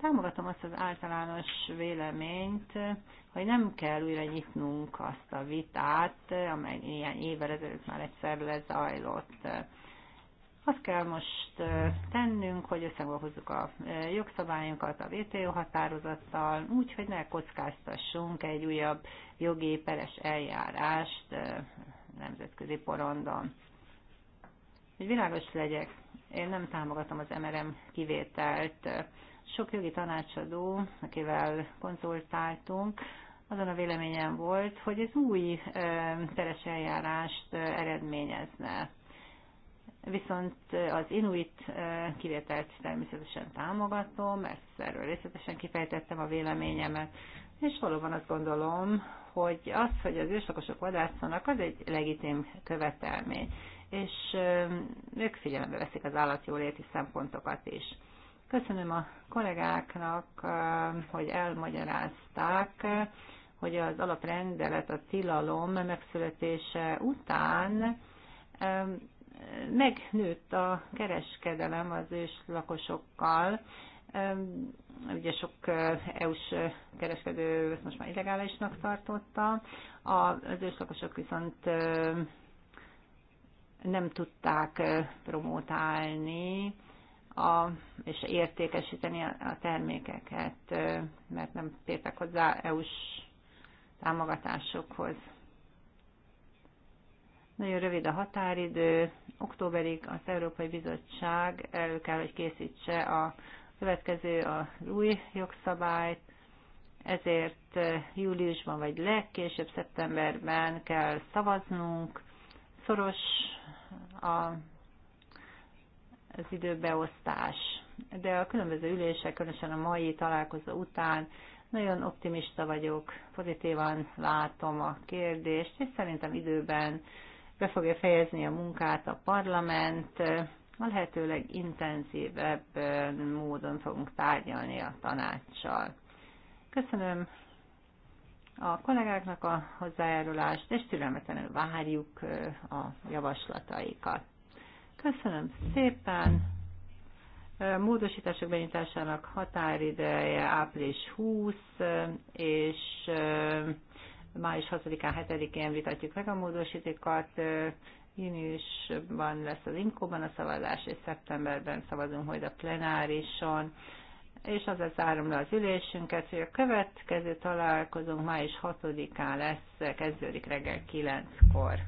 Támogatom azt az általános véleményt, hogy nem kell újra nyitnunk azt a vitát, amely ilyen évvel ezelőtt már egyszer lezajlott azt kell most tennünk, hogy összehozzuk a jogszabályunkat a WTO határozattal, úgy, hogy ne kockáztassunk egy újabb jogi peres eljárást nemzetközi porondon. Hogy világos legyek, én nem támogatom az MRM kivételt. Sok jogi tanácsadó, akivel konzultáltunk, azon a véleményem volt, hogy ez új teres eljárást eredményezne viszont az inuit kivételt természetesen támogatom, ezt erről részletesen kifejtettem a véleményemet, és valóban azt gondolom, hogy az, hogy az őslakosok vadászanak, az egy legitim követelmény, és ők figyelembe veszik az állatjóléti szempontokat is. Köszönöm a kollégáknak, hogy elmagyarázták, hogy az alaprendelet, a tilalom megszületése után megnőtt a kereskedelem az lakosokkal, ugye sok EU-s kereskedő ezt most már illegálisnak tartotta, az lakosok viszont nem tudták promotálni a, és értékesíteni a termékeket, mert nem tértek hozzá EU-s támogatásokhoz. Nagyon rövid a határidő. Októberig az Európai Bizottság elő kell, hogy készítse a következő a új jogszabályt, ezért júliusban vagy legkésőbb szeptemberben kell szavaznunk. Szoros a, az időbeosztás, de a különböző ülések, különösen a mai találkozó után nagyon optimista vagyok, pozitívan látom a kérdést, és szerintem időben be fogja fejezni a munkát a parlament, a lehetőleg intenzívebb eh, módon fogunk tárgyalni a tanácssal. Köszönöm a kollégáknak a hozzájárulást, és türelmetlenül várjuk eh, a javaslataikat. Köszönöm szépen! Eh, módosítások benyújtásának határideje április 20, és május 6-án, 7-én vitatjuk meg a módosítékat, júniusban lesz az inkóban a szavazás, és szeptemberben szavazunk majd a plenárison, és az zárom le az ülésünket, hogy a következő találkozunk május 6-án lesz, kezdődik reggel 9-kor.